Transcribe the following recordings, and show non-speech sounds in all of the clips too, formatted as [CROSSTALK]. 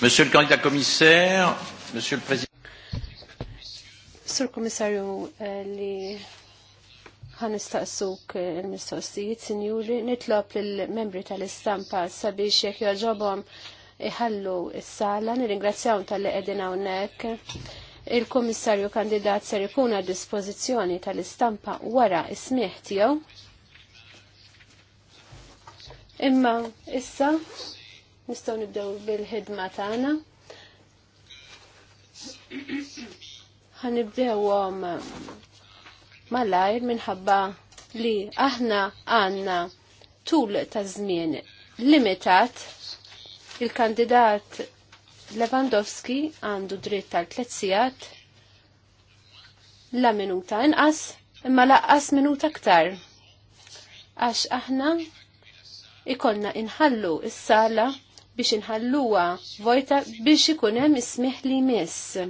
Monsieur le candidat commissaire, Monsieur le Président. Sur Kommissarju eh, li ħanistaqsuk eh, il-mistoqsijiet, sinjuri, nitlob lill-membri tal-istampa sabiex jekk joġobhom iħallu s-sala, nirringrazzjaw tal-li qegħdin hawnhekk. Il-Komissarju kandidat ser ikun għad dispożizzjoni tal-istampa wara ismieħ tiegħu. Imma issa Nistgħu nibdew bil-ħidma tagħna. Ħanibdewhom malajr minħabba li aħna għandna tul ta' żmien limitat il-kandidat Lewandowski għandu dritt tal tliet sigħat la minuta inqas imma laqqas minuta aktar għax aħna ikolna inħallu is-sala biex inħalluha vojta biex ikun hemm ismiħ li miss.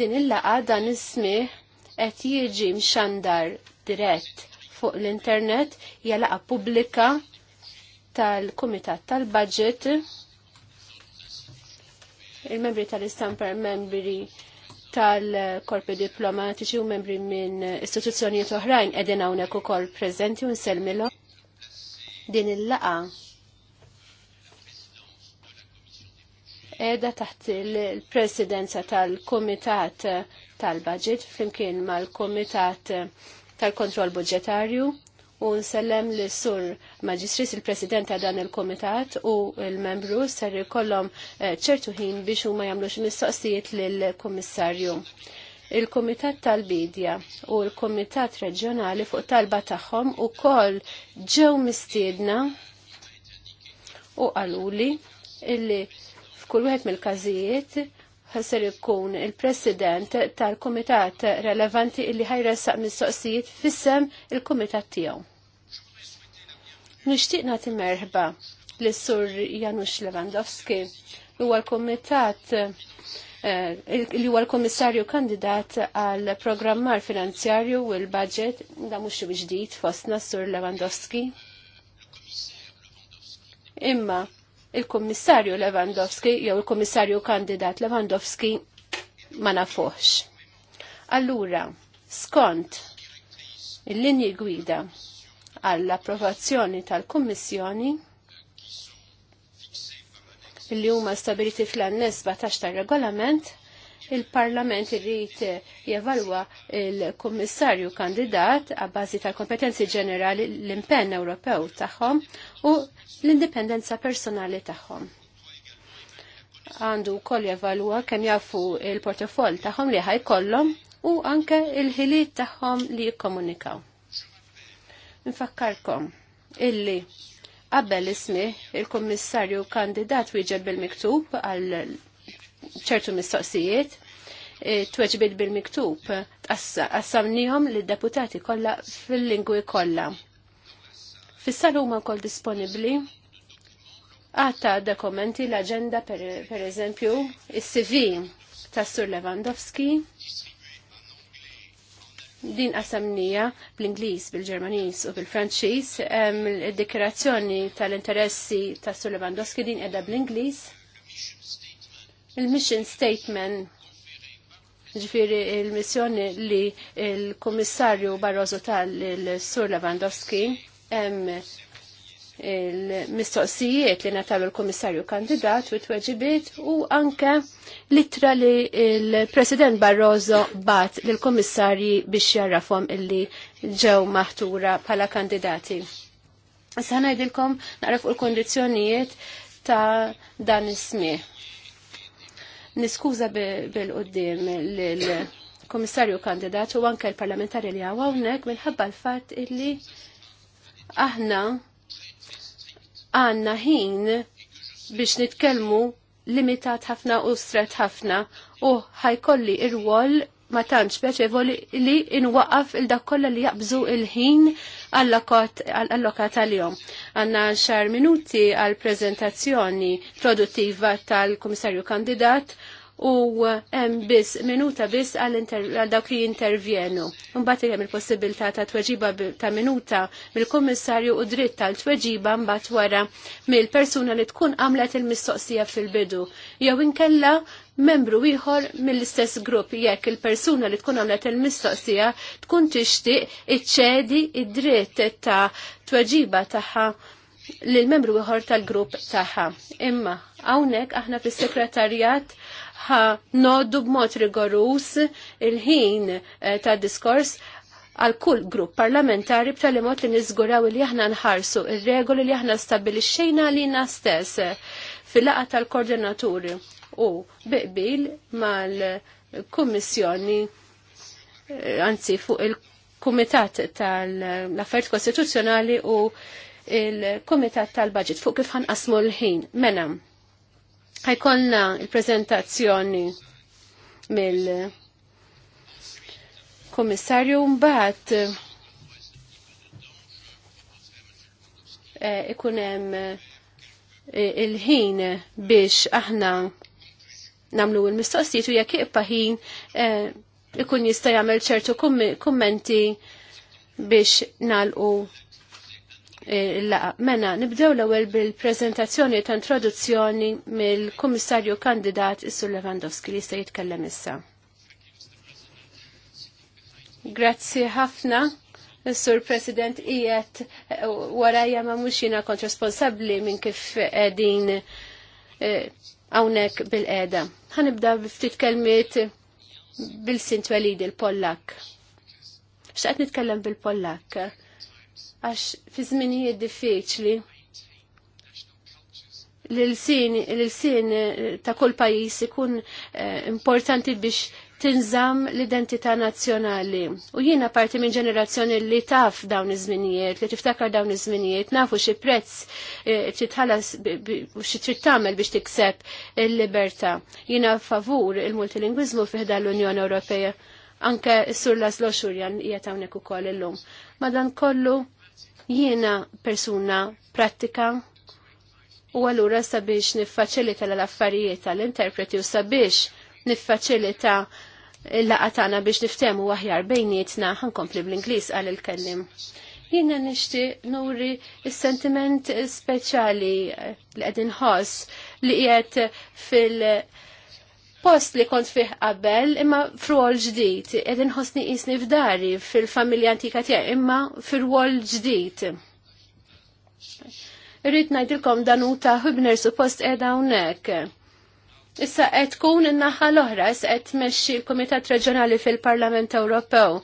Din il-laqa dan ismiħ qed jiġi mxandar dirett fuq l-internet hija laqa pubblika tal-Kumitat tal-Budget il-membri tal-istamper membri tal-korpi diplomatiċi u membri minn istituzzjonijiet oħrajn edin hawnhekk ukoll preżenti u nsellmilhom din il-laqa edha taħt il-presidenza tal-Komitat tal-Budget flimkien mal-Komitat tal-Kontroll Budgetarju u nsellem li sur maġistris il-president ta' dan il-komitat u il-membru ser kollom eh, ċertu ħin biex u ma jamlux mistoqsijiet lill-komissarju. Il-Komitat tal-Bidja u l-Komitat Reġjonali fuq talba tagħhom ukoll ġew mistiedna u qaluli illi f'kull wieħed mill-każijiet ser ikun il-president tal-komitat relevanti illi ħajressaq mistoqsijiet fissem il-komitat tiegħu. Nixtieq nagħti merħba lis sur Janusz Lewandowski huwa l-komitat li huwa l-komissarju eh, kandidat għal programmar finanzjarju u l-budget da mhux ġdid fostna sur Lewandowski. Imma il-Kummissarju Lewandowski jew il-Kummissarju kandidat Lewandowski ma nafux. Allura, skont il-linji gwida għall-approvazzjoni tal-Kummissjoni li huma stabiliti fl annesba tax tal regolament il-Parlament irrit jevalwa il-Kummissarju kandidat għabbażi tal-kompetenzi ġenerali l-impenn Ewropew tagħhom u l-indipendenza personali tagħhom. Għandu wkoll jevalwa kemm jafu il-portofol tagħhom li kollom u anke il-ħiliet tagħhom li jikkomunikaw. Nfakkarkom illi qabel ismi il-Kummissarju kandidat wieġeb bil-miktub għal ċertu mistoqsijiet e, tweġbit bil-miktub tqassamnihom lid-deputati kollha fil-lingwi kollha. F'issal huma wkoll disponibbli għatta dokumenti l-agenda per, eżempju il-CV tas Sur Lewandowski din qasamnija bl-Ingliż, bil-Ġermaniż u bil-Franċiż. Id-dikerazzjoni tal-interessi tas Sur Lewandowski din qiegħda bl-Ingliż. Il-mission statement ġifiri il-missjoni li il-Komissarju Barroso tal-Sur Lewandowski hemm il-mistoqsijiet li nataw il-Komissarju kandidat u t-weġibiet u anke litra li il-President Barroso bat l-Komissarji biex jarrafhom illi ġew maħtura pala kandidati. Sa ngħidilkom naraf fuq il-kondizzjonijiet ta' dan is Niskuża bil-qoddim l-komissarju kandidat u anke l-parlamentari li għawnek minħabba l-fat illi aħna għanna ħin biex nitkellmu limitat ħafna u stret ħafna u ħajkolli ir-wol ma tantx pjaċevoli li inwaqaf il dak li jaqbżu il-ħin allokat għal-jom. Għanna xar minuti għal-prezentazzjoni produttiva tal-Komissarju Kandidat u eh, hemm biss minuta biss għal dawk li jintervjenu. Mbagħad hemm il-possibilità ta' tweġiba ta' minuta mill-kummissarju u dritt tal-tweġiba mbagħad wara mill-persuna li tkun għamlet il-mistoqsija fil-bidu. Jew inkella membru ieħor mill-istess grupp jekk il-persuna li tkun għamlet il-mistoqsija tkun tixtieq iċċedi id-dritt ta' tweġiba tagħha lill membru ieħor tal-grupp tagħha. Imma hawnhekk aħna fis-sekretarjat ħa noddu b'mod rigorus il-ħin eh, ta' diskors għal kull grupp parlamentari b'tali mod li niżguraw li aħna nħarsu ir-regoli li aħna stabilixxejna lina stess fil-laqa tal-koordinaturi u biqbil mal-kummissjoni eh, anzi fuq il-Kumitat tal-Affarijiet Kostituzzjonali u il-Kumitat tal-Budget fuq kif ħanqasmu l-ħin. Menam ħajkonna il-prezentazzjoni mill kummissarju mbagħad eh, ikun hemm eh, il-ħin biex aħna namlu il-mistoqsijiet u jekk iqpa ħin eh, ikun jista' jagħmel ċertu kummenti biex nalqu laqa Mena, nibdew l-ewwel bil-preżentazzjoni ta' introduzzjoni mill-Kummissarju Kandidat Issu Lewandowski li se jitkellem issa. Grazzi ħafna. Sur President ijet warajja ma muxina jiena kont responsabli minn kif qegħdin eh, hawnhekk bil-qeda. nibda ftit kelmiet bil sint walidi, il-Pollak. X'qed nitkellem bil-Pollak? għax fi żminijiet diffiċli l-sin ta' kull pajis ikun eh, importanti biex tinżam l-identità nazzjonali. U jiena parti minn ġenerazzjoni li taf dawn iż-żminijiet, li tiftakar dawn iż-żminijiet, nafu xi prezz eh, titħallas u xi trid tagħmel biex tikseb il-libertà. Jiena favur il-multilingwiżmu fiħda l-Unjoni Ewropea. Anke s-sur Laszlo Xurjan hija hawnhekk ukoll illum. Madankollu. kollu Jiena persuna pratika u għallura sabiex niffaċilita l-affarijiet tal-interpreti u sabiex niffaċilita l-laqatana biex niftemu waħjar bejnietna ħankompli bl-Inglis għal il-kellim. Jiena nishti nuri il-sentiment speċjali li għedin ħoss li għed fil- post li kont fih qabel imma f'rwol ġdid, edin hosni isni f'dari fil-familja antika tija imma f'rwol ġdid. Irrid ngħidilkom danuta su post qiegħda hawnhekk. Issa qed tkun in-naħa l-oħra is qed tmexxi l-Kumitat Reġjonali fil-Parlament Ewropew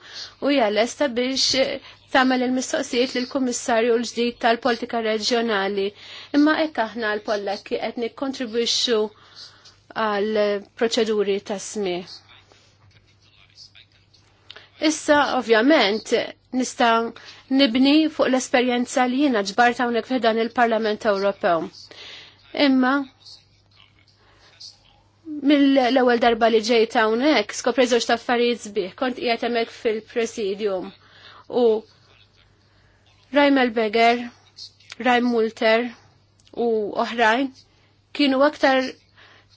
u hija lesta biex tagħmel il-mistoqsijiet lill kummissarju l-ġdid tal-Politika Reġjonali. Imma hekk aħna l-Pollakki qed nikkontribwixxu għal proċeduri ta' smi. Issa, ovvjament, nista' nibni fuq l-esperjenza li jiena ta' hawnhekk f'dan il-Parlament Ewropew. Imma mill-ewwel darba li ta' hawnhekk skopri żewġ farid zbiħ, kont qiegħed hemmhekk fil-Presidium u Rajm Elbeger, Raim Multer u oħrajn kienu aktar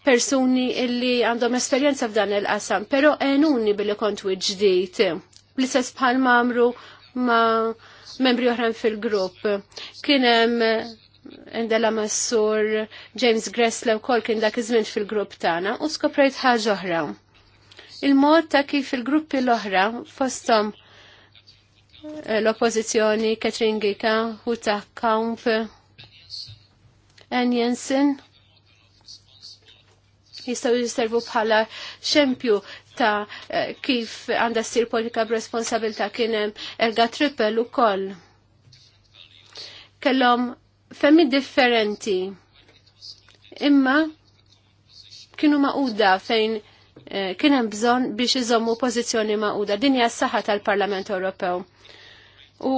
persuni illi għandhom esperjenza f'dan il-qasam, pero enuni billi kont ġdijt. L-istess bħal mamru ma membri oħran fil-grupp. hemm indela massur James Gressler kol kien dak iż-żmien fil-grupp tagħna u skoprejt ħaġa oħra. Il-mod ta' kif il-gruppi l-oħra fostom eh, l-oppożizzjoni Katrin Gika, Huta Kaump, Anjensen, jistgħu jiservu bħala xempju ta' eh, kif għandha ssir politika b'responsabilità kien hemm erga trippel koll. Kellhom femmi differenti. Imma kienu maquda fejn eh, kien hemm bżonn biex iżommu pożizzjoni maquda. Din hija s-saħħa tal-Parlament Ewropew. U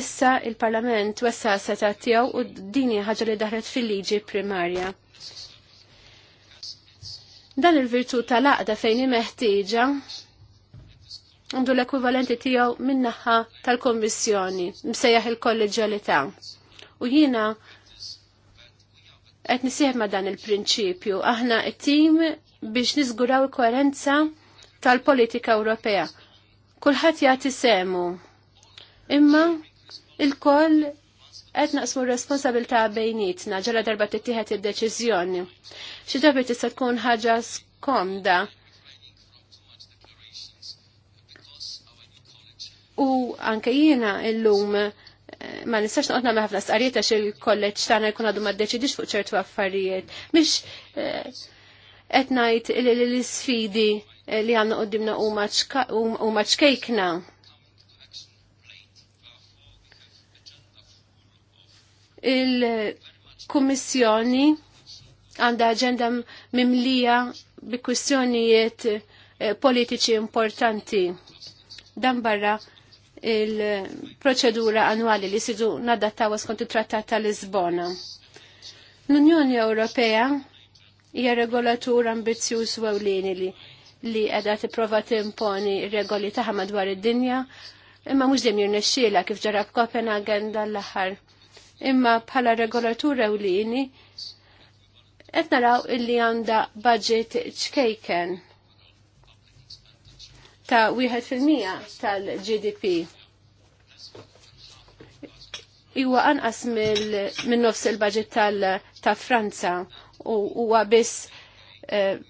issa il-Parlament wessa seta tiegħu u dinja ħaġa li daħlet fil-liġi primarja. Dan il-virtu tal-aqda fejn meħtieġa għandu l-ekwivalenti tiegħu min tal-Kommissjoni msejjaħ il-kolleġjalità. U jiena qed nisieħ ma' dan il-prinċipju. Aħna t-tim biex niżguraw il-koerenza tal-politika Ewropea. Kulħadd jagħti semu. Imma il-koll qed naqsmu r-responsabilità bejnietna ġala darba tittieħed id-deċiżjoni xi drabi tista' tkun ħaġa skomda. U anke jiena illum eh, ma nistax noqgħod nagħmel ħafna sqarijiet għax il-kolleġġ tagħna jkun għadu ma ddeċidix fuq ċertu affarijiet. Mhix eh, qed ngħid l-isfidi eh, li għandna qudiemna huma maċkejkna. Il-Kummissjoni għanda agenda mimlija bi kwistjonijiet eh, politiċi importanti. Dan barra il-proċedura annwali li sidu nadattawa skont it-Trattat ta' Lisbona. L-Unjoni Ewropea hija regolatur ambizzjuż u ewlieni li li qiegħda tipprova timponi regoli tagħha madwar id-dinja, imma mhux dejjem jirnexxiela kif ġara f'Kopenhagen dan l-aħħar. Imma bħala regolatur ewlieni qed naraw illi għandha budget ċkejken ta' 1% tal-GDP. Iwa anqas minn nofs il-budget ta' Franza u huwa biss eh,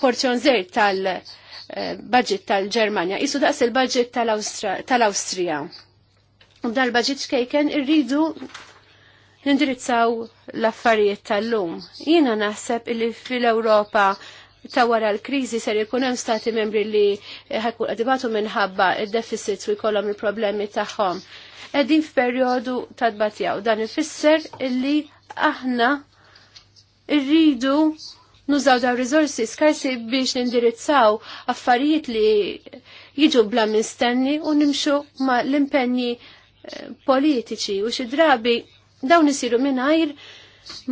porzjon żejr tal-budget eh, tal-Ġermanja. Isu daqs il-budget tal-Awstrija. U dal-budget xkejken irridu nindirizzaw l-affarijiet tal-lum. Jiena naħseb illi fil-Ewropa ta' wara l-krizi ser jkun hemm stati membri li ħajkun qed minħabba id-deficits u jkollhom il-problemi tagħhom. Qegħdin f'perjodu ta' tbatjaw dan ifisser illi aħna irridu nużaw daw riżorsi skarsi biex nindirizzaw affarijiet li jiġu bla mistenni u nimxu ma l-impenni eh, politiċi u xi drabi dawn isiru mingħajr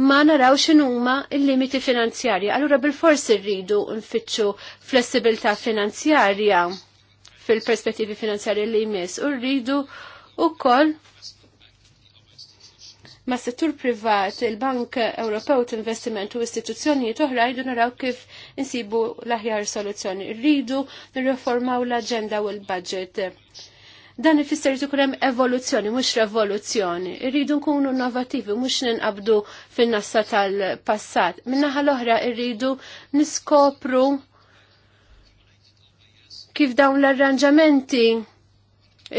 ma naraw x'inhuma il-limiti finanzjarja. Allura bil-forsi rridu nfittxu flessibilità finanzjarja fil-perspettivi finanzjarji li jmiss u rridu wkoll ma' settur privat, il-Bank Ewropew t-investiment u istituzzjonijiet oħra jridu naraw kif insibu l-aħjar soluzzjoni. Rridu nirreformaw l-agenda u l-budget. Dan ifisser li ikun hemm evoluzzjoni, mhux revoluzzjoni. Irridu nkunu innovattivi, mhux ninqabdu fin-nassa tal-passat. Min-naħa l-oħra irridu niskopru kif dawn l-arranġamenti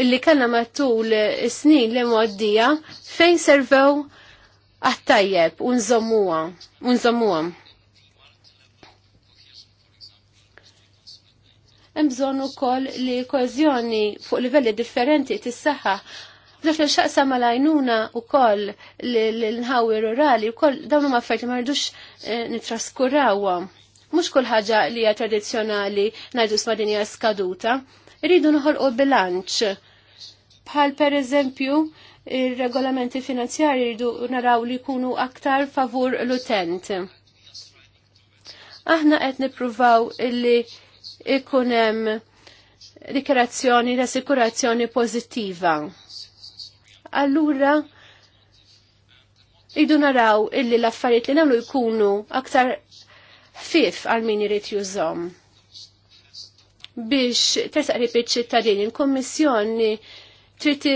illi kellna matul is-snin li mgħoddija fejn servew għattajjeb unżommuha. imbżon ukoll li koezjoni fuq livelli differenti tis-saħħa. Dak li xaqsa malajnuna u koll l-nħawi rurali u koll dawn ma affarijiet ma rridux eh, nitraskurawhom. Mhux kull ħaġa li hija tradizzjonali ngħidu sma' hija skaduta. Irridu noħolqu bilanċ. Bħal pereżempju, il-regolamenti finanzjari jridu naraw li jkunu aktar favur l-utent. Aħna qed nippruvaw illi ikun hemm dikrazzjoni, rassikurazzjoni pozittiva. Allura idu naraw illi l-affarijiet li nagħmlu jkunu aktar fif għal min irid jużhom. Biex tersaq ripet ċittadini, l-Kommissjoni trid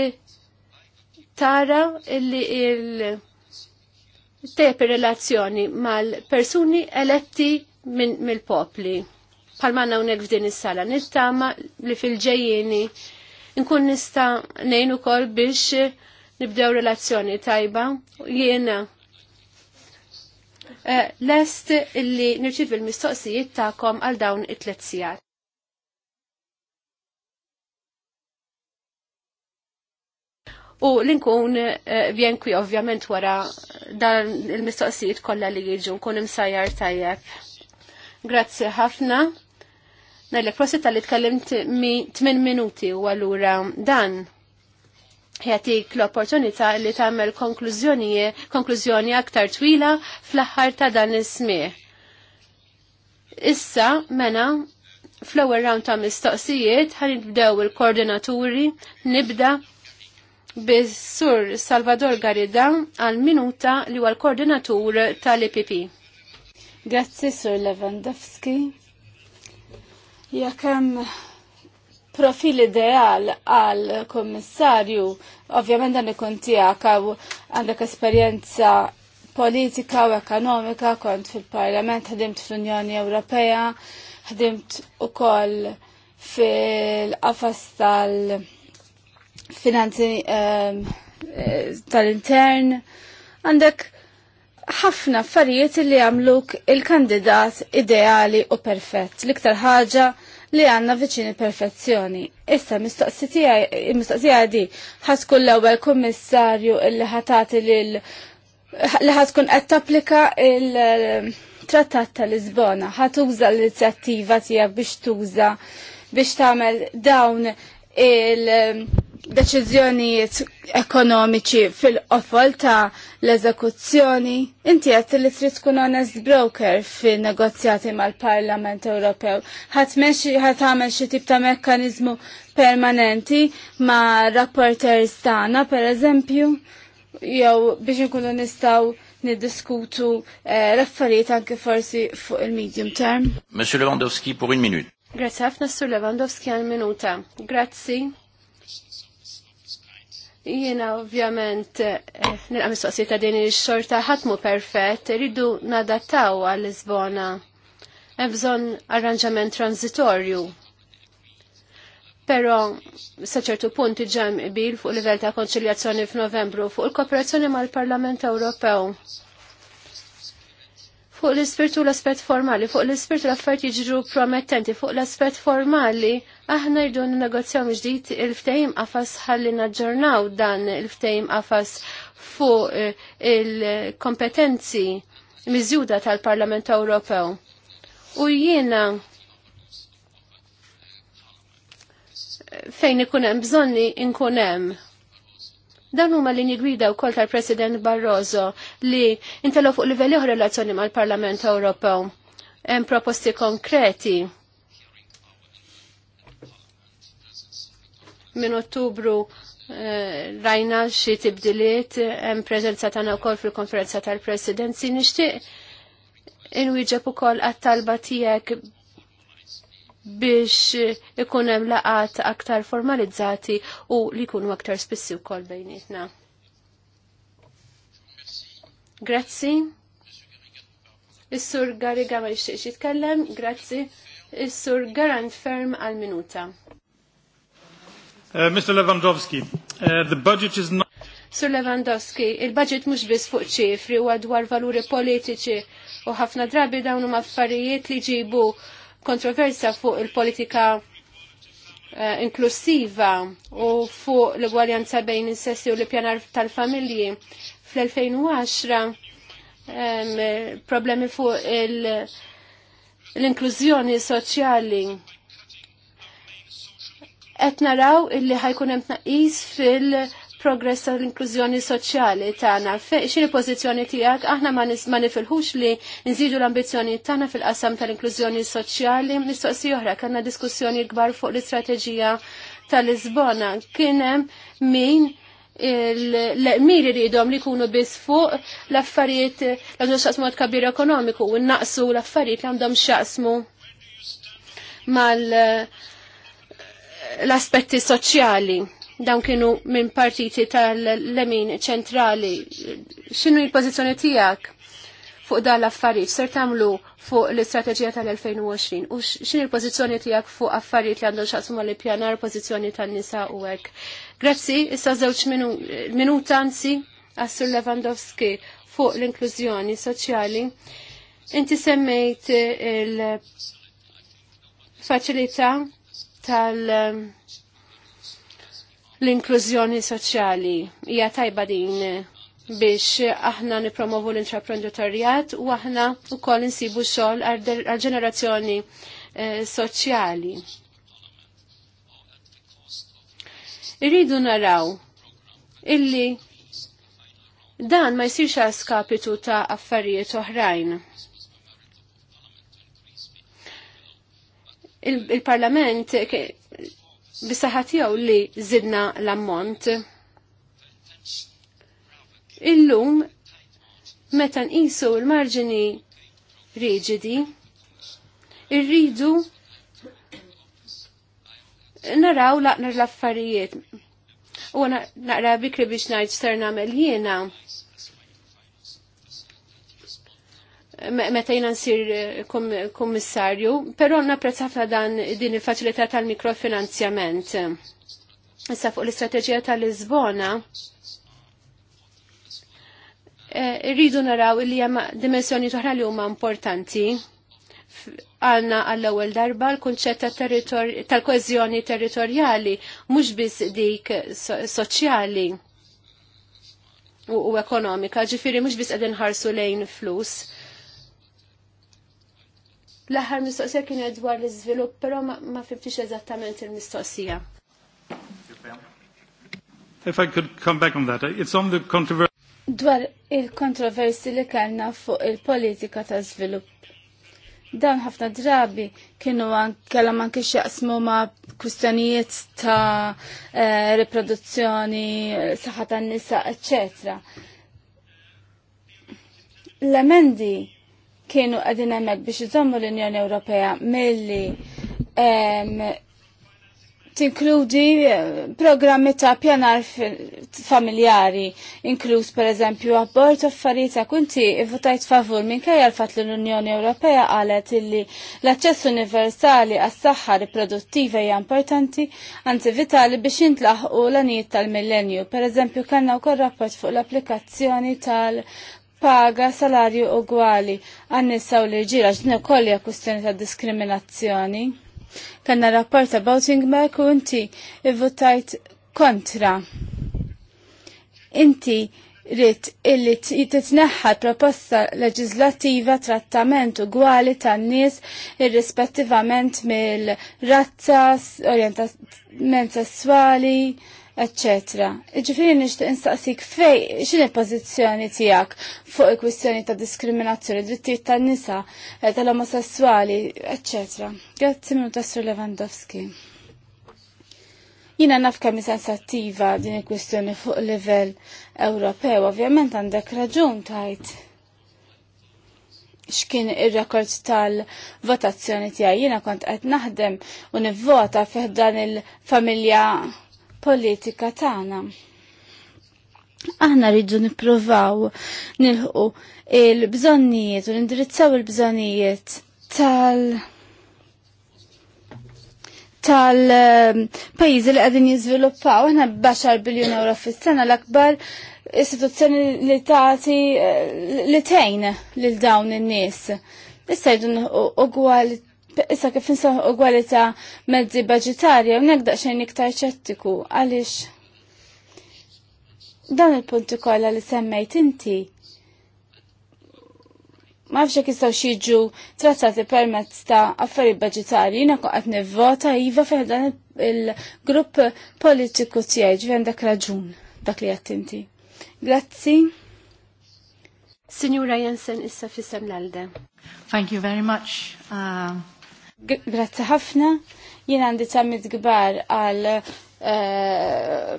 tara illi il- tep relazzjoni mal-persuni eletti mill-popli manna unek f'din is-sala. Nittama li fil-ġejjini nkun nista ngħin ukoll biex nibdew relazzjoni tajba jiena eh, lest illi nirċiv il-mistoqsijiet ta'kom għal dawn it-tlet sigħat. U l-inkun eh, kwi ovvjament wara dan il-mistoqsijiet kollha li jiġu nkun imsajjar tajjeb. Grazzi ħafna. Nelle, prosit tal-li tkellim 8 minuti u għallura dan jgħatik l-opportunità li tagħmel konklużjoni aktar twila fl-aħħar ta' dan is-smieħ. Issa, mena, fl-ewwel round ta' mistoqsijiet nibdew il-koordinaturi nibda bis-sur Salvador Garida għal minuta li huwa l-koordinatur tal-IPP. Grazzi Sur Lewandowski. Jekk hemm profil ideal għal kommissarju, ovvjament dan ikun tiegħek għaw għandek esperjenza politika u ekonomika, kont fil-Parlament, ħdimt fl-Unjoni Ewropea, ħdimt ukoll fil-qafas tal-finanzi ehm, eh, tal-intern, għandek ħafna affarijiet li għamluk il-kandidat ideali u perfett, l-iktar ħaġa li għanna viċini perfezzjoni. Issa, mistoqsija di, ħaskun l-ewel kommissarju li ħatati li ħaskun qed tapplika il-trattat tal-Lisbona, ħatuża l-inizjattiva tijak biex tuża biex tagħmel dawn il- deċiżjonijiet ekonomiċi fil-qofol ta' l-eżekuzzjoni, inti għed li trid tkun honest broker fil-negozjati mal-Parlament Ewropew. Ħat għamel xi tip ta' mekkanizmu permanenti ma' rapporters tagħna, per eżempju, jew biex nkunu nistgħu niddiskutu eh, raffariet anke forsi fuq il-medium term. Monsieur Lewandowski, pour une minute. Grazie ħafna Sur Lewandowski għal minuta. Grazzi, Jiena ovvjament eh, nilqa' mistoqsija ta' din ix-xorta ħatmu perfett, rridu nadattaw għal Lisbona. Hemm bżonn arranġament transitorju. Però sa ċertu punt ġem qbil fuq livell ta' konċiljazzjoni f'Novembru fuq il-kooperazzjoni mal-Parlament Ewropew. Fuq l-ispirtu l-aspet formali, fuq l-ispirtu l-affarijiet jġru promettenti, fuq l-aspet formali, aħna jridu n negozjaw ġdid il-ftehim għafas ħalli naġġornaw dan il-ftehim għafas fuq eh, il-kompetenzi mizjuda tal-Parlament Ewropew. U jiena eh, fejn ikun hemm bżonni inkun hemm Dan huma li nigwida wkoll tal-President Barroso li intelo fuq livelli oħra relazzjoni mal-Parlament Ewropew. Hemm proposti konkreti Min Ottubru eh, rajna xi tibdiliet hemm preżenza tagħna wkoll fil-konferenza tal-Presidenzi nixtieq inwieġeb ukoll għat-talba tiegħek biex ikun hemm laqat aktar formalizzati u li jkunu aktar spissi wkoll bejnietna. Grazzi. Is-sur Gariga ma jixtieqx jitkellem, grazzi. Is-sur Garant Ferm għal minuta. Uh, Mr. Lewandowski, uh, the budget is not Sur Lewandowski, il-budget mhux biss fuq ċifri u dwar valuri politiċi u ħafna drabi dawn huma affarijiet li ġibu kontroversja fuq il-politika eh, inklusiva u fuq l ugwaljanza bejn is-sessi u l-pjanar tal-familji. Fl-2010 problemi fuq l-inklużjoni soċjali. Qed naraw illi ħajkun hemm tnaqqis fil- progress tal-inklużjoni soċjali tagħna. X'inhi pożizzjoni tiegħek aħna ma nifilħux li nżidu l-ambizzjoni tagħna fil-qasam tal-inklużjoni soċjali mistoqsi oħra kellna diskussjoni kbar fuq l-istrateġija tal-Lisbona. Kien hemm min l-miri rridhom li jkunu biss fuq l-affarijiet l-għandhom xaqsmu kabir ekonomiku u naqsu l-affarijiet li għandhom xaqsmu mal l-aspetti soċjali dawn kienu minn partiti tal-lemin ċentrali. X'inhu l-pożizzjoni tiegħek fuq dan l-affarijiet ser tagħmlu fuq l-istrateġija tal-2020 u x'inhi l-pożizzjoni tiegħek fuq affarijiet li għandhom xaqsum mal pjanar pożizzjoni tan-nisa u hekk. Grazzi, issa żewġ minuta anzi għassur Lewandowski fuq l-inklużjoni soċjali. Inti semmejt il-faċilità tal- l-inklużjoni soċjali. Hija tajba din biex aħna nipromovu l-intraprenditorjat u aħna wkoll insibu xogħol għal-ġenerazzjoni eh, soċjali. Irridu naraw illi dan ma jsirx għal skapitu ta' affarijiet oħrajn. Il-parlament il bisaħatijaw li zidna l-ammont. Illum, meta nqisu l-marġini riġidi, irridu naraw laqnar l-affarijiet. U naqra bikri biex najt ser namel jiena meta jina nsir eh, kommissarju, però napprezz ħafna dan din il-faċilità tal-mikrofinanzjament. Issa fuq l-istrateġija tal-Lisbona, eh, rridu naraw li jama dimensjoni oħra li huma importanti għanna għall-ewwel darba l-kunċett tal-koeżjoni territorjali mhux biss dik soċjali u ekonomika, ġifiri mhux biss qegħdin ħarsu lejn flus. L-aħħar mistoqsija kien dwar l-iżvilupp, però ma fimtix eżattament il-mistoqsija. If I could come back on that, it's on the controversy. Dwar il-kontroversi li kellna fuq il-politika ta' żvilupp. Dan ħafna drabi kienu kellhom anke jaqsmu ma' kwistjonijiet ta' eh, riproduzzjoni, saħħa tan-nisa, eċċetera. L-emendi kienu għedin hemmhekk biex iżommu l-Unjoni Ewropea milli tinkludi eh, programmi ta' pjanar familjari, inkluż per eżempju abort affarijiet ta' kunti votajt favur minkejja l-fatt li l-Unjoni Ewropea qalet illi l-aċċess universali għas-saħħa riproduttiva hija importanti, għanzi vitali biex jintlaħqu l-anijiet tal-millenju. Per eżempju kellna wkoll rapport fuq l-applikazzjoni tal paga salarju ugwali għan saw u l-irġiel għax din ukoll hija kwistjoni ta' diskriminazzjoni. Kanna rapport about Ingmark u inti votajt kontra. Inti rrit illi titneħħa proposta leġislativa trattament ugwali tan-nies irrispettivament mill-razza, orientament sessuali, Eccetera. Ġifiri nishtiq instaqsik fej xin il-pozizjoni tijak fuq il-kwistjoni ta' diskriminazzjoni, drittijiet ta' nisa, eh, tal-omosessuali, eccetera. Grazzi minu Sur Lewandowski. Jina naf kemm sensattiva din il-kwistjoni fuq livell Ewropew, ovvjament għandek raġun tajt x'kien ir-rekord tal-votazzjoni tiegħi. Jiena kont qed naħdem u nivvota fih dan il-familja politika tagħna. Aħna rridu nippruvaw nilħu il-bżonnijiet u nindirizzaw il-bżonnijiet tal- tal-pajizi li għadin jizviluppaw, għana baxar biljon euro fis-sena l-akbar istituzzjoni li tagħti eh, li tgħin lil dawn in-nies. Issa jdu ugwali Issa kif insaħ ugwalita mezzi budgetarja u nekdaq xejn iktar ċettiku għaliex dan il-punti kollha li semmejt inti ma fxie kistaw jistgħu jiġu trattati permezz ta' affarijiet budgetarji, jiena kuqqat nivvota iva fih dan il-grupp politiku tiegħi ġivjen għandek raġun dak li għattinti. inti. Grazzi. Signora Jensen issa fissem l-alde. Thank you very much. Uh... Grazzi ħafna. Jien għandi tamid gbar għal eh,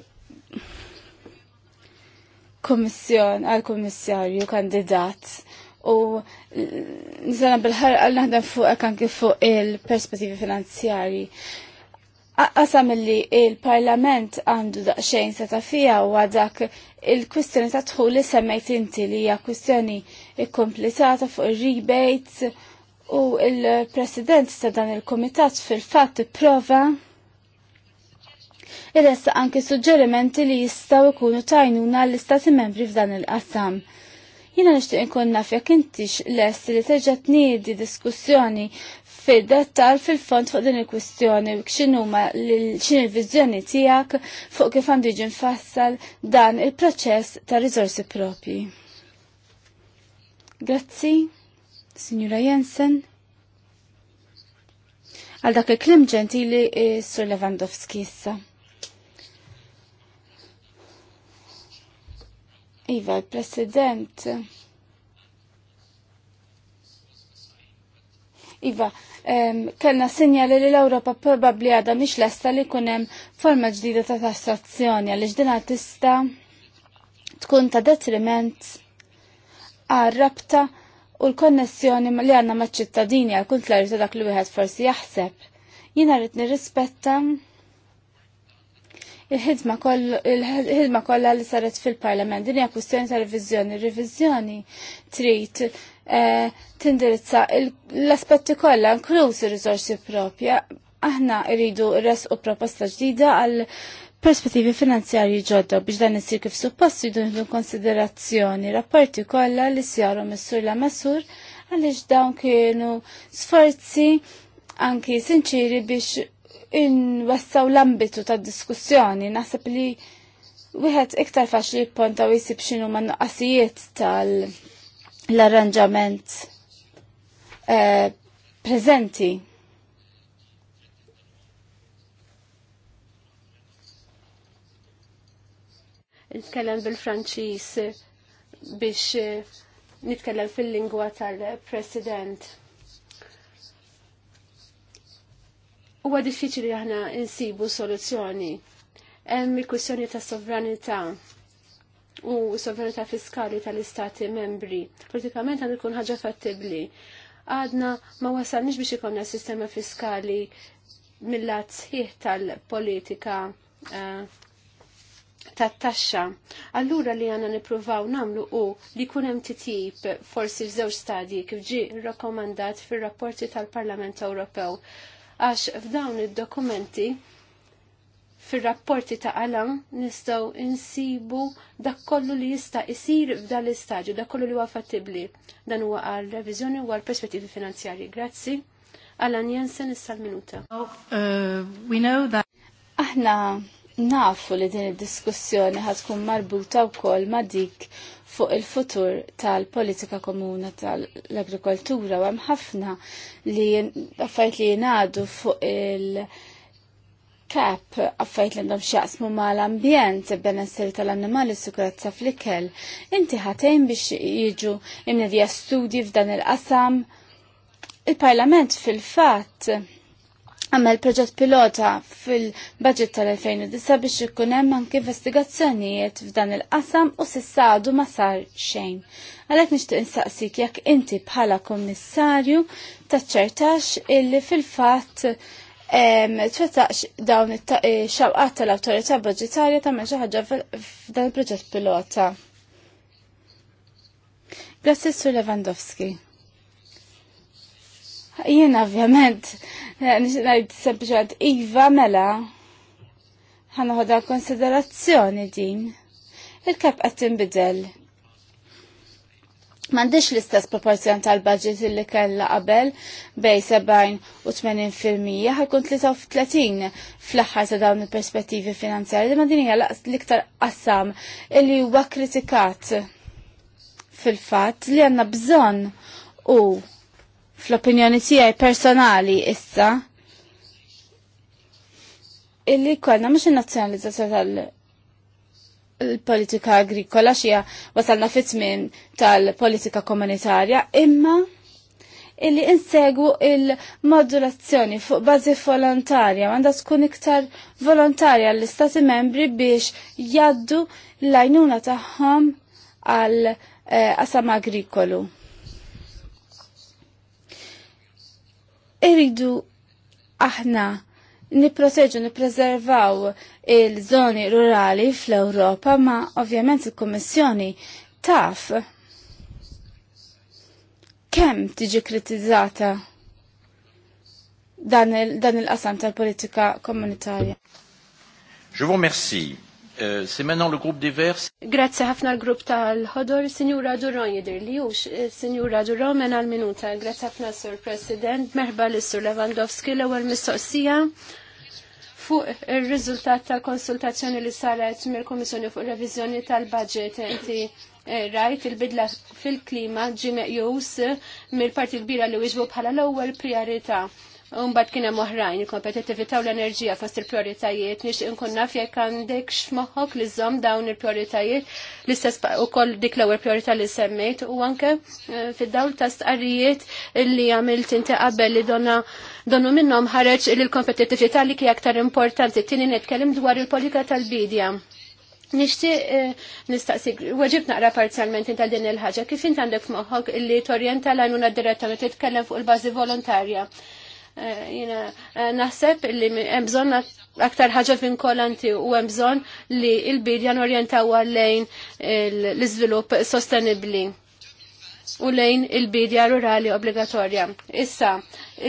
kommissjon, għal kommissarju kandidat. U nisana bil-ħar għal naħdem fuq anki fuq il-perspettivi finanzjari. Għasam li il-parlament għandu daqxejn seta fija u għadak il-kwistjoni ta' tħu li semmejt inti li hija kwistjoni ikkomplikata fuq ir-rebates U il-president ta' dan il-komitat fil-fat prova Irressa anke suġġerimenti li jistaw ikunu tajnuna l-istati membri f'dan il-qassam. Jina nishtiq nkun naf jekk intix lest li terġa' tniedi diskussjoni fid-dettal fil-fond fuq din il-kwistjoni u x'inhuma x'in il-viżjoni tiegħek fuq kif għandu jiġi nfassal dan il-proċess ta' riżorsi propji. Grazzi. Signora Jensen. Għal dak il-klim ġentili eh, Sur Lewandowski issa. Iva, il-President. Iva, um, kellna sinjali li l-Europa probabli għada miex lesta li kunem forma ġdida ta' tassazzjoni għal ġdina tista tkun ta' detriment għal rabta u l-konnessjoni li għanna maċ ċittadini għal kull ta' dak li wieħed forsi jaħseb. Jina rrit nirrispetta il-ħidma kollha li saret fil-Parlament. Din hija kwistjoni ta' riviżjoni. Revizjoni trid eh, tindirizza l-aspetti kollha inkluż ir-riżorsi propja. Aħna rridu res u proposta ġdida għal perspettivi finanzjarji ġodda biex dan is-sir kif suppost jidu konsiderazzjoni rapporti kollha li sjaru messur la messur għaliex dawn kienu sforzi anki sinċiri biex inwassaw l-ambitu ta' diskussjoni naħseb li wieħed iktar faċli jipponta u jisib x'inhu ma' nuqqasijiet tal-arranġament eh, preżenti. nitkellem bil-Franċiż biex eh, nitkellem fil-lingwa tal-President. Huwa diffiċli aħna insibu soluzzjoni. Hemm il-kwistjoni ta' sovranità u sovranità fiskali tal-istati membri. Politikament għandu jkun ħaġa fattibbli. Għadna ma wasalniex biex ikonna sistema fiskali mill-lat tal-politika uh, tat-taxxa. Allura li għanna nipruvaw namlu u li kunem titjib forsi f-żewġ stadji kif ġi rakkomandat fir-rapporti tal-Parlament Ewropew. Għax f'dawn id-dokumenti fil-rapporti ta' qalam nistaw insibu dak kollu li jista' isir f'dan l-istadju, dak kollu li huwa fattibbli. Dan huwa għal reviżjoni u għal perspettivi finanzjarji. Grazzi. Alan Jensen issa l-minuta. Oh, uh, we know that Aħna nafu li din id-diskussjoni tkun marbuta wkoll ma' dik fuq il-futur tal-politika komuna tal-agrikoltura u hemm ħafna li affajt li jingħadu fuq il- kap affajt l-għandhom xaqsmu ma l-ambjent benessir tal-annimali s sukrezza fl-ikel. Inti ħatejn biex jiġu imnedja studi f'dan il-qasam. Il-parlament fil-fat għamel proġett pilota fil-budget tal-2009 biex ikun hemm anke investigazzjonijiet f'dan il-qasam u sissadu ma sar xejn. Għalhekk nixtieq insaqsik jekk inti bħala kommissarju taċċertax illi fil-fatt twettaqx dawn ix-xawqat eh, tal-awtorità budġetarja tagħmel xi ħaġa f'dan il-proġett pilota. Grazzi Sur Lewandowski. Jiena ovvjament Eh, Nixnajd sempliċat Iva mela ħanaħodha konsiderazzjoni din. Il-kap qed tinbidel. M'għandix l-istess proporzjon tal-budget li kellha qabel bej 70 u 80 filmija ħakun 33 fl-aħħar ta' dawn il-perspettivi finanzjarji ma' din hija l-iktar qassam illi huwa kritikat fil-fatt li għandna bżonn u fl-opinjoni tiegħi personali issa illi kollna mhux in-nazzjonalizzazzjoni tal-politika agrikola xija wasalna fit-tmien tal-politika komunitarja imma illi insegwu il-modulazzjoni fuq bażi volontarja għandha tkun iktar volontarja l-istati membri biex jaddu l-għajnuna tagħhom għal eh, qasam agrikolu. irridu aħna niproteġu, nipreservaw il-żoni rurali fl-Ewropa, ma ovvjament il-Kommissjoni taf kemm tiġi kritizzata dan il-qasam il qasam tal politika komunitarja. Je vous remercie. Euh, c'est maintenant le groupe divers. Grazie ħafna l-grupp tal-ħodor, Sinjura Duron jidir li jux, eh, Signora Duron mena l-minuta. Grazie ħafna Sur President, merħba l sur Lewandowski l-ewel mistoqsija fuq il-rizultat tal-konsultazzjoni li saret mill-Komissjoni fuq revizjoni tal-budget inti eh, rajt il-bidla fil-klima ġi mil mill-parti kbira li wieġbu bħala l-ewwel prijorità un kien hemm oħrajn, il-kompetittività u l-enerġija fost il-prioritajiet nix inkun naf jekk għandek xmoħok li zom dawn il-prioritajiet l-istess ukoll dik l-ewwel priorità li semmejt u anke eh, fid-dawl ta' stqarrijiet li għamilt inti qabel li donna donnu minnhom ħareġ li l-kompetittività li kija aktar importanti. tini nitkellem dwar il-politika tal-bidja. Nishti eh, nistaqsi waġib naqra parzialment inta din il-ħagġa, kif inta għandek moħħok illi torjenta l-għajnuna direttament titkellem fuq il-bazi volontarja. Eh, jina eh, naħseb li hemm bżonn aktar ħaġa kolanti u hemm bżonn li l-bidja norjentaw lejn l-iżvilupp sostenibbli u lejn il-bidja rurali obbligatorja. Issa,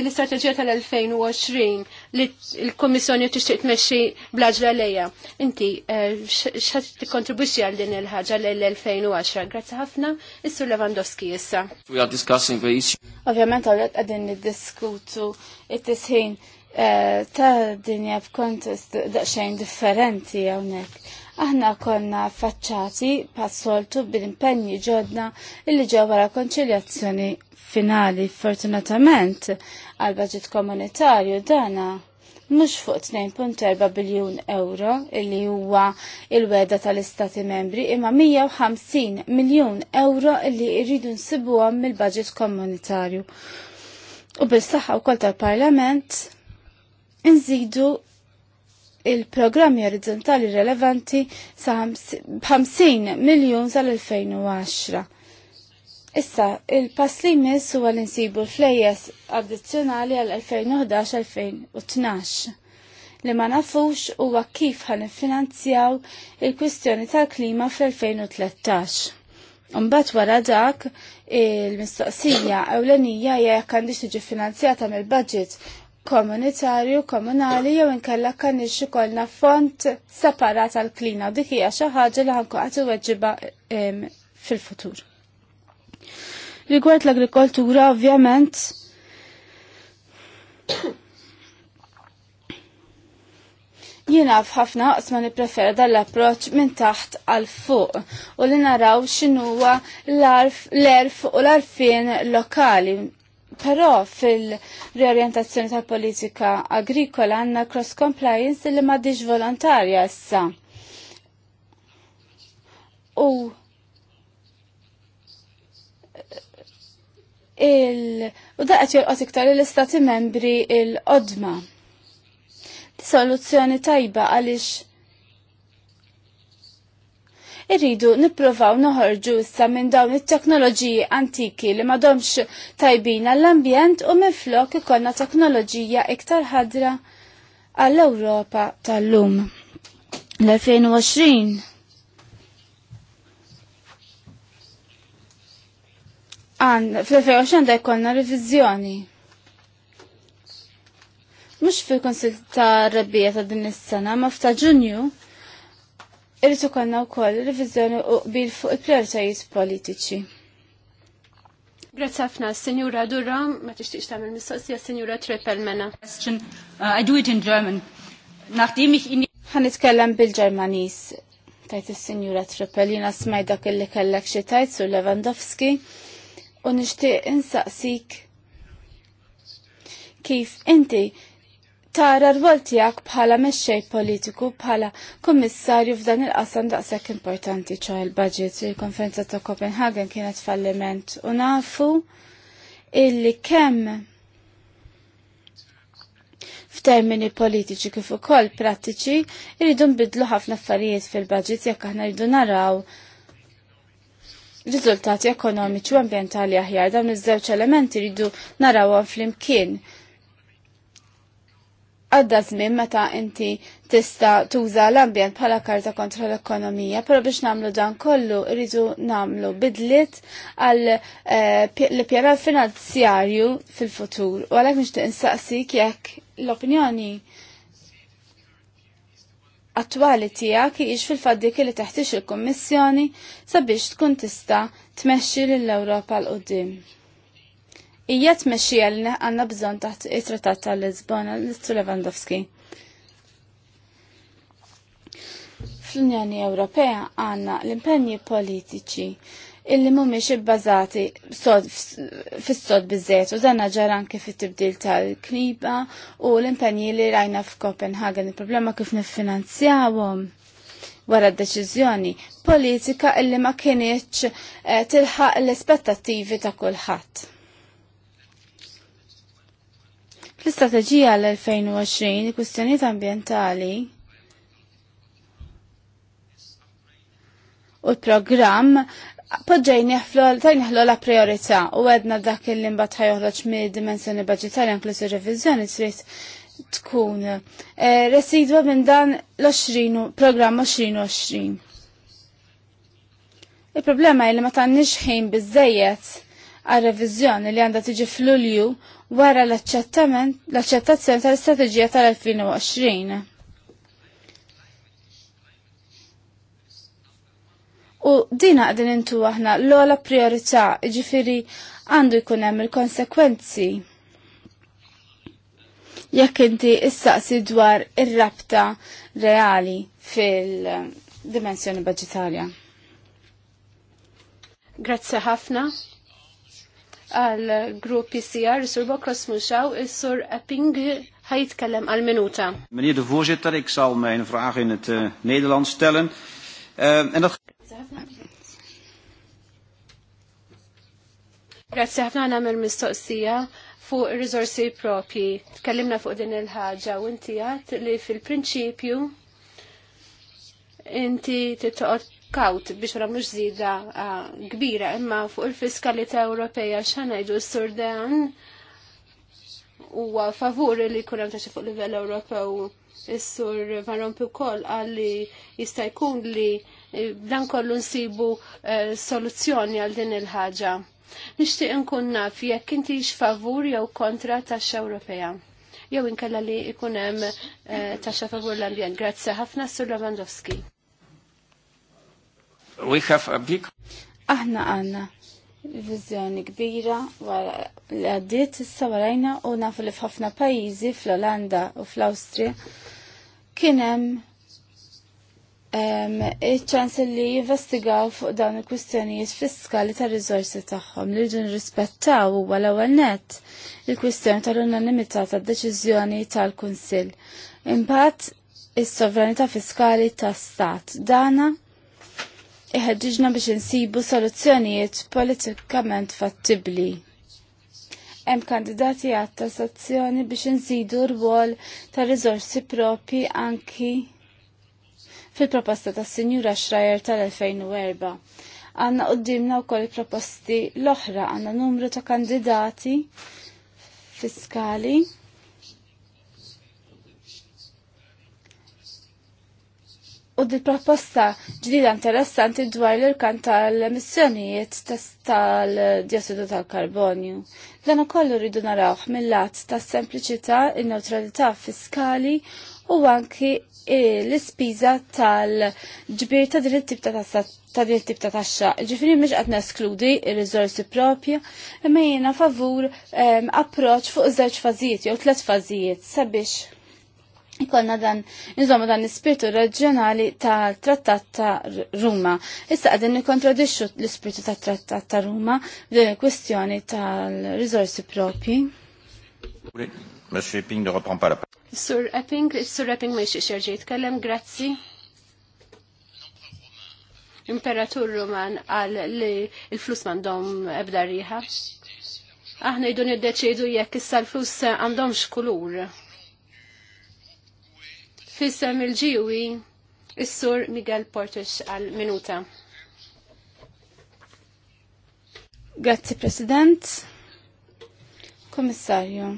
l-istrateġija tal-2020 li l-Komissjoni tixtieq tmexxi blaġla lejja. Inti eh, x'ħadd tikkontribwixxi għal din il-ħaġa l-2010. Grazzi ħafna, Issu Lewandowski issa. We are discussing the issue. Ovvjament għalhekk qegħdin niddiskutu it-tisħin eh, ta' dinja f'kontest daqsxejn differenti hawnhekk aħna konna affaċċati passoltu bil-impenni ġodna illi ġew wara konċiljazzjoni finali. Fortunatament, għal budget komunitarju dana mhux fuq 2.4 biljun euro illi huwa il-weda tal-Istati membri imma 150 miljun euro illi jridu nsibuhom mill-budget komunitarju. U bil-saħħa wkoll tal-Parlament inżidu il-programmi orizzontali relevanti sa' 50 miljon sal-2010. Issa, il-pass li jmiss huwa li nsibu l-flejjes addizzjonali għal-2011-2012 li ma nafux huwa kif ħan finanzjaw il-kwistjoni tal-klima fl-2013. Umbat wara dak il-mistoqsija ewlenija jekk għandix tiġi finanzjata mill-budget komunitarju, komunali jew inkella kan ikollna font separat għal klina dik hija xi ħaġa li ħanku qagħdu weġġiba fil-futur. Rigward l-agrikoltura ovvjament Jiena f'ħafna qasma nipprefera dal-approċ minn taħt għal fuq u li naraw x'inhuwa l-erf u l-arfien lokali Però fil-reorientazzjoni tal-politika agrikola għandna cross compliance li m'għadix volontarja issa. U il u daqet jolqot iktar l-istati membri il-qodma. Soluzzjoni tajba għaliex irridu nipprovaw noħorġu issa minn dawn it-teknoloġiji antiki li madomx tajbin għall-ambjent u miflok ikollna teknoloġija iktar ħadra għall-Ewropa tal-lum. L-2020 għan, fl-2020 da jkollna revizjoni. Mux fil-konsil ta' rabbija ta' din is-sena, ma' f'ta' ġunju, irrid u koll rivizjoni u bil fuq il prioritajiet politiċi. Grazzi ħafna, Durra, ma tixtieqx tagħmel mistoqsija senjura Trepel mena. Uh, I do it in German. Naħdim ich in Ħanitkellem bil-Ġermaniż. Tajt is senjura Trepel Jina smajda kelli illi kellek xi tajt su Lewandowski u nixtieq insaqsik kif inti tara r-rwol tiegħek bħala meċċej politiku bħala kummissarju f'dan il-qasam daqshekk importanti ċo il-budget il-konferenza ta' Copenhagen kienet falliment u nafu illi kemm f'termini politiċi kif ukoll prattiċi irridu nbidlu ħafna affarijiet fil-budget jekk aħna rridu naraw riżultati ekonomiċi u ambjentali aħjar dawn iż-żewġ elementi rridu narawhom flimkien għadda żmien meta inti tista' tuża l-ambjent bħala karta kontra l-ekonomija, però biex nagħmlu dan kollu rridu nagħmlu bidliet għal eh, l-pjanar finanzjarju fil-futur. U għalhekk nixtieq insaqsik jekk l-opinjoni attwali tiegħek jiex fil-faddiki li teħtix il-Kummissjoni sabiex tkun tista' tmexxi lill-Ewropa l qoddim Ija tmexxija li għandna bżonn taħt it-Trattat tal Lisbona l-Istru Lewandowski. Fl-Unjoni Ewropea għandna l-impenji politiċi illi mhumiex ibbażati fis-sod biżżejjed u dan ġar anke fit-tibdil tal-kliba u l-impenji li rajna f'Copenhagen il-problema kif niffinanzjawhom wara d-deċiżjoni politika illi ma kienieċ eh, tilħaq l-espettattivi ta' kulħadd. Fl-istrateġija l-2020, kwistjonijiet ambientali u l-programm Poġġejni tajni la priorita u għedna dak il imbat ħajoħroġ mid dimensjoni budgetarja inklus ir-reviżjoni trid tkun eh, residwa minn dan l-20 programm 2020. Il-problema li ma tantx ħin biżejjed għal-reviżjoni li għandha tiġi f'Lulju wara l-aċċettazzjoni tal strategija tal-2020. U din għadin intu aħna l-ola priorità, ġifiri għandu jkun hemm il-konsekwenzi. Jekk inti issaqsi dwar ir-rabta reali fil-dimensjoni budgetarja. Grazzi ħafna għal grupp PCR, sur Bokros Muxaw, sur Epping kellem għal minuta. Meneer de voorzitter, ik zal mijn vraag in het uh, Nederlands stellen. Uh, en dat... Grazie ħafna namel mistoqsija fuq risorsi propi. Tkellimna fuq din il-ħaġa u inti li fil-prinċipju inti titqod kaut biex wara mhux żieda ah, kbira imma fuq il-fiskalità Ewropea x'għanajdu s-Surdan huwa favur li jkun hemm taxxi fuq livell Ewropew is-sur Van Rompuy ukoll għalli jista' jkun li eh, dan kollu nsibu eh, soluzzjoni għal din il-ħaġa. Nixtieq nkun naf jekk inti favur jew kontra taxxa Ewropea. Jew inkella li jkun hemm eh, taxxa favur l-ambjent. Grazzi ħafna sur Lewandowski. We have a big... Aħna għanna viżjoni kbira wara li għaddiet issa warajna u nafu li f'ħafna pajjiżi fl-Olanda u fl-Awstrija kien hemm iċ-ċans li jinvestigaw fuq dawn il-kwistjonijiet fiskali tar riżorsi tagħhom li rridu nirrispettaw huwa l-ewwel nett il-kwistjoni tal-unanimità tad-deċiżjoni tal-Kunsill. Imbagħad is-sovranità fiskali tas-stat. Dana iħedġiġna biex insibu soluzzjonijiet politikament fattibli. Hemm kandidati għat tassazzjoni biex insidu rwol ta' riżorsi propi anki fil-proposta ta' Sinjura Schreier tal-2004. Għanna qoddimna u koll proposti l-oħra għanna numru ta' kandidati fiskali U di proposta ġdida interessanti dwar l-irkan tal-emissjonijiet tal-diossidu tal-karbonju. Dan ukoll rridu narawh mill-lat tas sempliċità in-neutralità fiskali u anki eh, l-ispiża tal-ġbir ta' din tip ta' dritt tip ta' taxxa. Ġifieri mhix qed neskludi r-riżorsi propja, imma jiena favur ehm, approċċ fuq żewġ fażijiet jew tliet fażijiet sabiex Ikolna dan, nżomma dan l spiritu reġjonali ta' trattat ta' Ruma. Issa għadin nikontradixxu l spiritu ta' trattat ta' Ruma din kwestjoni tal-rizorsi propi. Monsieur Epping ne reprend pas la parole. Sur Epping, Sur Epping ma jxiex jerġa' jitkellem, grazzi. Imperatur Ruman għal li l-flus m'għandhom ebda riħa. Aħna jdu niddeċidu jekk issa l-flus għandhomx kulur fissem il-ġiwi is-sur Miguel Portes għal minuta. Grazzi President, Commissario.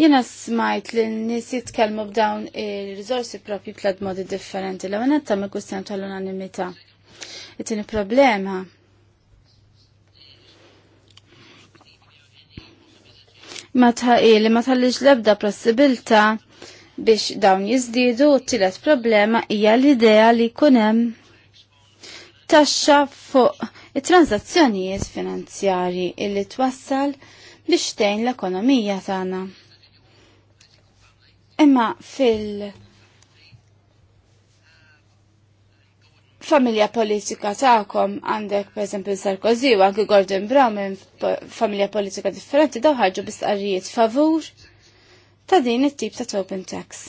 Jena smajt li n-nis jitkelmu b'dawn il-rizorsi propju b'lad modi differenti, l-għanet ta' me gustan tal-unanimità. Itini problema ma li ma tħallix lebda possibilta biex dawn jizdidu u t-tilet problema hija l-idea li kunem taxxa fuq it-transazzjonijiet finanzjari illi twassal biex tgħin l-ekonomija tagħna. Imma fil- familja politika ta'kom għandek per esempio Sarkozy u anki Gordon Brown minn familja politika differenti daw ħarġu bistqarrijiet favur ta' din it-tip ta' open tax.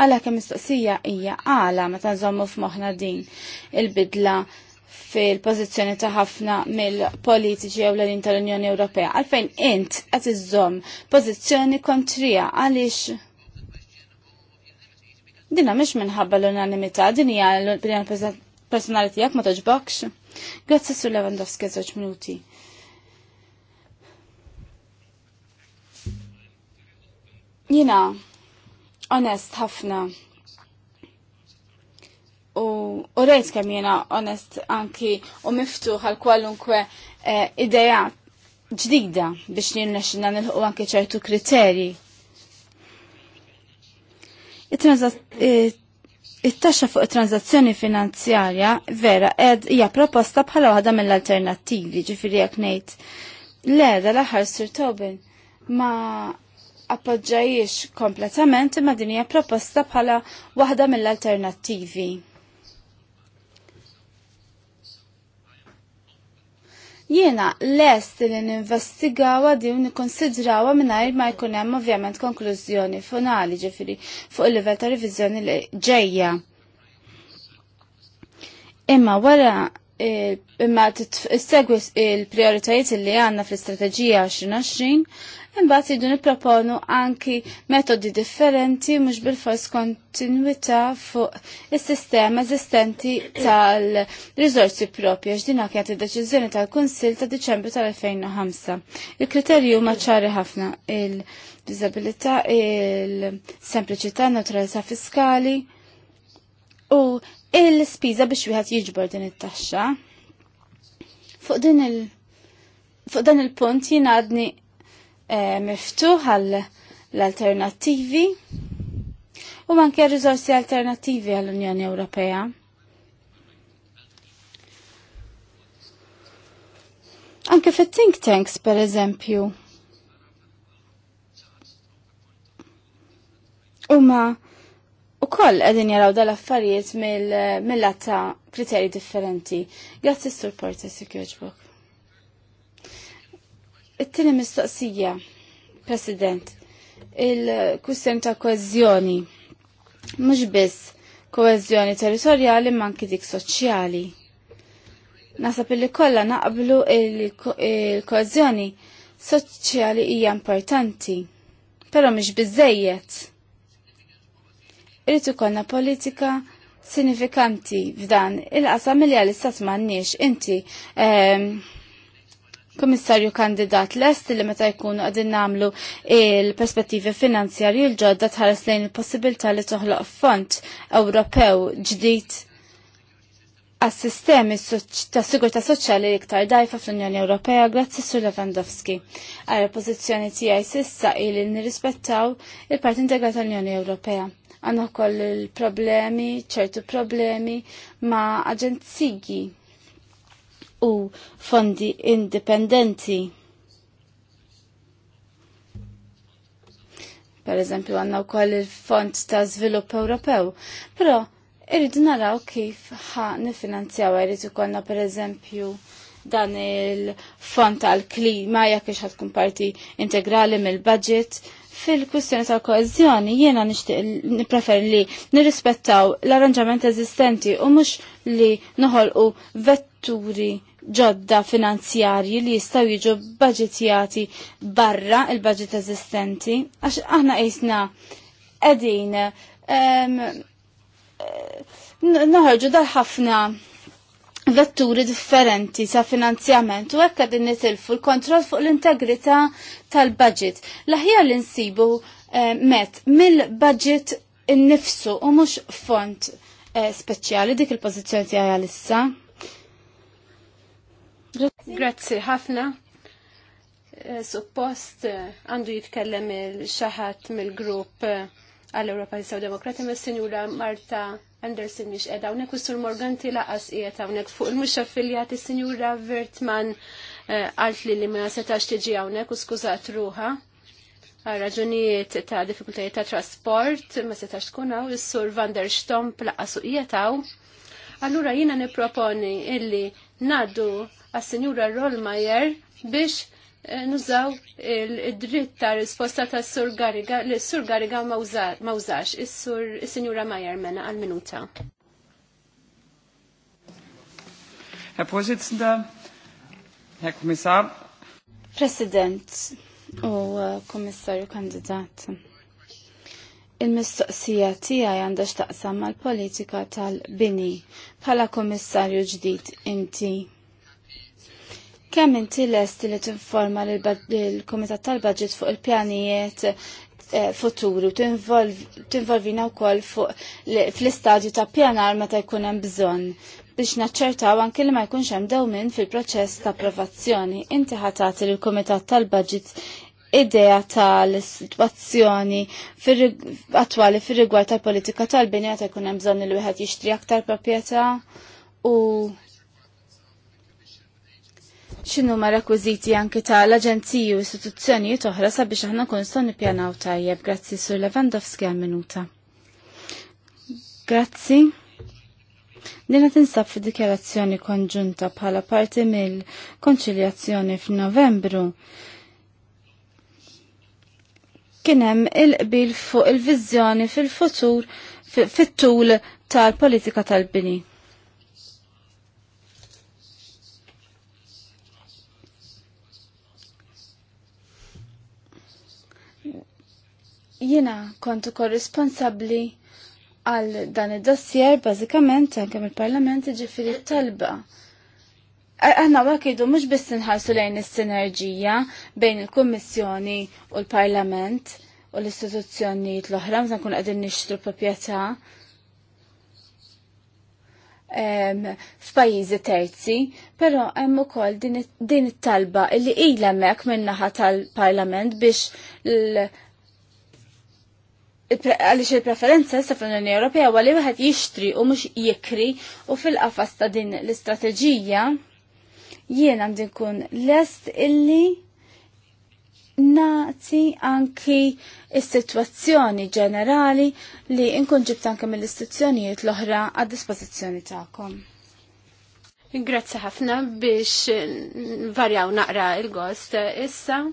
Għala kemm mistoqsija hija għala meta nżommu f'moħħna din il-bidla fil-pożizzjoni ta' ħafna mill-politiċi u l-Unjoni Ewropea għalfejn int qed iżomm pożizzjoni kontrija għaliex Dinna mish minħabba l-unanimità, din hija l unanimita personali tiegħek ma toġbokx. Grazzi Sur Lewandowski żewġ minuti. Jina, onest ħafna. U, u rejt kemm jiena onest anki u miftuħ għal kwalunkwe e, eh, ideja ġdida biex nirnexxinna ħu anke ċertu kriterji it-taxxa fuq transazzjoni finanzjarja vera ed hija proposta bħala waħda mill-alternattivi ġifieri jekk ngħid le dal-aħħar Sir Tobin ma appoġġajiex kompletament imma din hija proposta bħala waħda mill-alternattivi. Jiena lest li ninvestigawa di nikkonsidrawa mingħajr ma jkun hemm ovvjament konklużjoni finali ġifiri fuq il-livell ta' riviżjoni li ġejja. Imma wara e, imma segwi il-prioritajiet li għandna fl-istrateġija 2020 imbagħad jidu nipproponu anki metodi differenti mhux bil-fors kontinwità fuq is-sistema eżistenti tal-riżorsi propri għax kienet id-deċiżjoni tal-Kunsill ta' Diċembru tal-2005. Il-kriterju huma ċari ħafna il-diżabilità, il-sempliċità, naturalità fiskali u il-spiża biex wieħed jiġbor din it-taxxa. Fuq din il- fuq dan il-punt jina għadni Eh, miftuħ għal l-alternattivi u manke rizorsi alternattivi għall-Unjoni Ewropea. Anke fit think tanks, per eżempju, huma u koll għedin jaraw dal-affarijiet mill-latta kriterji differenti. Grazie, Sur Porta Sikjoġbok. It-tieni mistoqsija, President, il-kussem ta' koezjoni, mhux biss koezjoni territorjali ma anki dik soċjali. Nasab li kollha naqblu il-koezjoni soċjali hija importanti, però mux bizzejiet. Irid ikollna politika sinifikanti f'dan il-qasam li għal-istat m'għandniex inti ehm, Komissarju kandidat lest li meta jkunu għadin namlu il-perspettivi finanzjarji l-ġodda tħares lejn il-possibilità li toħloq font Ewropew ġdid għas sistemi ta' sigurta soċjali iktar dajfa fl-Unjoni Ewropea grazzi Sur Lewandowski. Għal pożizzjoni tiegħi sissa ili nirrispettaw il part Integrat tal-Unjoni Ewropea. Għanna wkoll il-problemi, ċertu problemi ma' aġenziji u fondi indipendenti. Per eżempju għanna u koll il-Fond ta' Zvilupp Ewropew, pero irridu naraw kif ħa nifinanzjaw irridu konna per eżempju dan il-fond tal-klima jek ix ħatkun parti integrali mill-budget fil-kwistjoni tal-koezjoni jiena nixtieq nippreferi li nirrispettaw l-arranġament eżistenti u mhux li noħolqu vetturi ġodda finanzjarji li jistaw jiġu budgetjati barra il-budget eżistenti, għax aħna jisna edin naħarġu dal-ħafna vetturi differenti sa' finanzjament u hekk din nitilfu l-kontroll fuq l-integrità tal-budget. L-aħjar li nsibu eh, met mill-budget innifsu u mhux font eh, speċjali dik il-pożizzjoni tiegħi għalissa. issa Grazzi ħafna. Eh, suppost eh, għandu jitkellem il-xaħat mill-grupp eh, għall-Europa Jisaw Demokrati mis sinjura Marta Anderson miex edha unek u sur Morganti laqas ijet hawnhekk fuq il-mhux affiljati sinjura Vertman għalt li li ma setax tiġi hawnhekk u skużat ruha raġunijiet ta' diffikultajiet ta' trasport, ma setax tkun hawn is-sur Van der Stomp laqas u għaw. Allura jina niproponi illi naddu għas senjura Rolmajer biex eh, nużaw il-dritt ta' risposta ta' Sur Gariga li Sur Gariga ma użax, is-Sinjura Majer mena għal-minuta. Herr Vorsitzender, Herr Kommissar. President u uh, Kommissarju Kandidat. Il-mistoqsija tiegħi għandha x'taqsam mal-politika tal-bini bħala Kommissarju ġdid inti Kemm inti lest li tinforma l-Kumitat tal-Budget fuq il-pjanijiet eh, futuri u tinvolvina wkoll koll fl-istadju ta' pjanar meta jkun hemm bżonn biex naċċertaw anke li ma jkunx hemm dewmin fil-proċess ta' approvazzjoni. Inti ħatat lill kumitat tal-Budget idea tal-situazzjoni attwali fir rigward tal-politika tal-binja ta' hemm bżonn li wieħed jixtri aktar proprjetà u xinu ma rekwiziti anki ta' l-aġenziji u istituzzjonijiet oħra sabiex aħna kun son nippjanaw tajjeb. Grazzi sur Lewandowski għal minuta. Grazzi. Dina tinsab fi dikjarazzjoni konġunta bħala parti mill-konċiljazzjoni f'Novembru. Kienem il-qbil fuq il-vizjoni fil-futur fit-tul tal-politika tal-bini. jina kontu korresponsabli għal dan id-dossier bażikament anke mill-Parlament ġifiri talba. Aħna għak jidu mux biss nħarsu lejn is-sinerġija bejn il-Kummissjoni u l-Parlament u l-istituzzjonijiet l-oħra, mżan kun għadin nixtru proprjetà f'pajjiżi terzi, però hemm ukoll din it-talba li ilha mek min-naħa tal-Parlament biex għalix il-preferenza issa fl-Unjoni Ewropea għalli wieħed jixtri u mhux jikri u fil-qafas ta' din l-istrateġija jien għandi nkun lest illi nazi anki is-sitwazzjoni ġenerali li nkun ġibt anke mill-istituzzjonijiet l-oħra għad dispożizzjoni tagħkom. Grazzi ħafna biex varjaw naqra il-gost issa.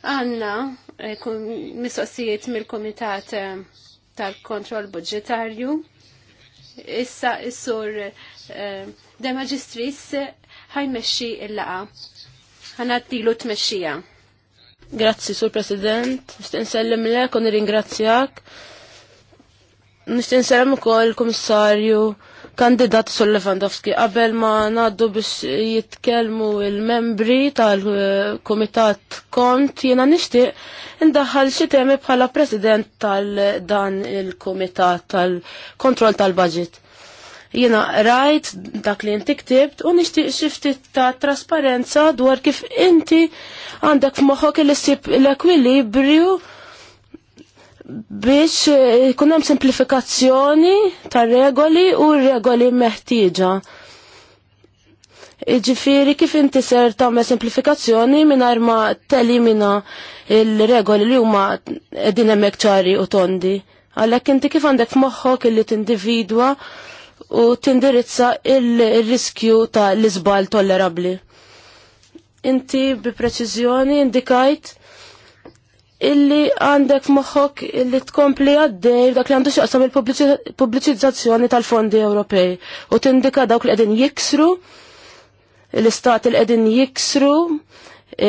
Anna, Eh, mistoqsijiet mill-Komitat eh, tal-Kontroll Budġetarju. Issa is-sur eh, De Magistris ħajmexxi il-laqa. t tmexxija. Grazzi, Sur President. Nixtieq nsellem lek u nirringrazzjak. Nixtieq sellim ukoll kol kummissarju kandidat Sol Lewandowski qabel ma ngħaddu biex jitkellmu il-membri tal-Kumitat Kont jiena nixtieq indaħħal xi temi bħala President tal-dan il-Kumitat tal-Kontroll tal-Budget. Jiena rajt dak li inti ktibt u nixtieq xi ftit ta' trasparenza dwar kif inti għandek f'moħħok il-sib l-ekwilibrju il l ekwilibrju il biex eh, ikun hemm simplifikazzjoni tar-regoli u r-regoli meħtieġa. Iġifiri kif inti ser tagħmel simplifikazzjoni mingħajr arma telimina il-regoli li huma qegħdin hemmhekk ċari u tondi. Għalhekk inti kif għandek f'moħħok illi tindividwa u tindirizza il-riskju ta' l izbal tollerabli. Inti bi preċiżjoni indikajt illi għandek moħħok illi tkompli għaddej dak li għandu xaqsam il-publicizzazzjoni tal-fondi Ewropej u tindika dawk li qegħdin jiksru l-istat li qegħdin jiksru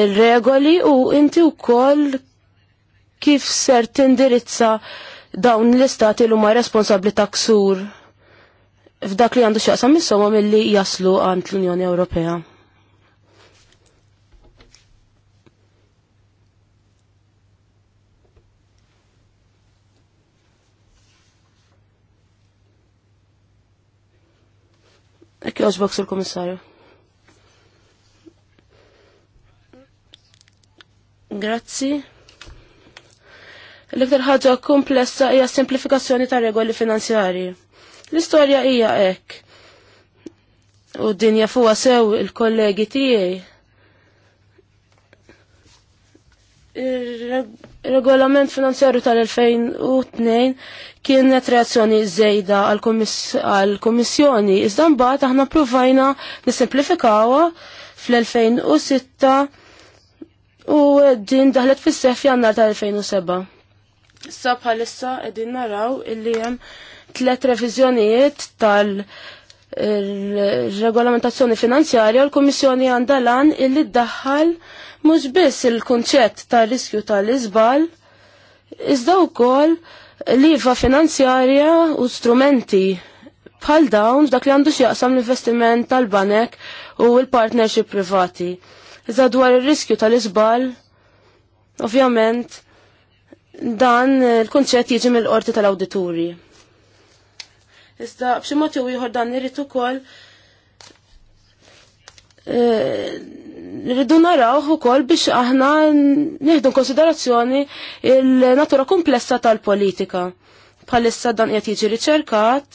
il-regoli u inti wkoll kif ser tindirizza dawn l-istati li huma responsabbli ta' ksur f'dak li għandu xaqsam il-somom illi jaslu għand l-Unjoni Ewropea. Ekki oġbok sul-komissarju. Grazzi. L-iktar ħaġa komplessa hija simplifikazzjoni ta' regoli finanzjarji. L-istorja hija hekk. U dinja fuqa sew il-kollegi tiegħi regolament finanzjarju tal-2002 kienet reazzjoni żejda għal komissjoni Iżda mbagħad aħna provajna nisimplifikawa fl-2006 u din daħlet fis-sef jannar tal-2007. Sabħalissa bħalissa qegħdin naraw illi hemm tliet reviżjonijiet tal komissjoni regolamentazzjoni finanzjarja l-Kummissjoni għandha lan illi ddaħħal mhux biss il-kunċett ta' riskju tal-iżbal iżda wkoll liva finanzjarja u strumenti bħal dawn dak li għandu x'jaqsam l-investiment tal-banek u l-partnership privati. Iżda dwar ir-riskju tal-iżbal, ovvjament, dan il-kunċett jiġi mill-qorti tal-awdituri. Iżda b'xi mod jew ieħor dan irid ukoll e, rridu narawh ukoll biex aħna nieħdu konsiderazzjoni il-natura komplessa tal-politika. Bħalissa dan qed jiġi riċerkat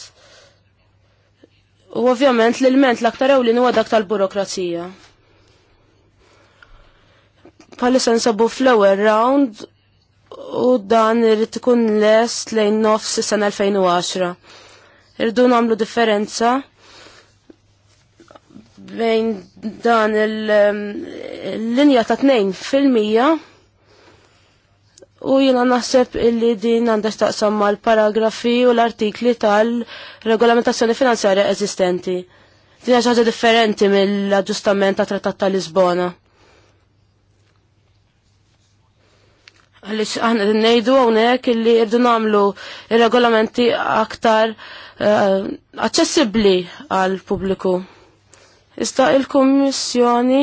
u ovvjament l-ilment l-aktar ewlin huwa dak tal-burokrazija. Bħalissa nsabu fl-ewwel round u dan irid ikun lest lejn nofs is-sena 2010 Irdu namlu differenza bejn dan um, il-linja ta' 2 fil-mija u jina naħseb illi din għandha x'taqsam mal-paragrafi u l-artikli tal-regolamentazzjoni finanzjarja eżistenti. Din ħaġa differenti mill-aġġustament ta' Trattat ta' Lisbona. għallix aħna nejdu għonek illi irdu namlu regolamenti aktar uh, għal publiku. Ista il-Kommissjoni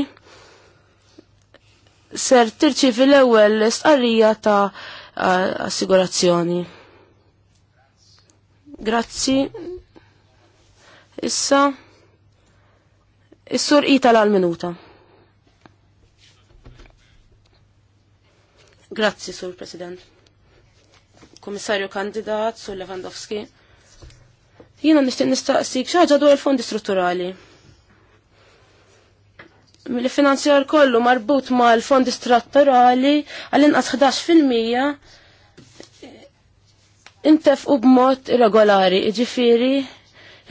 ser tirċivi l-ewwel istqarrija ta' eh, assigurazzjoni. Grazzi. Issa. Is-sur ita l-minuta. Grazzi, Sur President. Komissarju kandidat, Sur Lewandowski. Jiena nishtiq nistaqsik xaġa dwar il-fondi strutturali. Mill-finanzjar kollu marbut ma' l-fondi strutturali għall-inqas 11% intef u b'mod irregolari, iġifiri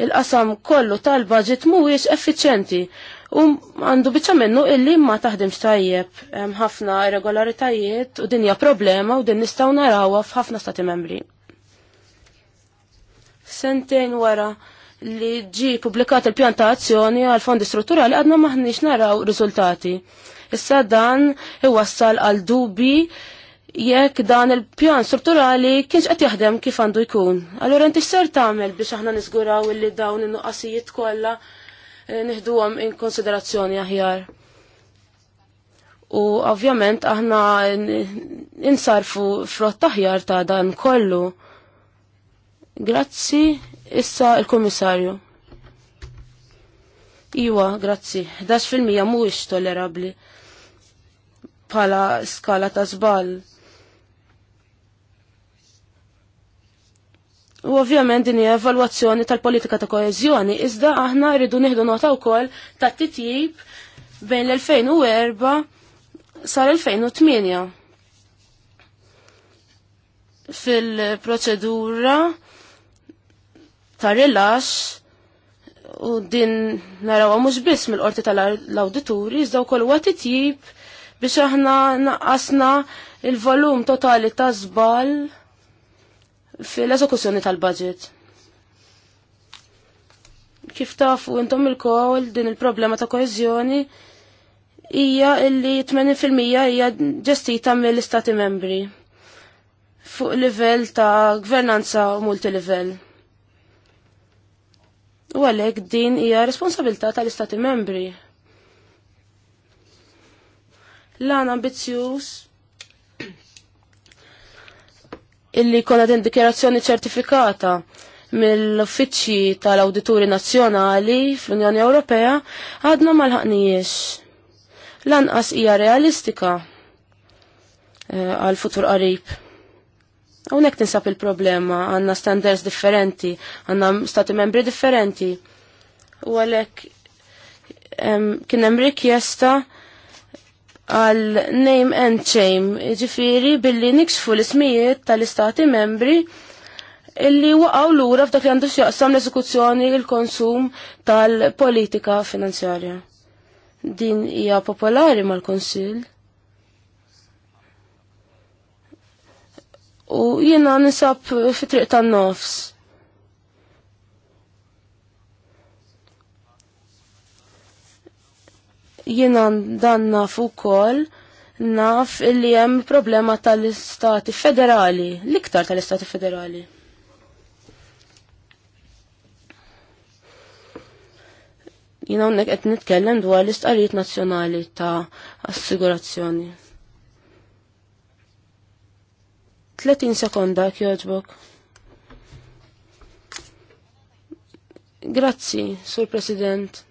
il-qasam kollu tal-budget mhuwiex effiċjenti u għandu biċċa minnu illi ma taħdimx tajjeb ħafna irregolaritajiet u dinja problema u din nistgħu narawha f'ħafna stati membri. Sentejn wara li ġi publikat il-pjan ta' azzjoni għal fondi strutturali għadna maħniex naraw riżultati. Issa dan iwassal għal dubi jekk dan il-pjan strutturali kienx qed jaħdem kif għandu jkun. Allura inti x'ser tagħmel biex aħna niżguraw illi dawn in-nuqqasijiet kollha niħduhom in konsiderazzjoni aħjar. U ovvjament aħna insarfu frott taħjar ta' dan kollu. Grazzi, issa il-komissarju. Iwa, grazzi. 11% mhuwiex tollerabli bħala skala ta' żball U ovvjament din hija evalwazzjoni tal-politika ta' koeżjoni, iżda aħna rridu nieħdu nota wkoll ta' titjib bejn l-2004 sar 2008. Fil-proċedura ta' rilax u din narawha mhux biss mill-qorti tal-awdituri iżda wkoll huwa titjib biex aħna naqqasna il-volum totali ta' żball fil-eżekuzzjoni tal-budget. Kif tafu intom il-kol din il-problema ta' koezjoni hija illi 80% hija ġestita mill-istati membri fuq livell ta' gvernanza u multilivell. U għalhekk din hija responsabilità tal-istati membri. Lan ambizzjuż illi kona din dikjerazzjoni ċertifikata mill-uffiċċji tal-Awdituri Nazzjonali fl-Unjoni Ewropea għadna mal laħqniex. Lanqas hija realistika eh, għal futur qarib. Hawnhekk tinsab il-problema, għandna standards differenti, għandna stati membri differenti. U għalhekk kien hemm rikjesta għal name and shame, ġifiri billi niksfu l-ismijiet tal-istati membri illi waqaw lura f'dak li għandu xjaqsam l-eżekuzzjoni il-konsum tal-politika finanzjarja. Din hija popolari mal-Konsil. U jiena nisab fitriq tan-nofs Jiena dan naf ukoll naf li hemm problema tal-istati federali, l-iktar tal-istati federali. Jina unnek qed nitkellem dwar l istariet nazzjonali ta' assigurazzjoni. 30 sekonda kjoġbok. Grazzi, Sur President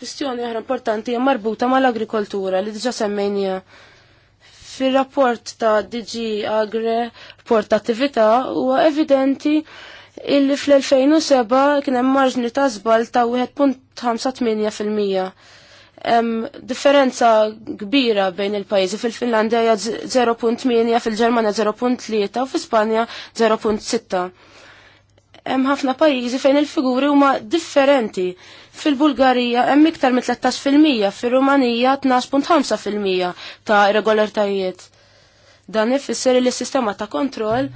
kwestjoni oħra importanti hija marbuta mal-agrikoltura li diġa semmejnija fir-rapport ta' DG Agre, Port ta' attività, huwa evidenti illi fl-2007 kien hemm marġni ta' żball ta' 1.58%. Hemm differenza kbira bejn il-pajjiżi fil-Finlandja hija 0.8, fil-Ġermanja 0.3 u fl-Ispanja 0.6 hemm ħafna pajjiżi fejn il-figuri huma differenti. Fil-Bulgarija hemm iktar minn 13%, fir-Rumanija 12.5% ta' regolartajiet. Dan ifisser li s-sistema ta' kontroll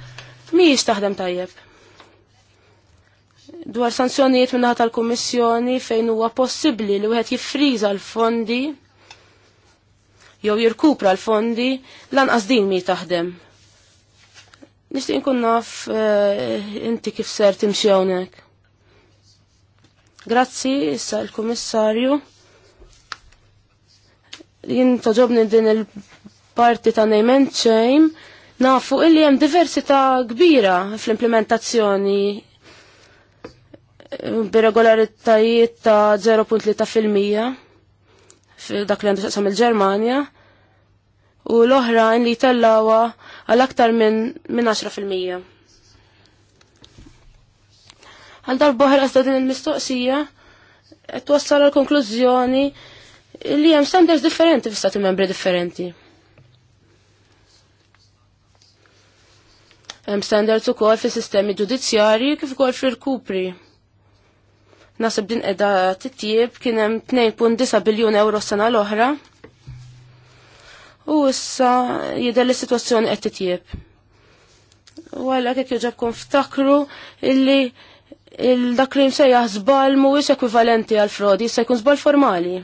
mhijiex taħdem tajjeb. Dwar sanzjonijiet minn tal-Kummissjoni fejn huwa possibbli li wieħed jiffriża l-fondi jew jirkupra l-fondi lanqas din mi taħdem Nishtiq nkun naf eh, inti kif ser timxi hawnhekk. Grazzi issa l-Kummissarju. Jien toġobni din il-parti ta' nejment ċejm nafu illi hemm diversità kbira fl-implementazzjoni eh, bir-regolaritajiet ta' 0.3 fil-mija fil dak li għandu il-Ġermanja u l-oħrajn li tellawa għal aktar minn min 10%. Għal darboħra għasta din il-mistoqsija, għet wassal għal konklużjoni li jem standards differenti fi stati membri differenti. Jem standards u kol fi sistemi ġudizzjari kif kol fi rkupri. Nasib din edha titjib kienem 2.9 biljon euro s-sena l-oħra, U issa jidher li situazzjoni qed titjieb. U għalhekk jekk jogħġobkom ftakru illi daklim se msejjaħ mu mhuwiex ekwivalenti għal frodi, se jkun żball formali.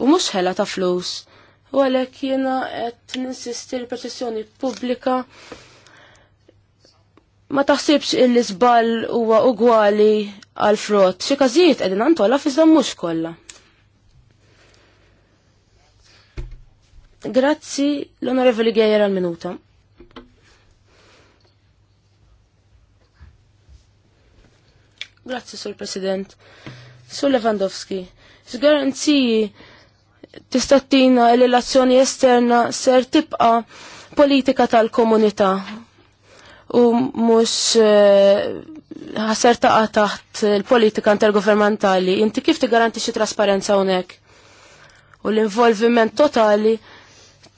U mhux ħela ta' flus. U għalhekk jiena qed ninsisti l-proċessjoni pubblika ma taħsibx illi żball huwa ugwali għal Xie Xi każijiet għantu għalla fizzam mhux kollha. Grazzi l-Onorevoli Gejer għal-minuta. Grazzi, Sur President. Sur Lewandowski, s-garanziji tistattina l-relazzjoni esterna ser tibqa politika tal-komunità u mux ħaser eh, taqa taħt il-politika intergovernmentali. Inti kif tigarantixi trasparenza unek? U l-involviment totali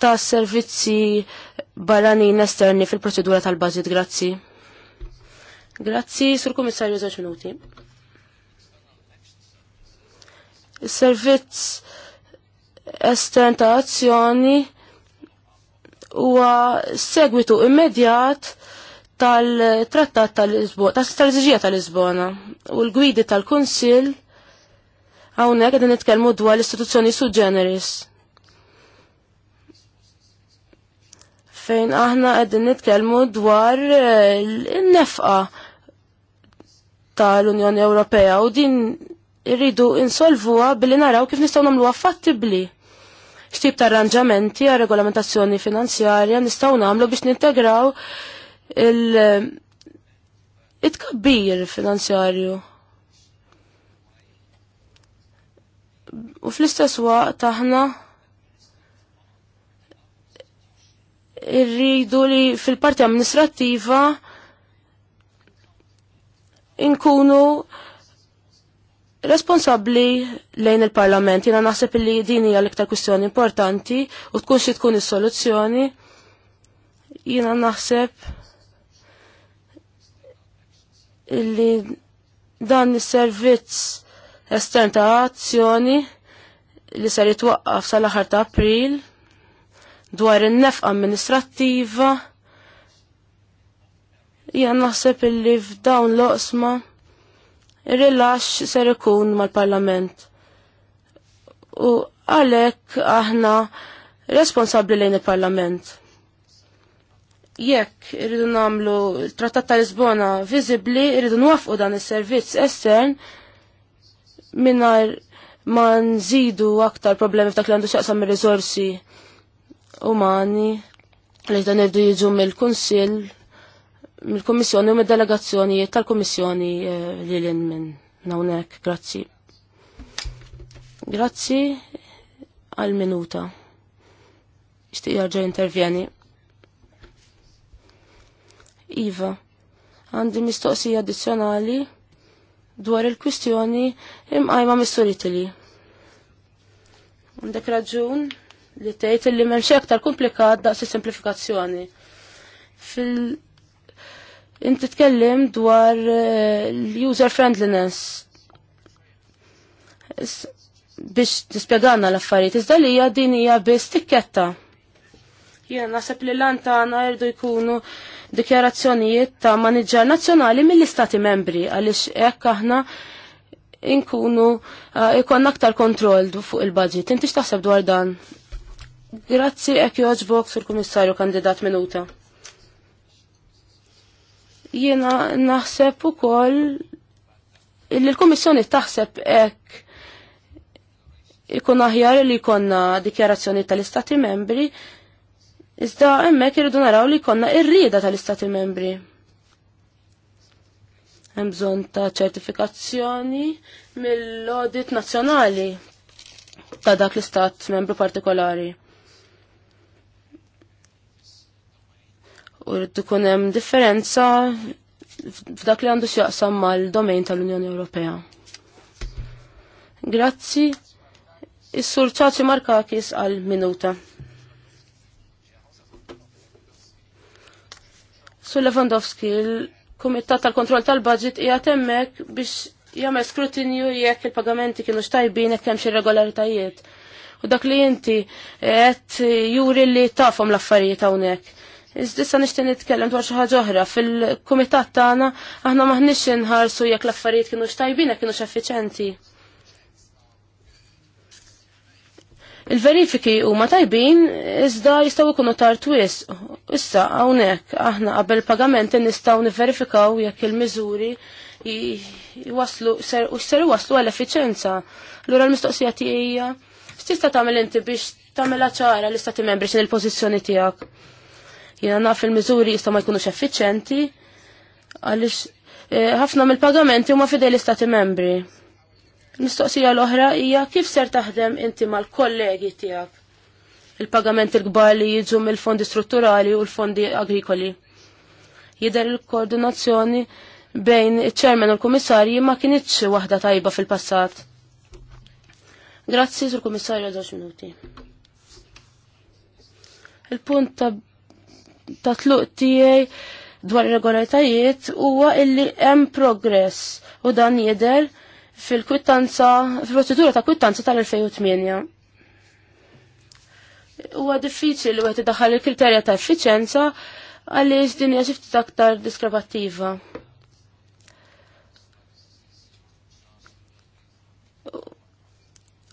ta' servizzi barranin esterni fil-proċedura tal bazit Grazzi. Grazzi, sur komissarju zaċ minuti. Is-servizz estern ta' azzjoni huwa segwitu immedjat tal-trattat tal-Lisbona, tal-strategija tal-Lisbona u l-gwidi tal kunsil hawnhekk qegħdin nitkellmu dwar l-istituzzjoni sui generis fejn aħna qegħdin nitkellmu dwar in-nefqa eh, tal-Unjoni Ewropea u din irridu insolvuha billi naraw kif nistgħu nagħmluha fattibbli. X'tip ta' arranġamenti għal regolamentazzjoni finanzjarja nistgħu nagħmlu biex nintegraw il- eh, tkabbir finanzjarju. U fl-istess waqt aħna Irridu li fil-parti amministrattiva inkunu responsabli lejn il-parlament. Jina naħseb li din hija l-iktar kwistjoni importanti u tkun xi tkun is-soluzzjoni. Jina naħseb li dan is-servizz estern ta' azzjoni li ser jitwaqqaf sal-aħħar ta' April dwar in-nef amministrattiva hija naħseb illi f'dawn l-oqsma rilax ser ikun mal-Parlament. U għalhekk aħna responsabbli lejn il-Parlament. Jekk irridu nagħmlu trattat ta' Lisbona viżibbli, irridu nwafqu dan is-servizz estern mingħajr ma nżidu aktar problemi f'dak li għandu xaqsam ir-riżorsi umani li dan irdu jiġu mill-Kunsill, mill-Kummissjoni u mid-delegazzjonijiet tal-Kummissjoni eh, li l minn hawnhekk. Grazzi. Grazzi għal-minuta. Ixtieq jarġa' intervjeni. Iva, għandi mistoqsija addizzjonali dwar il-kwistjoni imqajma mistoriti li. Għandek raġun? li tgħid li m'hemmx aktar komplikat daqs simplifikazzjoni. Fil inti tkellim dwar l-user eh, friendliness. Biex tispjegana l-affarijiet, iżda li hija din hija biss tikketta. Jiena naħseb li lantana jirdu jkunu dikjarazzjonijiet ta' maniġġar nazzjonali mill-istati membri għaliex hekk aħna inkunu eh, ikon aktar kontroll fuq il-budget. Inti x'taħseb dwar dan? Grazzi ek joġbok Sur komissarju kandidat minuta. Jena naħseb u koll li l-Komissjoni taħseb ek ikun aħjar li konna dikjarazzjoni tal-Istati membri, iżda emmek irridu naraw li konna irrida tal-Istati membri. Hemm bżonn ta' ċertifikazzjoni mill-audit nazzjonali ta' dak l-istat membru partikolari. u tkun hemm differenza f'dak li għandu x'jaqsam mal-domain tal-Unjoni Ewropea. Grazzi. Is-sur ċaċi Markakis għal minuta. Sur Lewandowski, il-Kumitat tal-Kontroll tal-Budget hija temmek biex jagħmel skrutinju jekk il-pagamenti kienu xtajbin jekk hemm xi regolaritajiet. U dak li inti qed juri li tafhom l-affarijiet hawnhekk Iżdissa nixtieq nitkellem dwar xi ħaġa oħra. Fil-kumitat tagħna aħna maħniex inħarsu jekk l-affarijiet kienu x'tajbin jekk kienu x'effiċenti. Il-verifiki huma tajbin iżda jistgħu jkunu tar twis. Issa hawnhekk aħna qabel pagamenti nistgħu niverifikaw jekk il-miżuri waslu u ser waslu għal effiċenza. Allura l-mistoqsija tiegħi tista' tagħmel inti biex tagħmilha ċara l-istati membri xin il-pożizzjoni tiegħek. Jena naf il-miżuri jista' ma jkunux effiċenti għaliex eh, ħafna mill-pagamenti huma fidej l-istati membri. Mistoqsija l-oħra hija kif ser taħdem inti mal-kollegi tiegħek il-pagamenti l-kbar li jiġu mill-fondi strutturali u l-fondi agrikoli. Jider il-koordinazzjoni bejn il-ċermen u l-komissarji ma kienitx waħda tajba fil-passat. Grazzi sur komissarju għal minuti. Il-punt ta' ta' tluq tiegħi dwar regolajtajiet huwa illi hemm progress u dan jidher fil-kwittanza, fil-procedura ta' kwittanza tal-2008. Huwa diffiċli li wieħed idaħħal il-kriterja ta' effiċenza għaliex din hija xi ftit aktar diskrevattiva.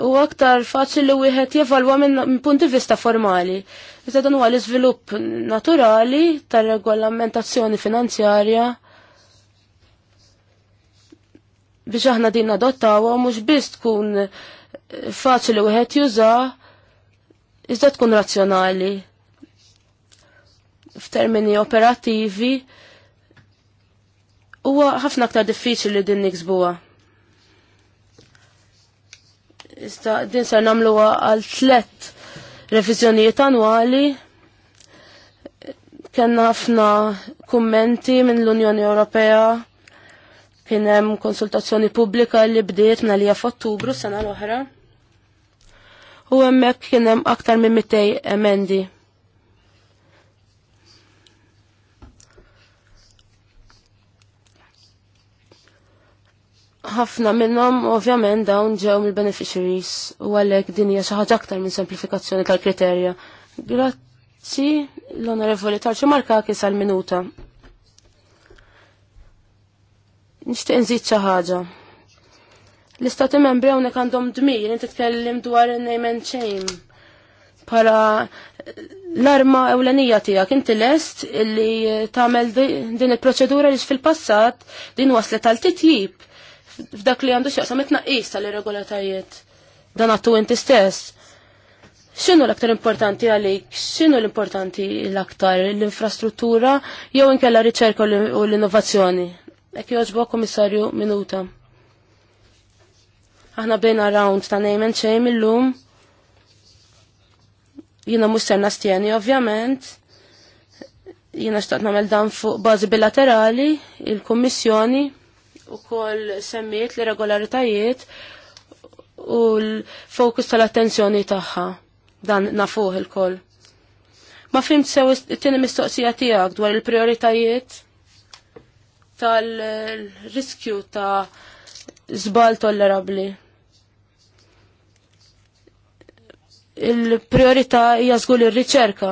u aktar faċli li wieħed jevalwa minn punti vista formali. Iżda dan huwa l-iżvilupp naturali tar-regolamentazzjoni finanzjarja biex aħna din nadottawa mhux biss tkun faċli wieħed juża iżda tkun razzjonali f'termini operattivi huwa ħafna aktar diffiċli din niksbuha. Issa din ser nagħmluha għal tlet reviżjonijiet annwali. Kenna ħafna kummenti minn l-Unjoni Ewropea kien hemm konsultazzjoni pubblika li bdiet minn għalija f'Ottubru sena l-oħra. U hemmhekk kien hemm aktar minn 200 emendi. ħafna minnhom ovvjament dawn ġew mill-beneficiaries u għalhekk din hija xi ħaġa aktar minn semplifikazzjoni tal-kriterja. Grazzi l-Onorevoli Tarċu Marka kis għal-minuta. Nixtieq nżid xi ħaġa. L-istati membri hawnhekk għandhom dmir inti tkellim dwar name and shame. Para l-arma ewlenija tiegħek inti lest illi tagħmel din il-proċedura li fil-passat din waslet għal titjib f'dak li għandu xaqsam it-naqis tal tal-ir-regolatajiet Dan għattu inti stess. X'inhu l-aktar importanti għalik? X'inhu l-importanti l-aktar? L-infrastruttura jew inkella riċerka u l-innovazzjoni? Ek joġbo komissarju minuta. Aħna bejna round ta' nejmen and shame lum Jina musterna stjeni ovvjament jina xtaqt namel dan fuq bazi bilaterali, il-kommissjoni, u kol semmiet li regolaritajiet u l-fokus tal-attenzjoni tagħha dan nafuh il kol Ma fimt sew it-tieni mistoqsija tiegħek dwar il-prioritajiet tal-riskju ta' zbal tollerabli. Il-priorità hija żgur ir-riċerka.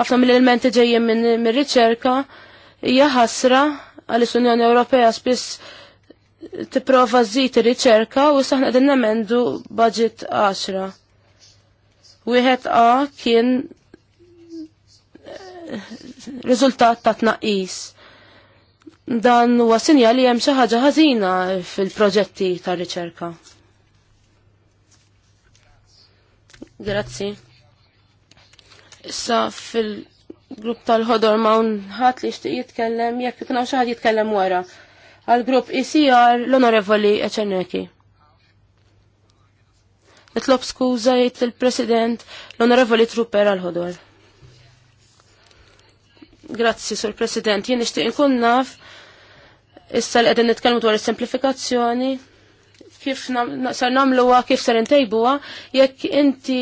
Ħafna mill-elementi ġejjin minn mir-riċerka hija ħasra għaliex unjoni Ewropea spiss tipprova żid ir-riċerka u saħna qegħdin nemendu budget 10. Wieħed A kien eh, riżultat ta' tnaqqis. Dan huwa sinjal li hemm xi ħaġa ħażina fil-proġetti tar-riċerka. Grazzi. Issa fil- Grupp tal-ħodor ma' unħat li xtiq jitkellem, jek kena xaħat jitkellem wara. Għal-grupp ICR e l-onorevoli Eċeneki. Nitlob skuża jgħid il-President l-onorevoli Trupper għal-ħodor. Grazzi, Sur President. Jien nixtieq inkun naf issa li qegħdin nitkellmu dwar is-semplifikazzjoni kif sar namluwa, kif sar intejbuwa, jekk inti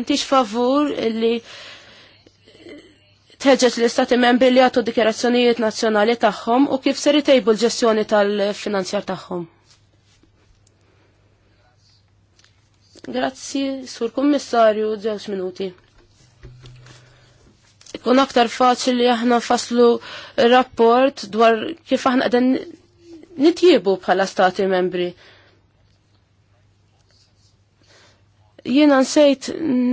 intix favur li teġġeġ l-istati membri li għatu dikjerazzjonijiet nazzjonali tagħhom u kif seri tejbu l-ġestjoni tal-finanzjar tagħhom. Grazzi, sur kummissarju, żewġ minuti. Kun aktar faċli aħna faslu rapport dwar kif aħna qegħdin nitjiebu bħala stati membri Jiena nsejt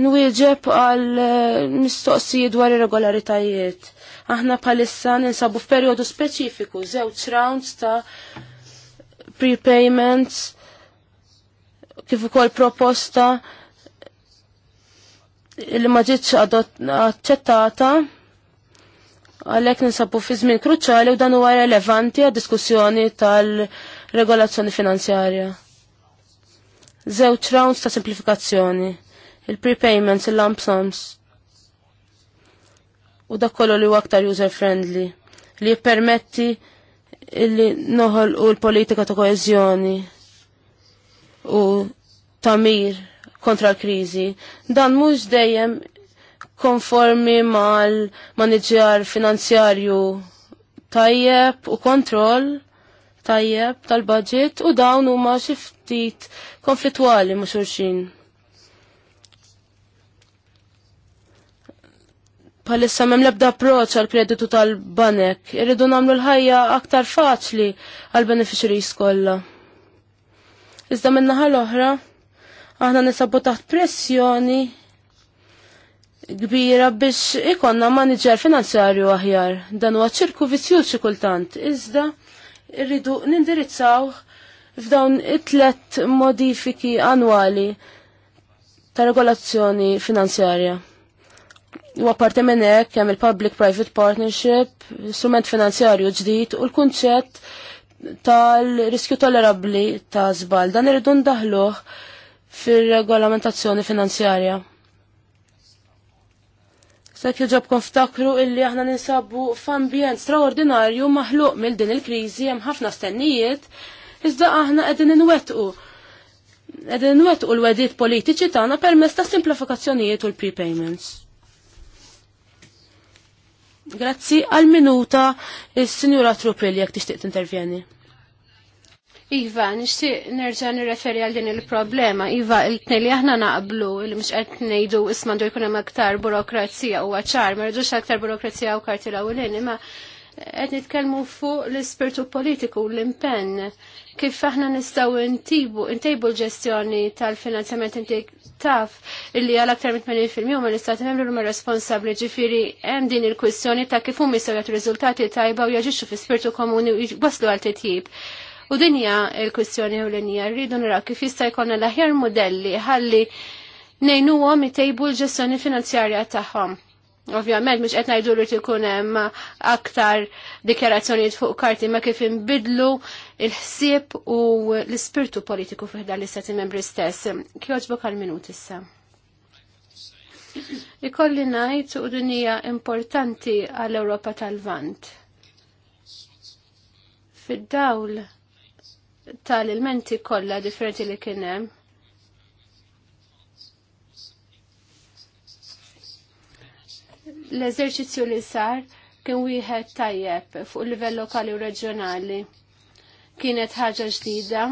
nwieġeb għal eh, mistoqsijiet dwar irregolaritajiet. Aħna bħalissa ninsabu f'perjodu speċifiku, żewġ rounds ta' prepayments kif ukoll proposta li ma ġietx aċċettata għalhekk ninsabu fi żmien kruċjali u dan huwa relevanti għad-diskussjoni tal-regolazzjoni finanzjarja żewġ rounds ta' simplifikazzjoni, il-prepayments, il-lump sums. U dak kollu li huwa aktar user friendly li jippermetti li noħol u l-politika ta' koezjoni u tamir kontra l-krizi. Dan mhux dejjem konformi mal-maniġjar finanzjarju tajjeb u kontroll tajjeb tal-budget u dawn huma xi ftit konflittwali ma' xulxin. Palissa l-ebda approċ għal kreditu tal-banek, irridu namlu l-ħajja aktar faċli għal beneficiaries kollha. Iżda minnaħa l-oħra, aħna nisabu taħt pressjoni kbira biex ikonna manager finanzjarju aħjar. Dan huwa ċirku xi kultant. Iżda irridu nindirizzaw f'dawn it-tlet modifiki annwali ta' regolazzjoni finanzjarja. U apparti minn hekk hemm il-Public-Private Partnership, strument finanzjarju ġdid u l-kunċett tal-riskju tollerabbli ta' żball. Dan irridu ndaħluh fir-regolamentazzjoni finanzjarja. Sekk ġobkom ftakru illi aħna ninsabu f'ambjent straordinarju maħluq mill din il-kriżi hemm ħafna stennijiet, iżda aħna qegħdin inwettqu. Qegħdin inwettqu l-wedid politiċi tagħna permezz ta' simplifikazzjonijiet u l-prepayments. Grazzi għal minuta is-Sinjura Trupilli jekk tixtieq tintervjeni. Iva, nixtieq nerġa' nirreferi għal din il-problema. Iva, il-tnej li aħna naqblu li m'x qed ngħidu ismandu jkun hemm aktar burokrazija u għacħar, ma rridux aktar burokrazija u karti l-ewwelin, imma qed nitkellmu fuq l-ispirtu politiku u l-impenn kif aħna nistgħu ntibu ntejbu l-ġestjoni tal-finanzjament inti taf illi għal aktar minn 80% huma l-istati l huma responsabbli ġifieri hemm din il-kwistjoni ta' kif hum jistgħu jagħtu riżultati tajba u jaġixxu fi spirtu komuni u waslu għal titjib. U dinja il-kwistjoni u l-inja rridu naraw kif jista' jkollna l-aħjar modelli ħalli nejnuhom itejbu l-ġestjoni finanzjarja tagħhom. Ovvjament, mhux qed ngħidu li ikun hemm aktar dikjarazzjoni fuq karti ma kif inbidlu il-ħsieb u l-ispirtu politiku fih dan l-istati membri stess. Kjoġbok għal minuti issa. Ikolli najt u dunija importanti għall-Europa tal-Vant. Fid-dawl tal-ilmenti kollha differenti li kien hemm. L-eżerċizzju li sar kien wieħed tajjeb fuq il-livell lokali u reġjonali. Kienet ħaġa ġdida.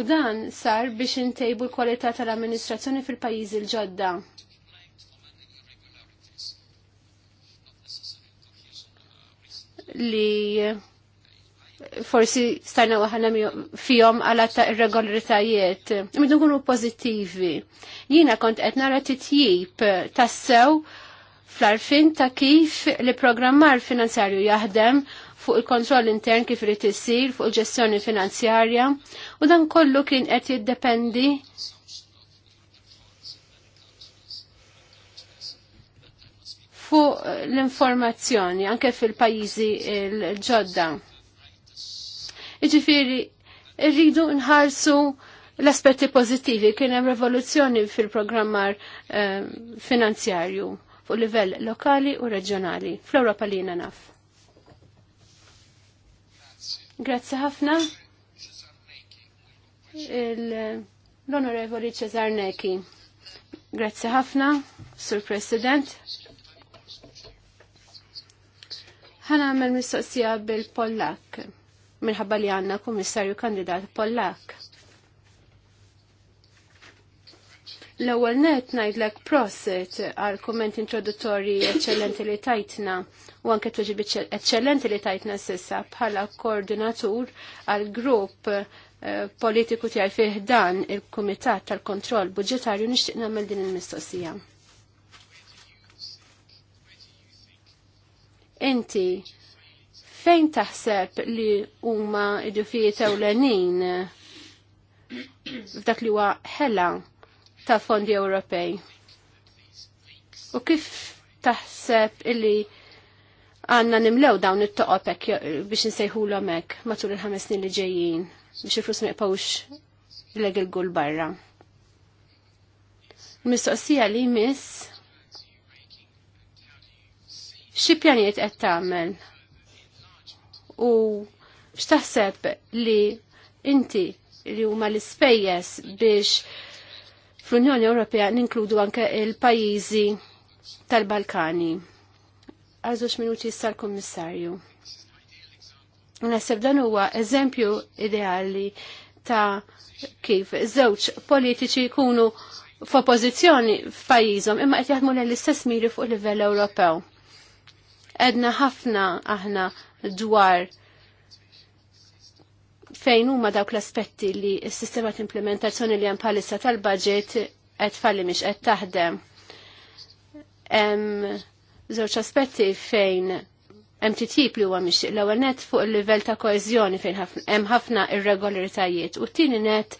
U dan sar biex intejbu l-kwalità tal-amministrazzjoni fil-pajjiżi l-ġodda. li forsi stajna għahna fihom għala ta' irregolaritajiet. Imdu kunu pozittivi. Jiena kont qed nara titjib tassew fl-arfin ta' kif li programmar finanzjarju jaħdem fuq il-kontroll intern kif rrit isir fuq il-ġestjoni finanzjarja u dan kollu kien qed jiddependi fuq l-informazzjoni anke fil-pajjiżi l-ġodda. Iġifiri, rridu nħarsu l-aspetti pozittivi kien hemm revoluzzjoni fil-programmar ehm, finanzjarju fuq livell lokali u reġjonali fl-Ewropa li naf. Grazzi ħafna l-Onorevoli Cesar Neki. Grazzi ħafna, Sur President. Ħana għamil mistoqsija bil-Pollak minħabba li għanna kummissarju kandidat Pollak. L-ewwel net ngħidlek proset għal kumment introduttorji eċċellenti li tajtna u anke tweġib eċċellenti li tajtna sissa bħala koordinatur għal grupp eh, politiku tiegħi fih dan il-Kumitat tal-Kontroll Budġetarju nixtieq nagħmel din il-mistoqsija. Inti fejn taħseb li huma ġufijiet ewlenin f'dak li huwa ħela ta' fondi Ewropej? U kif taħseb li għanna nimlew dawn it-toqopek biex l hekk matul il-ħames snin li ġejjin biex il-flus ma il gul barra. Mistoqsija li miss xi pjanijiet qed tagħmel u x'taħseb li inti li huma l-ispejjeż biex fl-Unjoni Ewropea ninkludu anke il-pajjiżi tal-Balkani. Għażux minuti sal kummissarju Naħseb dan huwa eżempju ideali ta' kif żewġ politiċi jkunu f'oppożizzjoni f'pajjiżhom imma qed jaħdmu l-istess miri fuq livell Ewropew. Edna ħafna aħna dwar fejn huma dawk l-aspetti li s-sistema t-implementazzjoni li bħalissa tal-budget qed falli miex qed taħdem. Hemm żewġ aspetti fejn hemm titjib li huwa miex l-ewwel net fuq il-livell ta' koeżjoni fejn hemm ħafna irregolaritajiet u t-tieni net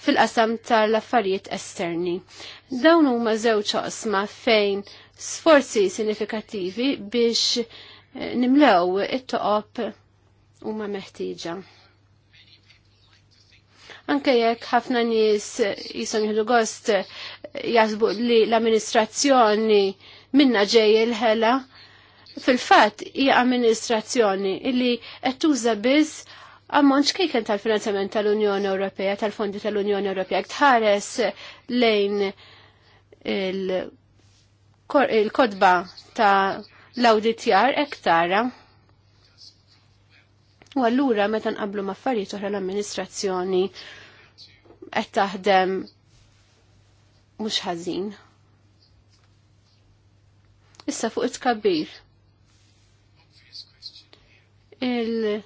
fil-qasam tal-affarijiet esterni. Dawn huma żewġ oqsma fejn sforzi sinifikattivi biex eh, nimlew it-toqob u ma meħtieġa. Anke jekk ħafna nies jisom jħidu gost eh, jasbu li l-amministrazzjoni minna ġej il-ħela, fil-fatt hija amministrazzjoni illi qed tuża biss ammont xkejken tal-finanzjament tal-Unjoni Ewropea, tal-fondi tal-Unjoni Ewropea, tħares lejn il- il-kodba ta' l-auditjar ektara. U allura meta qablu maffarijiet oħra l-amministrazzjoni qed taħdem mhux ħażin. Issa fuq it kabir il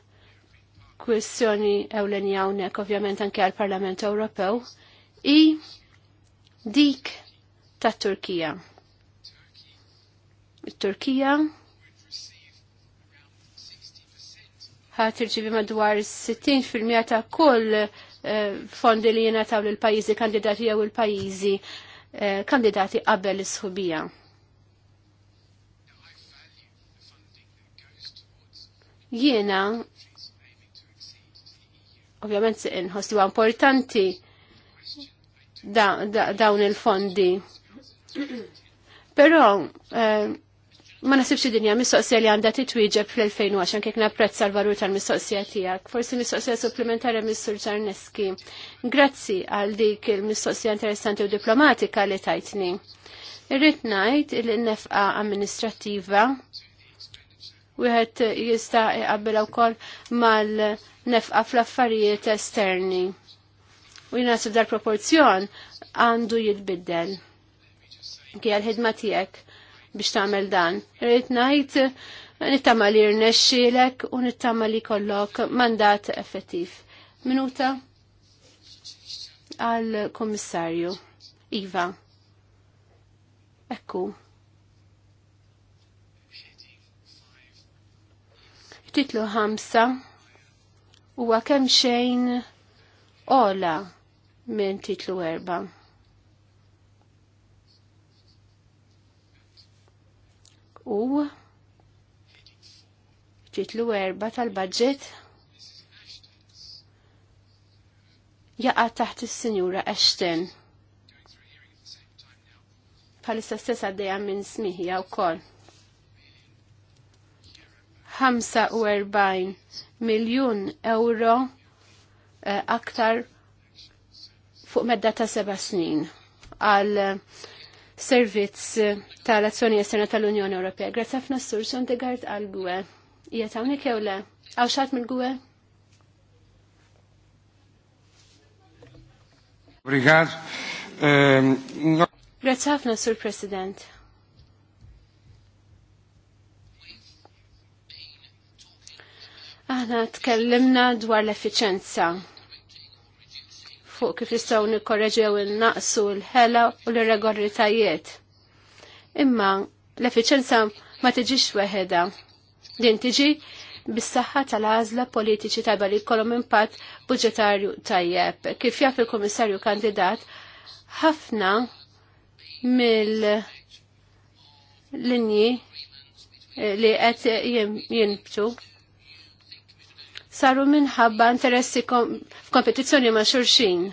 kwestjoni ewlen hawnhekk ovvjament anke għall-Parlament Ewropew i dik tat-Turkija. Il-Turkija ħat irċivi madwar 60% ta' kull eh, fondi li jenataw l-pajizi kandidati jew il-pajizi eh, kandidati qabel is-sħubija. Jiena, ovvjament nħostiwa importanti dawn il-fondi. Però eh, ma nasibx dinja mistoqsija li għandha titwieġeb fl-2010 kif napprezza l-valur tal-mistoqsija tiegħek. Forsi mistoqsija supplementarja mis-Sur Czarneski. Grazzi għal dik il-mistoqsija interessanti u diplomatika li tajtni. Irrid ngħid il-nefqa amministrattiva wieħed jista' iqabbel wkoll mal-nefqa fl-affarijiet esterni. U jnasib dal-proporzjon għandu jitbiddel. Għal ħidma tiegħek biex tagħmel dan. Rrit ngħid nittama li rnexxielek u nittama li kollok mandat effettiv. Minuta għal komissarju Iva. Ekku. Titlu ħamsa huwa kemm xejn ola minn titlu erba' u titlu erba tal-budget jaqa taħt is-Sinjura Ashton. Palissa stessa għaddejja minn smiħja wkoll. 45 miljun euro eh, aktar fuq medda ta' seba' snin għal uh, servizz eh, tal-azzjoni esterna tal-Unjoni Ewropea. Grazzi ħafna s-sur Sondegard għal-Gwe. Ija hawnhekk jew le? Għaw xatt mill-Gwe? Brigad. Ehm, Grazzi ħafna sur President. Aħna tkellimna dwar l efficienza fuq kif nistgħu nikkorreġew il-naqsu l-ħela u l irregolaritajiet Imma l-effiċenza ma tiġix weħeda. Din tiġi bis-saħħa tal-għażla politiċi tajba li jkollhom impatt budġetarju tajjeb. Kif jaf il-Kummissarju kandidat, ħafna mill-linji eh, li qed jinbtu saru minħabba interessi f'kompetizzjoni ma' xurxin.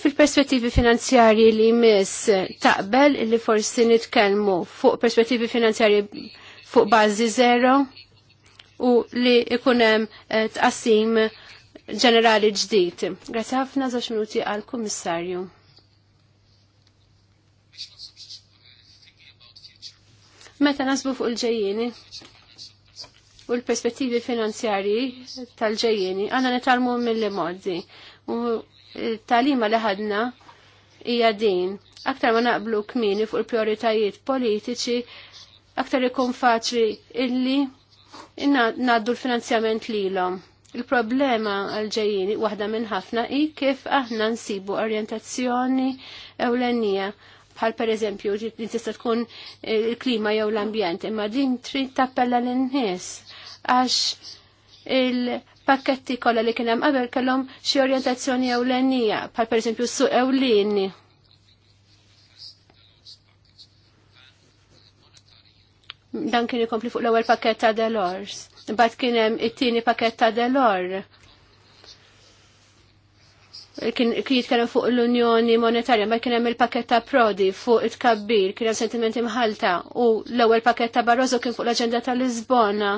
Fil-perspettivi finanzjarji li jmiss taqbel li forsi nitkellmu fuq perspettivi finanzjarji fuq bażi zero u li ikunem eh, tqassim ġenerali ġdid. Grazie ħafna żewġ minuti għal-Kummissarju. Meta nasbu fuq il ġejjini u l-perspettivi finanzjarji tal-ġejjeni għanna nitalmu mill-li modi. U talima li ħadna hija din. Aktar ma naqblu kmini fuq il-prioritajiet politiċi, aktar ikun faċli illi naddu l-finanzjament lilhom. Il-problema għal-ġejjini waħda minn ħafna i kif aħna nsibu orjentazzjoni ewlenija bħal per eżempju tista' tkun il-klima jew l-ambjent, imma din trid tappella lin-nies għax il-pakketti kollha li kien hemm qabel kellhom xi orjentazzjoni pal per pereżempju su ewlieni. Dan kien ikompli fuq l-ewwel pakketta ta' Delors. Bad kien hemm it-tieni pakketta ta' Delors kien jitkellem fuq l-Unjoni Monetarja, ma kien hemm il-pakket ta' Prodi fuq it-kabbir, kien hemm sentimenti mħalta u l-ewwel pakket ta' Barroso kien fuq l-aġenda tal Lisbona.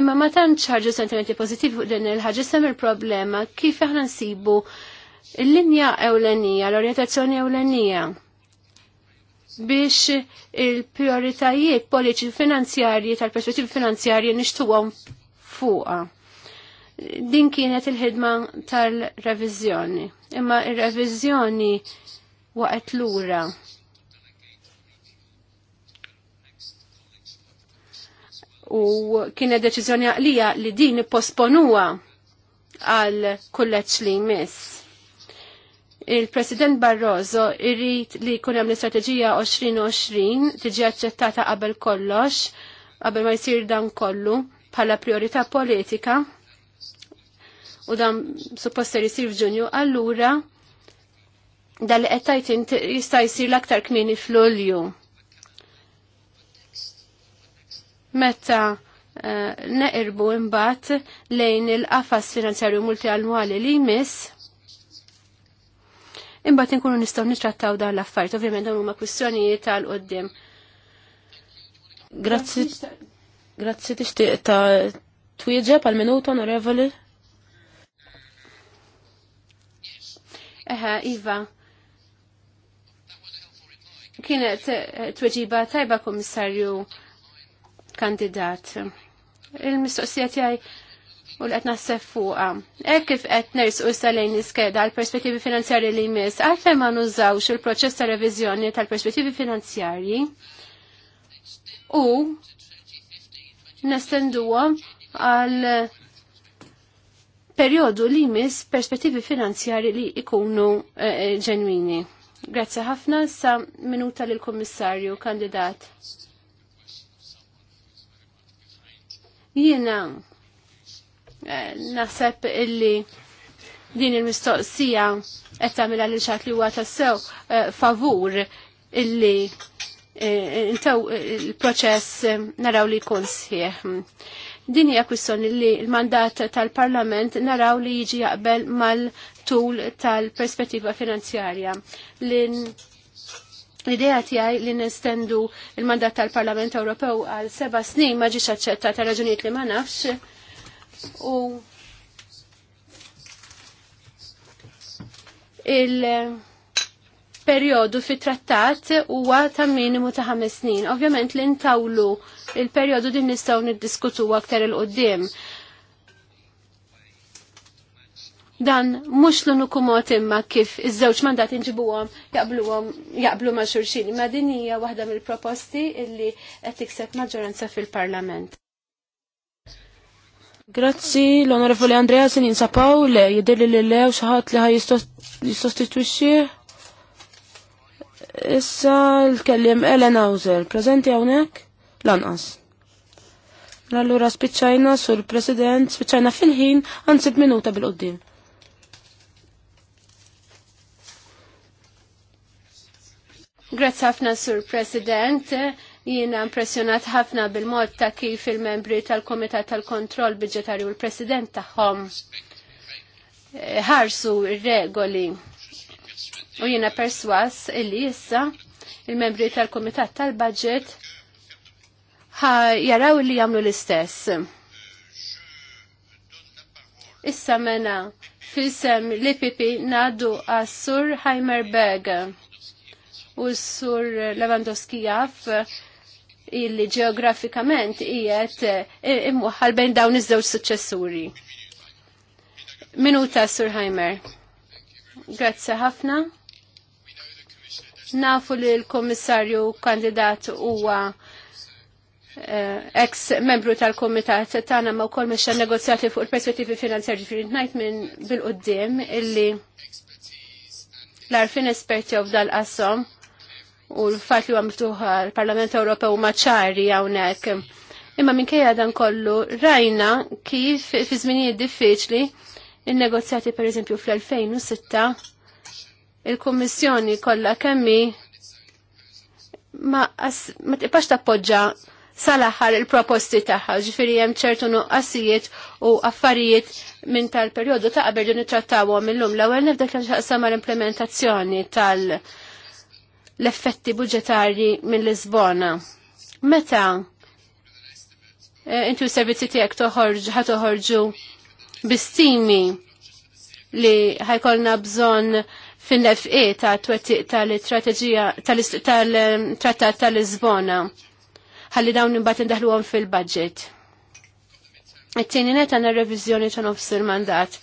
Imma ma tantx ħarġu sentimenti pożittivi fuq din il-ħaġa sem il-problema kif aħna nsibu l linja ewlenija, l orientazzjoni ewlenija biex il-prioritajiet politiċi finanzjarji tal-perspettivi finanzjarji nixtuhom fuqa. Din kienet il-ħidma tal-revizjoni. Imma il-revizjoni waqt lura u kienet deċiżjoni għalija li din posponuwa għal kulleċ li jmiss. Il-President Barroso irrit li kun hemm l-istrateġija 2020 tiġi aċċettata qabel kollox, qabel ma jsir dan kollu bħala priorità politika u dan supposta jisir f'Ġunju, allura dal-qed tajt jista' jsir l-aktar kmieni fl-Ulju meta eh, neqirbu imbagħad lejn il-qafas finanzjarju multianwali li jmiss imbagħad inkunu nistgħu nittrattaw dan l-affarijiet, ovvjament dawn huma kwistjonijiet tal qudiem Grazzi grazzi tixtieq ta' twieġeb għal minuta onorevoli. Eħe, Iva. Kienet eh, tweġiba tajba, Komissarju kandidat. Il-mistoqsija tiegħi u l-qed naħseb fuqha. Hekk kif qed nersqu salejn iskeda għal perspettivi finanzjarji li jmiss, għalfejn ma nużawx il-proċess ta' reviżjoni tal-perspettivi finanzjarji u nestenduhom għal periodu li jmiss perspettivi finanzjarji li ikunu eh, eh, ġenwini. Grazzi ħafna sa minuta lill kummissarju kandidat. Jiena eh, naħseb illi din il-mistoqsija qed tagħmilha lil xatt li huwa tassew eh, favur illi eh, intew il-proċess naraw li jkun sħiħ. Din hija kwissjoni li l-mandat tal-Parlament naraw li jiġi jaqbel mal-tul tal-perspettiva finanzjarja. Li L-idea tiegħi li nestendu il-mandat tal-Parlament Ewropew għal seba snin ma ġiex ta' raġunijiet li ma nafx u il-perjodu fit trattat huwa ta' minimu ta' ħames snin. Ovvjament li ntawlu il-perjodu din nistgħu niddiskutu aktar il-qoddim. Dan mhux l mod imma kif iż-żewġ mandat inġibu għom jaqblu ma' xulxin, imma din hija waħda mill-proposti illi qed tikseb maġġoranza fil-Parlament. Grazzi, l-onorevoli Andrea sin jinsapaw le jidirli li lew u xaħat li ħaj jistostitwixi. Issa l-kellim Ellen Hauser, prezenti għonek? Lanqas. L-allura spiċċajna sur president, spiċċajna fil-ħin, għansib minuta bil-qoddim. Grazzi ħafna, Sur President. Jiena impressjonat ħafna bil-mod ta' kif il-membri tal-Komitat tal-Kontroll u l-President tagħhom eh, ħarsu regoli. U jiena perswas illi issa il-membri tal-Komitat tal-Budget jaraw li jagħmlu l-istess. Issa mena fisem l-IPP nadu għas-Sur Heimer Heimerberg u s-sur Lewandowski jaf eh, illi ġeografikament ijet eh, imwaħħal bejn dawn iż-żewġ suċċessuri. Minuta Sur Heimer. Grazzi ħafna. Nafu li l-Komissarju kandidat huwa eh, ex membru tal-komitat tagħna ma wkoll mexxa negozjati fuq il-perspettivi finanzjarji fi ngħid minn bil-qudiem illi l-arfin esperti u dal qasom u l-fat li huwa miftuħ l-Parlament Ewropew maċari ċari hawnhekk. Imma minkejja dan kollu rajna kif fi żminijiet diffiċli il negozjati pereżempju fl-2006 il-Kummissjoni kollha kemmi ma, ma tipax tappoġġa sal-aħħar il-proposti tagħha, ġifieri hemm ċertu nuqqasijiet u affarijiet minn tal-perjodu ta' qabel li nittrattawhom illum l-ewwel nibda kien xaqsam mal-implementazzjoni tal-, -implementazzjoni tal l-effetti budġetarji mill-Lisbona. Meta eh, intu servizzi tiegħek toħorġ ħatoħorġu bistimi li ħajkolna bżonn fin-nefqi ta' twettiq tal-istrateġija tal-trattat tal-Lisbona. Ħalli dawn imbagħad indaħluhom fil-budget. It-tieni net għandna reviżjoni ta' nofs il-mandat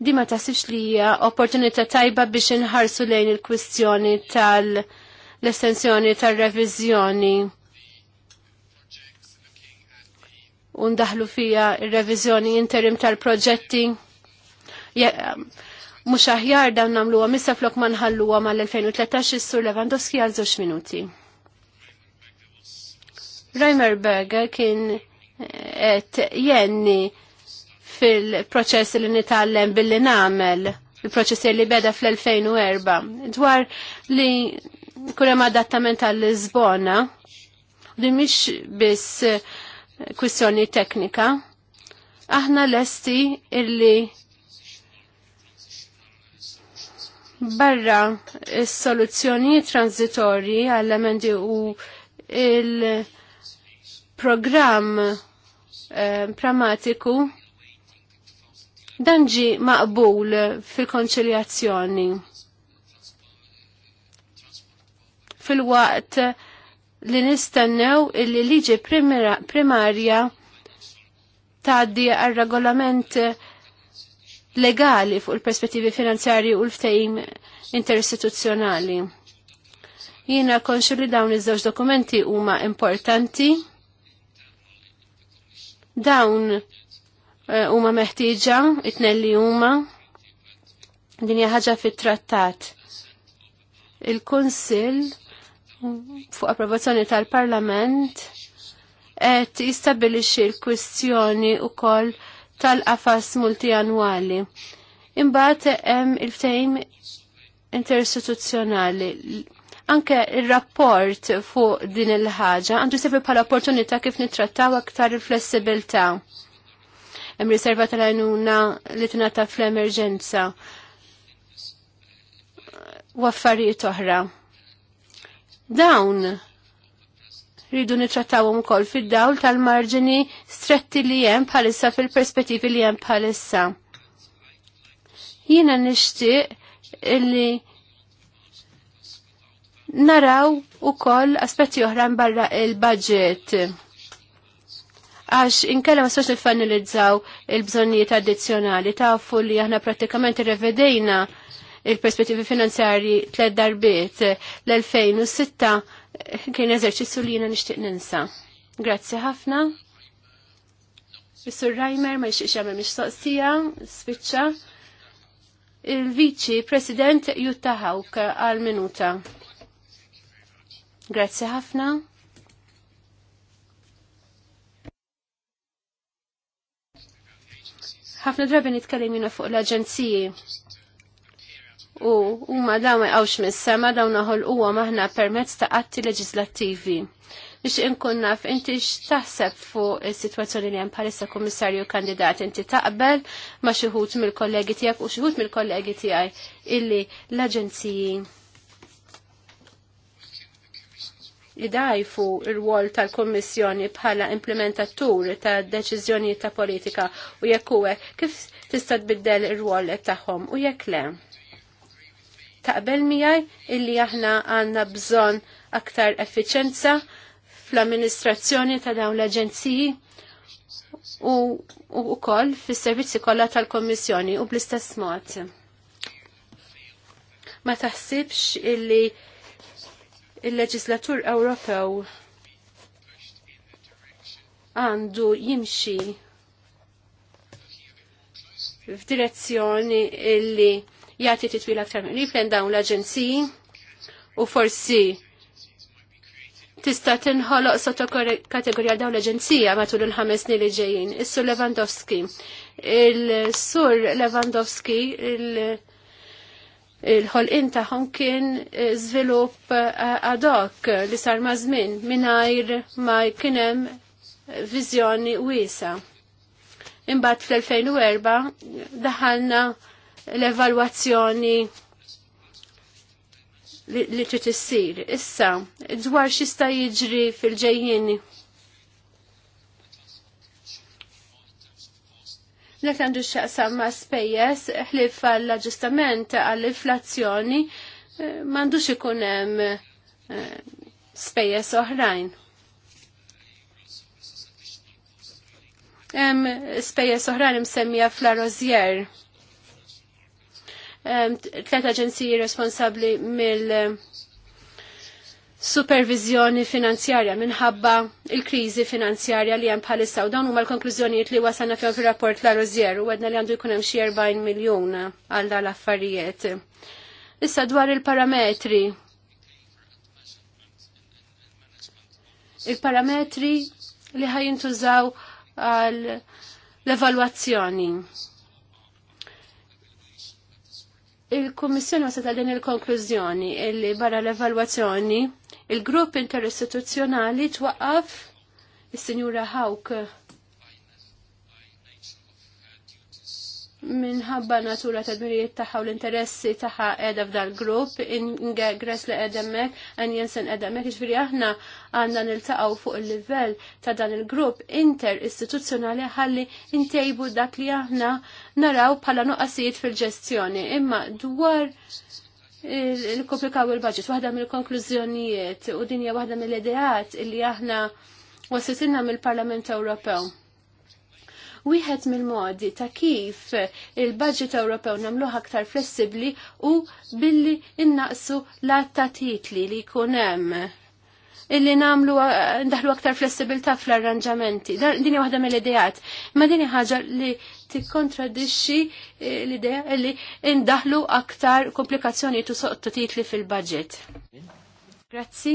Di ma tasibx li hija opportunità tajba biex inħarsu lejn il-kwistjoni tal-estensjoni tal-reviżjoni. Undaħlu fija il reviżjoni interim tal-proġetti. Ja, mux aħjar dan għam, missa flok għam mal-2013 is-sur Lewandowski għal żewġ minuti. Reimer Berger kien et eh, jenni fil-proċess li nitallem billi namel, il-proċess li beda fl-2004, dwar li kurem adattament għall-Lisbona, li mish biss eh, kwistjoni teknika, aħna lesti illi barra s soluzjoni transitori għall-emendi u il-programm eh, pragmatiku Dan maqbul fil-konċiljazzjoni. Fil-waqt li nistennew li liġi primarja taddi għal regolament legali fuq il-perspettivi finanzjarji u l-ftehim interistituzzjonali. Jiena konxu li dawn iż-żewġ dokumenti huma importanti. Dawn Eh, huma meħtieġa, it-tnelli huma. Din hija ħaġa fit-trattat. Il-Kunsill fuq approvazzjoni tal-Parlament qed jistabbilixxi l-kwistjoni wkoll tal-qafas multianwali. Imbagħad hemm il-ftehim interistituzzjonali anke il-rapport fuq din il-ħaġa għandu sebi bħala opportunità kif nittrattaw aktar il-flessibilità hemm riserva tal-għajnuna li tingħata fl-emerġenza u affarijiet oħra. Dawn rridu nitrattawhom ukoll fid-dawl tal-marġini stretti li hemm bħalissa fil-perspettivi li hemm bħalissa. Jiena nixtieq illi naraw ukoll aspetti oħra barra il-budget għax inkella ma sax nifanilizzaw il-bżonnijiet addizzjonali tafu li aħna pratikament revedejna il-perspettivi finanzjari tlet darbiet l-2006 kien eżerċizzju li jiena nixtieq ninsa. Grazzi ħafna. Mr. Reimer ma jxiex jagħmel mistoqsija, spiċċa. il vici President Jutta Hawk għal minuta. Grazzi ħafna. ħafna drabi nitkellimina fuq l-aġenziji. U huma dawn ma jqawx mis-sema dawn naħol huwa maħna permezz ta' atti leġislattivi. Biex inkun naf inti x'taħseb fuq is-sitwazzjoni li hemm bħalissa kummissarju kandidat inti taqbel ma' xi mill-kollegi tiegħek u xi mill-kollegi tiegħi illi l-aġenziji idajfu il-wol tal-Kommissjoni bħala implementatur ta' deċizjoni ta' politika u jekk huwe kif tista' tbiddel ir-wol tagħhom u jekk le. Taqbel miegħi illi aħna għandna bżonn aktar effiċenza fl-amministrazzjoni ta' dawn l-aġenziji u wkoll fis-servizzi kollha tal-Kommissjoni u bl-istess mod. Ma taħsibx illi il-leġislatur Ewropew għandu jimxi f'direzzjoni illi jagħti titwil aktar riflen dawn l-aġenziji u forsi tista' tinħoloq sotto kategorija dawn l-aġenzija matul il-ħames snin li ġejjin. Is-Sur Lewandowski. Il-Sur Lewandowski il-, -sur Lewandowski, il il-ħolqin tagħhom kien eh, żvilupp eh, ad hoc li sar ma' żmien mingħajr ma kien hemm viżjoni wiesa. Imbagħad fl-2004 daħalna l-evalwazzjoni li trid issir. Issa, dwar xista jiġri fil-ġejjieni Lek għandu xaqsam ma' spejjes ħlif għall ġustament għall-inflazzjoni eh, m'għandux ikun hemm eh, spejjes oħrajn. Hemm spejjeż oħrajn msemmija fl-Arozjer. Tlet aġenziji responsabbli mill- supervizjoni finanzjarja minħabba il-krizi finanzjarja li hemm bħalissa u dawn huma l-konklużjonijiet li wasalna fihom fir-rapport la Rozier u għedna li għandu jkun hemm xi 40 miljun għal l affarijiet. Issa dwar il-parametri. Il-parametri li ħajintużaw għal l-evalwazzjoni. Il-Kummissjoni wasat għal din il-konklużjoni illi barra l-evalwazzjoni Il-grupp interistituzzjonali twaqqaf is-Sinjura Hawk minħabba natura ta' dmirijiet tagħha u l-interessi tagħha qiegħda f'dal grupp, ingress li qiegħda hemmhekk, Jensen qiegħda hemmhekk, jiġifieri aħna għandna niltaqgħu fuq il-livell ta' dan il-grupp interistituzzjonali ħalli ntejbu dak li aħna naraw bħala nuqqasijiet fil-ġestjoni. Imma dwar li il-budget. Waħda mill-konklużjonijiet u dinja waħda mill-ideat illi aħna wasitinna mill-Parlament Ewropew. Wieħed mill-modi ta' kif il-budget Ewropew nagħmluh aktar flessibbli u billi innaqsu l-att ta' titli li jkun hemm illi namlu ndaħlu aktar flessibilta fl-arranġamenti. Dini waħda mill-idejat. Ma dini ħaġa li tikkontradixxi eh, l-idea li indaħlu aktar komplikazzjoni tu sottotitli fil-budget. Grazzi.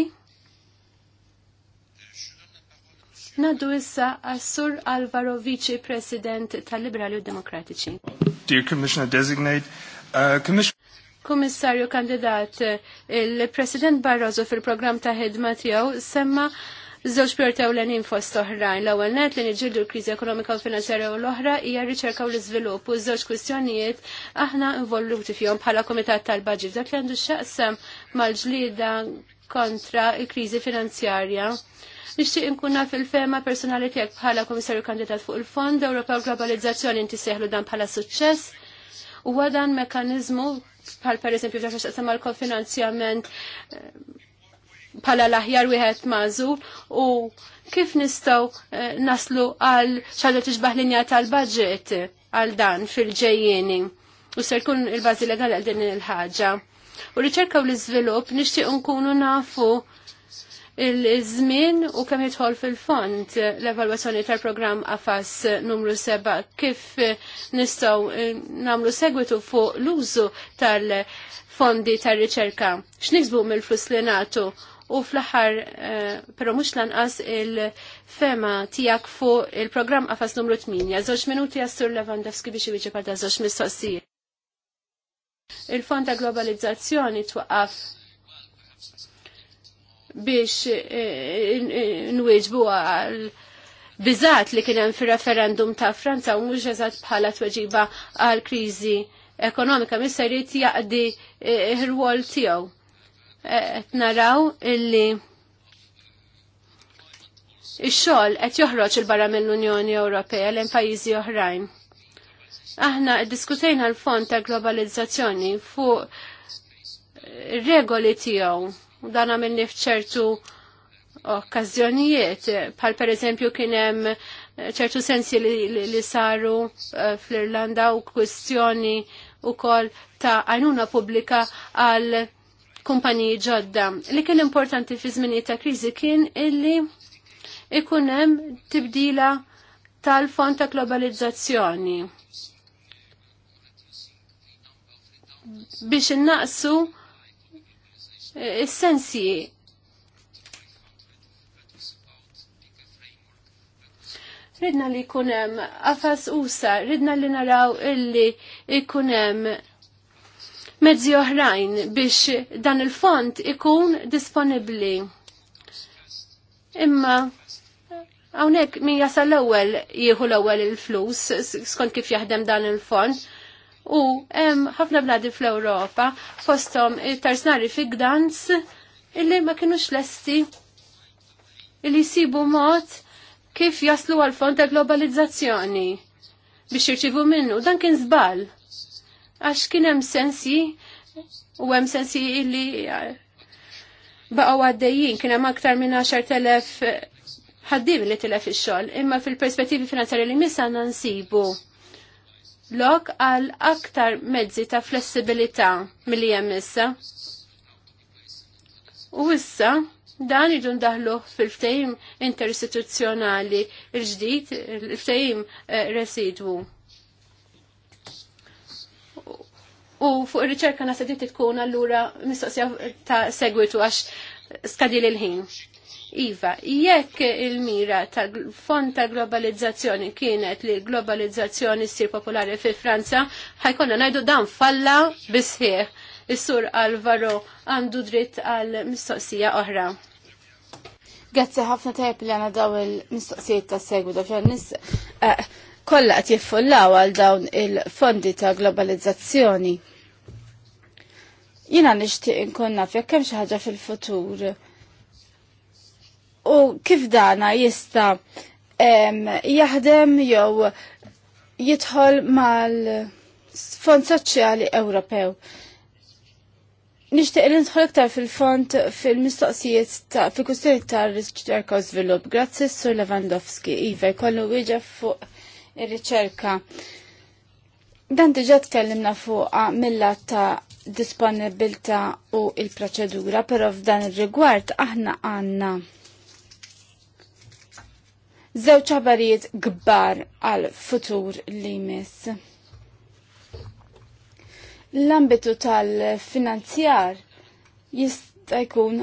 Naddu issa għas-Sur Alvaro Vici, President tal-Liberali u Demokratiċi. Dear Commissioner Designate, uh, Commissioner... Kommissarju kandidat, eh, il-President Barroso fil-program ta' ħidma tiegħu semma Żewġ pertew l fost oħrajn. L-ewwel net li niġġieldu l-kriżi ekonomika u finanzjarja u l-oħra hija riċerka u l-iżvilupp u żewġ kwistjonijiet aħna involuti fihom bħala Kumitat tal-Baġit. Dak li għandu x'aqsam mal-ġlieda kontra l-kriżi finanzjarja. Nixtieq inkunna fil-fema personali tiegħek bħala Komissarju Kandidat fuq il-Fond Ewropew Globalizzazzjoni inti seħlu dan bħala suċċess u dan mekkaniżmu bħal pereżempju f'dak xaqsam mal-kofinanzjament pala l-aħjar wieħed mażu u kif nistaw eh, naslu għal ċadu tiġbaħ linja tal-budget għal dan fil-ġejjeni u ser kun il-bazi legal għal din il-ħagġa. U riċerka u l-izvilup nishtiq nkunu nafu il-żmien u kemm jidħol fil-fond l-evalwazzjoni tal-programm AFAS numru 7 kif nistgħu eh, nagħmlu segwitu fuq l-użu tal-fondi tar-riċerka. X'niksbu mill-flus li nagħtu u fl-aħħar pero eh, però mhux lanqas il-fema tiegħek fuq il-programm għafas numru 8. Żewġ minuti għastur Lewandowski biex iwieġeb parta żewġ mistoqsijiet. Il-Fond ta' Globalizzazzjoni twaqqaf biex eh, eh, nwieġbu għal biżat li kien hemm fir-referendum ta' Franza u mhux eżatt bħala tweġiba għal kriżi ekonomika misser jaqdi ir wol tiegħu qed naraw illi ix-xogħol qed joħroġ il barra mill-Unjoni Ewropea lejn pajjiżi oħrajn. Aħna ddiskutejna l-fond ta' globalizzazzjoni fuq regoli tiegħu u dan għamilni f'ċertu okkażjonijiet bħal pereżempju kien hemm ċertu sensi li, li, li saru uh, fl-Irlanda u kwistjoni u kol ta' għajnuna publika għal kumpaniji ġodda. Li kien importanti fi żminijiet ta' kriżi kien illi ikun hemm tibdila tal-fond ta' globalizzazzjoni. Biex innaqsu eh, is-sensi ridna li kunem għafas usa, ridna li naraw illi ikunem mezzi oħrajn biex dan il-fond ikun disponibli. Imma hawnhekk min jasal l-ewel jieħu l-ewel il-flus, skont kif jaħdem dan il-fond. U hemm ħafna bladi fl-Ewropa, fostom tarsnari fi Gdans illi ma kinux lesti illi jisibu mod kif jaslu għal-fond ta' globalizzazzjoni biex jirċivu minnu. Dan kien zbal. Għax kien hemm sensi u hemm sensi illi uh, baqgħu għaddejjin kien hemm aktar minn 10,000 uh, ħaddim li tilef ix-xogħol, imma fil-perspettivi finanzjarji li mis għandna nsibu lok għal aktar mezzi ta' flessibilità milli hemm issa. U issa dan idu ndaħlu fil-ftehim interistituzzjonali il-ġdid, il-ftehim uh, residwu. U fuq ir-riċerka nasib li tkun allura mistoqsija ta' segwitu għax skadil il-ħin. Iva, jekk il-mira ta' fond ta' globalizzazzjoni kienet li globalizzazzjoni ssir popolari fi Franza, ħajkonna najdu dan falla bisħieħ. Is-sur Alvaro għandu dritt għal mistoqsija oħra. Grazzi ħafna tajb li għana daw il-mistoqsijiet ta' segwitu, kollha qed jiffullaw għal dawn il-fondi ta' globalizzazzjoni. Jiena nixtieq inkun naf jekk hemm xi ħaġa fil-futur. U kif dana jista' jaħdem jew jidħol mal-Fond Soċjali Ewropew. Nishtiq li nidħol iktar fil-fond fil-mistoqsijiet ta' fil-kustjoni ta' riċerka u żvilupp. Grazzi Sur Lewandowski, Iva, kollu wieġa fuq ir-riċerka. Dan diġa tkellimna fuqa milla ta' disponibilta u il-proċedura, pero f'dan ir-rigward aħna għanna żewġ ħabarijiet kbar għal futur li jmiss. L-ambitu tal-finanzjar jista' jkun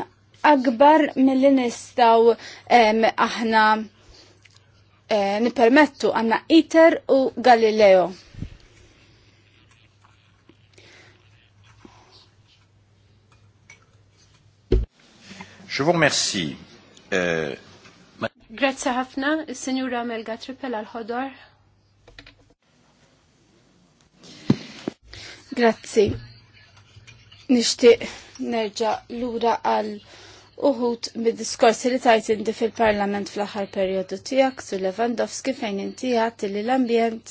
akbar mill-li nistgħu aħna eh, nipermettu għanna ITER u Galileo. Je vous remercie. Euh... Grazie ħafna, signora Melga Trippel al ħodor Grazzi. Nishtiq nerġa lura għal uħut mid-diskorsi li tajt indi fil-parlament fl-axar periodu tijak su Lewandowski fejn inti għat li l-ambjent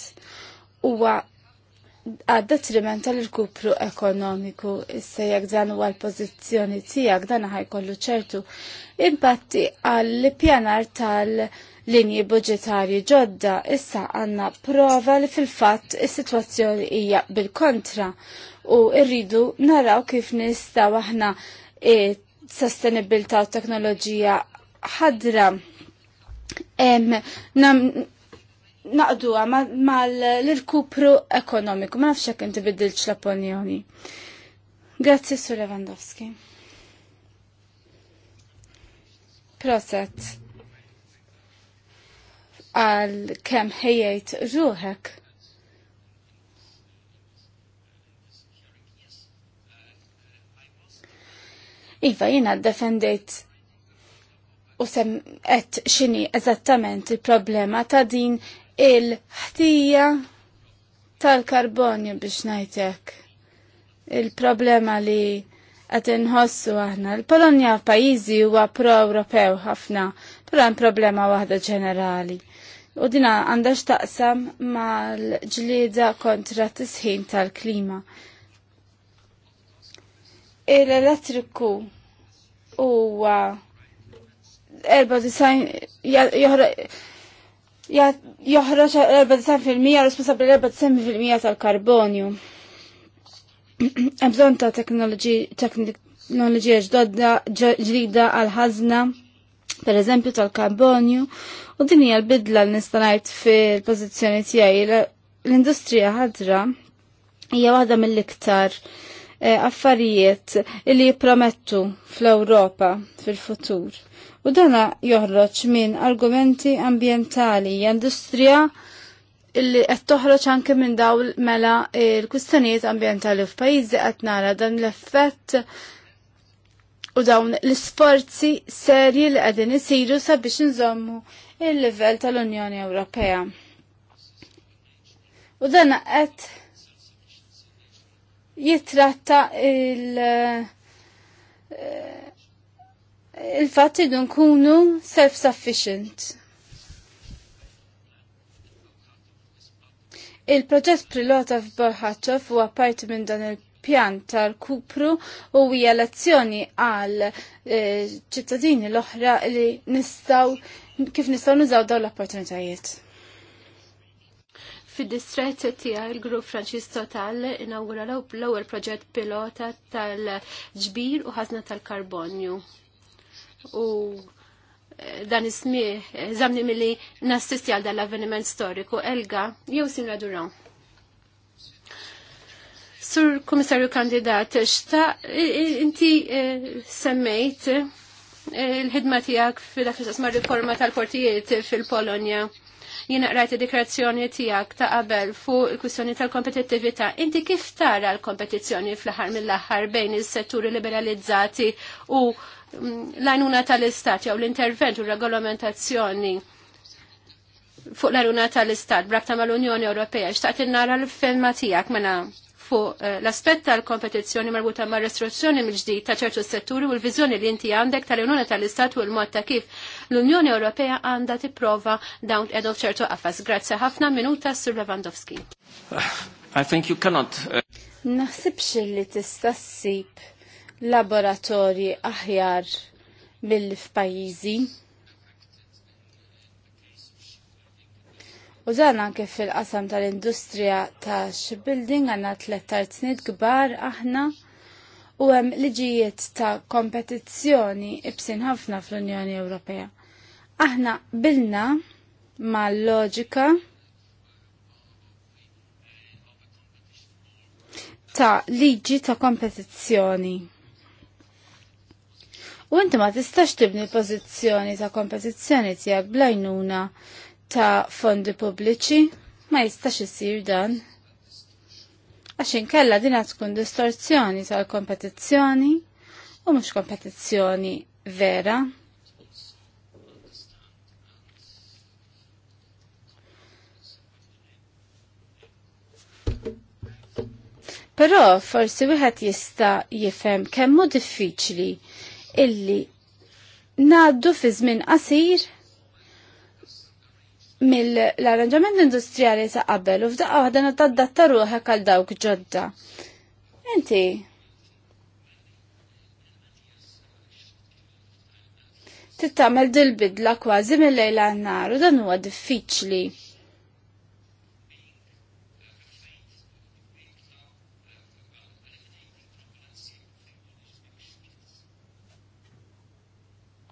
huwa għadda detriment tal-rkupru ekonomiku issa jekk dan huwa l-pożizzjoni tijak dan ħajkollu ċertu impatti għall-pjanar tal-linji budġetarji ġodda issa għanna prova li fil-fatt is-sitwazzjoni hija bil-kontra u rridu naraw kif nistgħu aħna sostenibilità u teknoloġija ħadra naqdu mal l-kupru ekonomiku, ma nafx inti biddilx l-opinjoni. Grazzi Sur Lewandowski. Proset għal kem ħejjejt ruħek Iva, jina defendejt u sem qed xini eżattament il-problema ta' din il-ħtija tal-karbonju biex najtek. Il-problema li qed inħossu aħna. Il-Polonja pajjiżi huwa pro-Ewropew ħafna, però hemm problema waħda ġenerali. U dina għandha x'taqsam mal-ġlieda kontra t-sħin tal-klima il-elettriku huwa erba' design joħroġ erba' design fil-mija responsabbli erba' fil-mija tal-karbonju. [CLEARS THROAT] Hemm bżonn ta' teknoloġija ġdodda ġdida għal ħażna per eżempju tal-karbonju u din hija l-bidla li nista' ngħid fil-pożizzjoni tiegħi l-industrija ħadra hija waħda mill-iktar E, affarijiet li jippromettu fl-Ewropa fil-futur. U dana joħroġ minn argumenti ambientali, industrija illi qed toħroġ anke minn daw mela l-kwistjonijiet ambientali f'pajjiżi qed nara dan l-effett u dawn l-isforzi serji li qegħdin isiru sabiex inżommu il-livell tal-Unjoni Ewropea. U dan qed jitratta il- eh, il-fatt li nkunu self-sufficient. Il-proġett pilota f'Borħaċov huwa parti minn dan il-pjan tal-kupru u hija lezzjoni għal eh, ċittadini l-oħra li nistaw kif nistaw nużaw dawn l-opportunitajiet. Fid-distret tiegħi il-grupp Franċis Total inawgura l-ewwel proġett pilota tal-ġbir u ħażna tal-karbonju. U eh, dan ismi zamni eh, milli nassisti għal dal-avveniment storiku. Elga, jew Sinra Duran. Sur komissarju kandidat, xta inti eh, semmejt il-ħidma tiegħek fil-dak riforma tal-portijiet fil-Polonja. fil polonja jina rajt id-dikrazzjoni tiegħek ta' qabel fuq il-kwistjoni tal kompetittivita Inti kif tara l-kompetizzjoni fl-aħħar mill-aħħar bejn is-setturi liberalizzati u mm, l-għajnuna tal-istat jew l-intervent u regolamentazzjoni fuq l-għajnuna tal-istat brabta mal-Unjoni Ewropea. Xtaqt nara l-filma tiegħek mela fu eh, l-aspett tal-kompetizzjoni marbuta ma' restruzzjoni mill-ġdid ta' ċertu setturi u l-viżjoni li inti għandek tal-Unjoni tal-Istat u l-mod ta' kif l-Unjoni Ewropea għandha tipprova dawn edu ċertu qafas. Grazzi ħafna minuta sur Lewandowski. [SIGHS] I think you cannot. Uh, Naħsibx li tista' ssib laboratorji aħjar mill pajjiżi U dan anke fil-qasam tal-industrija ta' shipbuilding għanna tlettar snit kbar aħna u hemm liġijiet ta' kompetizzjoni ibsin ħafna fl-Unjoni Ewropea. Aħna bilna mal-loġika ta' liġi ta' kompetizzjoni. U inti ma tistax tibni pożizzjoni ta' kompetizzjoni tiegħek blajnuna ta' fondi pubbliċi ma jistax isir dan. Għax inkella din tkun distorzjoni tal-kompetizzjoni u mhux kompetizzjoni vera. Però forsi wieħed jista' jifhem kemm hu diffiċli illi ngħaddu fi żmien qasir mill-arranġament industrijali ta' qabel u f'daqqa waħda natadatta ruħek għal dawk ġodda. Inti. Tittamel dil-bidla kważi mill-lejla għannar u dan huwa diffiċli.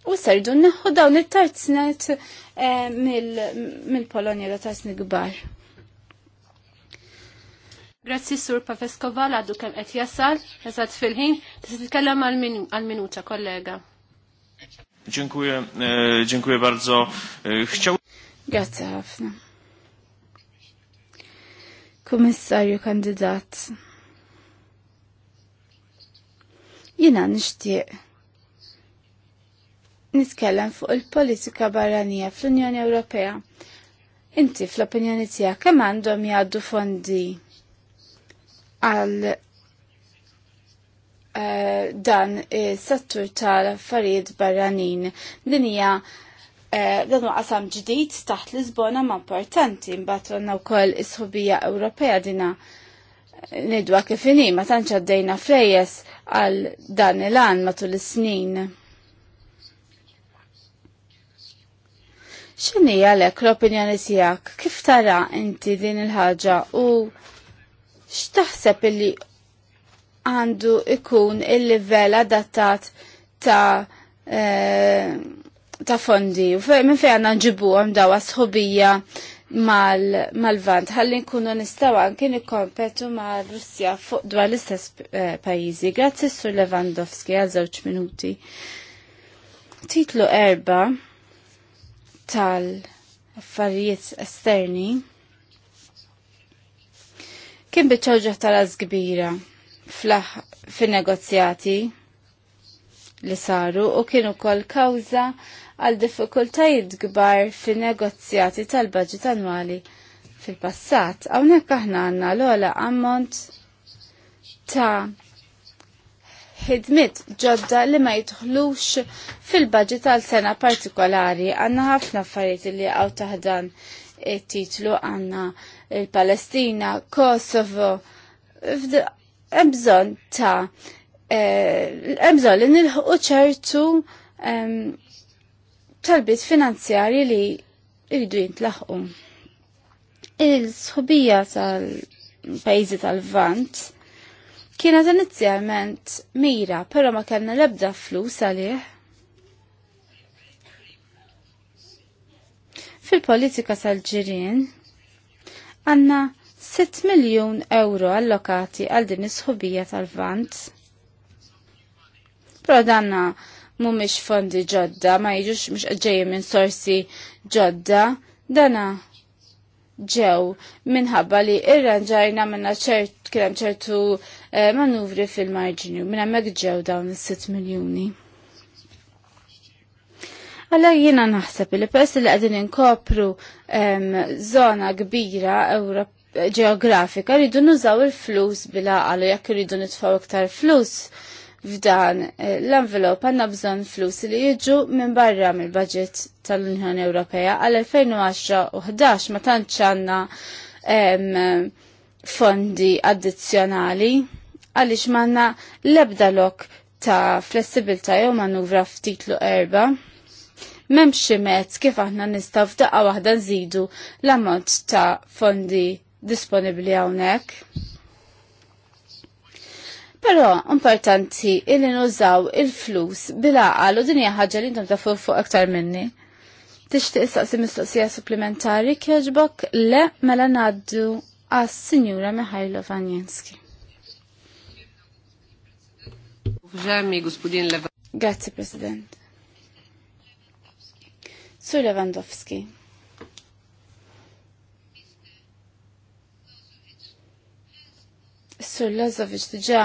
u sardu naħu dawn it-tartznet eh, mill-Polonja la tartznet gbar. Grazzi Sur Paveskova għaddu kem qed jasal, jasal fil-ħin, tista' titkellem għal-minuta kollega. Dziękuję, eh, dziękuję bardzo. Eh, chciał... Grazie ħafna. Kummissarju kandidat. Jina nixtieq nitkellem fuq il-politika barranija fl-Unjoni Ewropea. Inti fl-opinjoni tiegħek kemm għandhom jgħaddu fondi għal eh, dan is-settur tal-affarijiet barranin. Din hija eh, dan huwa qasam ġdid taħt Lisbona ma' importanti mbagħad għandna wkoll is-ħubija Ewropea dina nidwa kif inhi ma tantx għaddejna frejes għal dan il-għan matul is-snin. X'inhi għalek l-opinjoni tiegħek kif tara inti din il-ħaġa u x'taħseb illi għandu ikun il-livell adattat ta' e, ta' fondi u minn fejn nġibu nġibuhom dawa għasħobija mal-vant, mal ħalli nkunu nistaw għankin ikkompetu ma' Russja fuq dwar l-istess e, pajjiżi. Grazzi Sur Lewandowski għal żewġ minuti. Titlu erba' tal-affarijiet esterni kien biċċoġa tal-az kbira fin-negozjati li saru u kienu kol kawza għal diffikultajiet kbar fin negozjati tal-budget annwali fil-passat. Hawnhekk aħna għandna l-ola ammont ta' ħidmit ġodda li ma jidħlux fil-budget għal sena partikolari għanna ħafna affarijiet li għaw taħdan it-titlu għanna il-Palestina, Kosovo, bżon ta' eh, bżon li nilħu ċertu talbit finanzjari li jridu jintlaħqu. Il-sħubija tal-pajzi tal-vant, Kienet inizjalment mira, però ma kellna lebda flus għalih. Fil-politika tal-ġirien, għanna 6 miljon euro allokati għal din is-sħubija tal-vant. Pro danna mumiex fondi ġodda, ma jiġux mux ġeji minn sorsi ġodda, dana ġew minħabba li irranġajna minna ċert kienem ċertu Eh, manuvri fil-marġinju minn hemmhekk ġew dawn is-6 miljuni. Alla jiena naħseb li pers li qegħdin inkopru zona kbira Ewrop ġeografika rridu nużaw il-flus bila għalu jekk rridu nitfaw iktar flus f'dan eh, l-envelop għanna bżon flus li jiġu minn barra mill budget tal-Unjoni Ewropea għal 2010 u 11 ma tantx għandna fondi addizzjonali għaliex manna lebda lok ta' flessibilta jew manuvra f'titlu erba. Memx xi mezz kif aħna nistaw f'daqqa waħda nżidu l-ammont ta' fondi disponibbli hawnhekk. Però importanti il nużaw il-flus bil-għaqal u dinja ħaġa li intom ta' fuq aktar minni. Tixtieq istaqsi mistoqsija supplementari kieġbok le mela ngħaddu għas-Sinjura Mihajlo Vanjenski. Grazie, President. Sur Lewandowski. Sur Lazovic diġa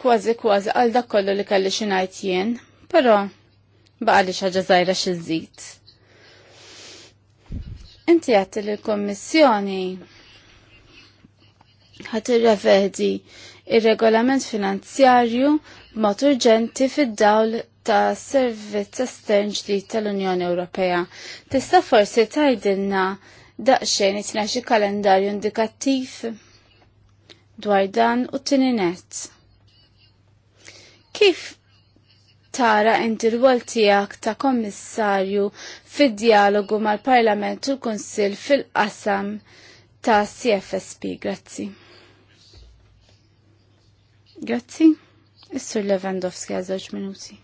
kważi kważi għal dak kollu li kalli xinajt jien, pero baqali xaġa zaħira xizzit. Inti għatti l-kommissjoni ħat irrevedi ir-regolament finanzjarju mod urġenti fid-dawl ta' servizz estern ġdid tal-Unjoni Ewropea. Tista' forsi tgħidilna daqsxejn it xi kalendarju indikattiv dwar dan u t Kif tara inti rwol tiegħek ta' kommissarju fid-dialogu mal-Parlament u l-Kunsill fil-qasam ta' CFSP? Grazzi. Grazzi. Issu Lewandowski għal żewġ minuti.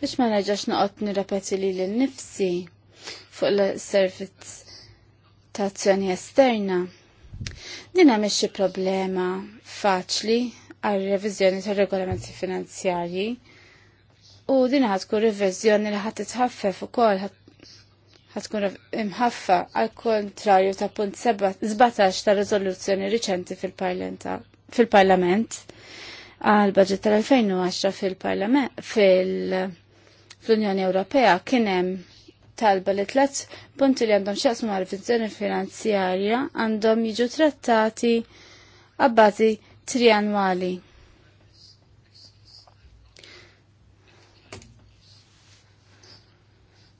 Biex ma nerġax noqgħod nirrepeti li l-nifsi fuq l-servizz ta' azzjoni esterna. Dina mhix problema faċli għal reviżjoni tar-regolamenti finanzjarji u din ħatkun revizjoni li ħadd titħaffef ukoll ħadd ħatkun imħaffa għal kontrarju ta' punt 17 ta' rezoluzzjoni riċenti fil-parlament għal budget tal-2010 fil-parlament fil-Unjoni Ewropea kienem talba li tlet punti li għandhom xaqsmu għal vizzjoni finanzjarja għandhom jiġu trattati għabbazi trianwali.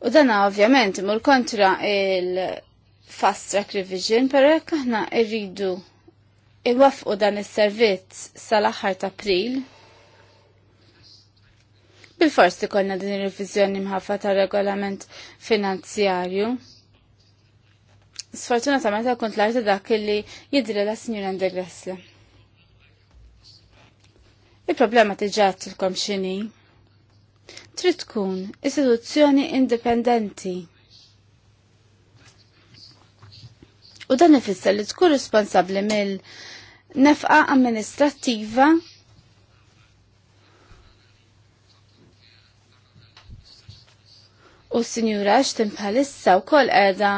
U dana ovvjament imur kontra il-fast track revision, pero jekk aħna irridu iwafqu dan is-servizz sal-aħħar ta' April. bil forsi konna din ir-reviżjoni mħaffa ta' regolament finanzjarju. Sfortunatament kont l-arti dak li jidri la sinjura Andergressle. Il-problema tiġat il x'inhi trid tkun istituzzjoni indipendenti. U dan ifisser li tkun responsabbli mill-nefqa amministrattiva u s-sinjura xtim bħalissa u kol edha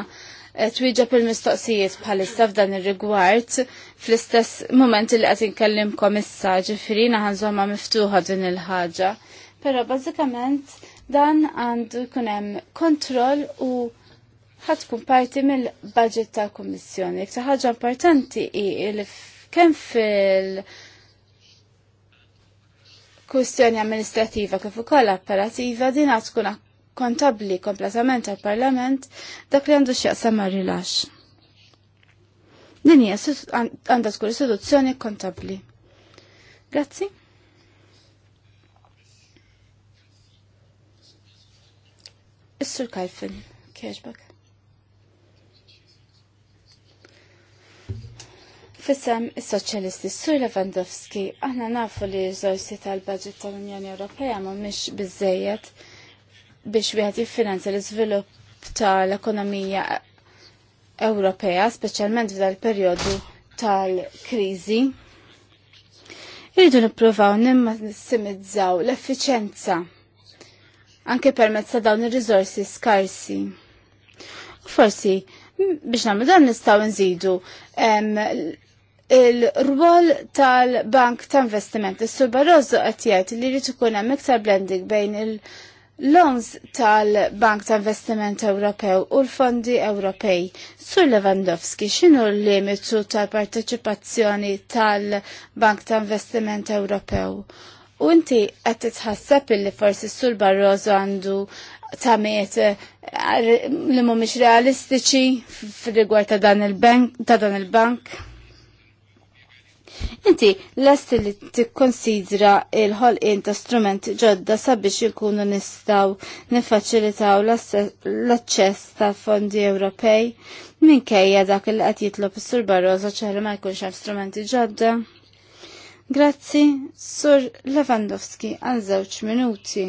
twieġeb il-mistoqsijiet bħalissa f'dan ir-rigward fl-istess moment li qed inkellimkom issa ġifieri naħanżomha miftuħa din il-ħaġa pero bazzikament dan għandu kunem kontroll u ħatkun parti mill-budget ta' kommissjoni. Ta ħaġa importanti i kemm fil- kustjoni amministrativa kif ukoll apparattiva, din għad tkun kontabli kompletament għal parlament dak li għandu jaqsam ma' rilax. Din hija għandha tkun istituzzjoni kontabli. Grazzi. Is-sur kajfin, kieġbak. Fissem is-soċjalisti Sur Lewandowski, aħna nafu li r-żorsi tal-budget tal-Unjoni Ewropea ma mhix biżejjed biex wieħed jiffinanzja l-iżvilupp tal-ekonomija Ewropea, speċjalment f'dal perjodu tal-kriżi. Iridu nippruvaw nimmassimizzaw l-effiċenza anke permezz ta' dawn ir-riżorsi skarsi. U forsi biex nagħmlu dan nistgħu nżidu il-rwol tal-Bank ta' Investiment. Is-Sur Barroso qed jgħid li jrid ikun hemm iktar blending bejn il- loans tal-Bank ta' Investiment Ewropew u l-Fondi Ewropej. Sur Lewandowski, xinu l-limitu tal-parteċipazzjoni tal-Bank ta' Investiment Ewropew? U inti qed titħasseb illi forsi s-sur Barroso għandu tamiet eh, li mhumiex realistiċi f'rigward ta' dan il-bank ta' dan il-bank. Inti lest li tikkonsidra il-ħolqien ta' strument ġodda sabiex ikunu nistaw nifacilitaw l-aċċess ta' fondi Ewropej minkejja dak il qed jitlob is-Sur Barroso ċaħra ma jkunx hemm strumenti ġodda. Grazzi, Sur Lewandowski, għal żewġ minuti.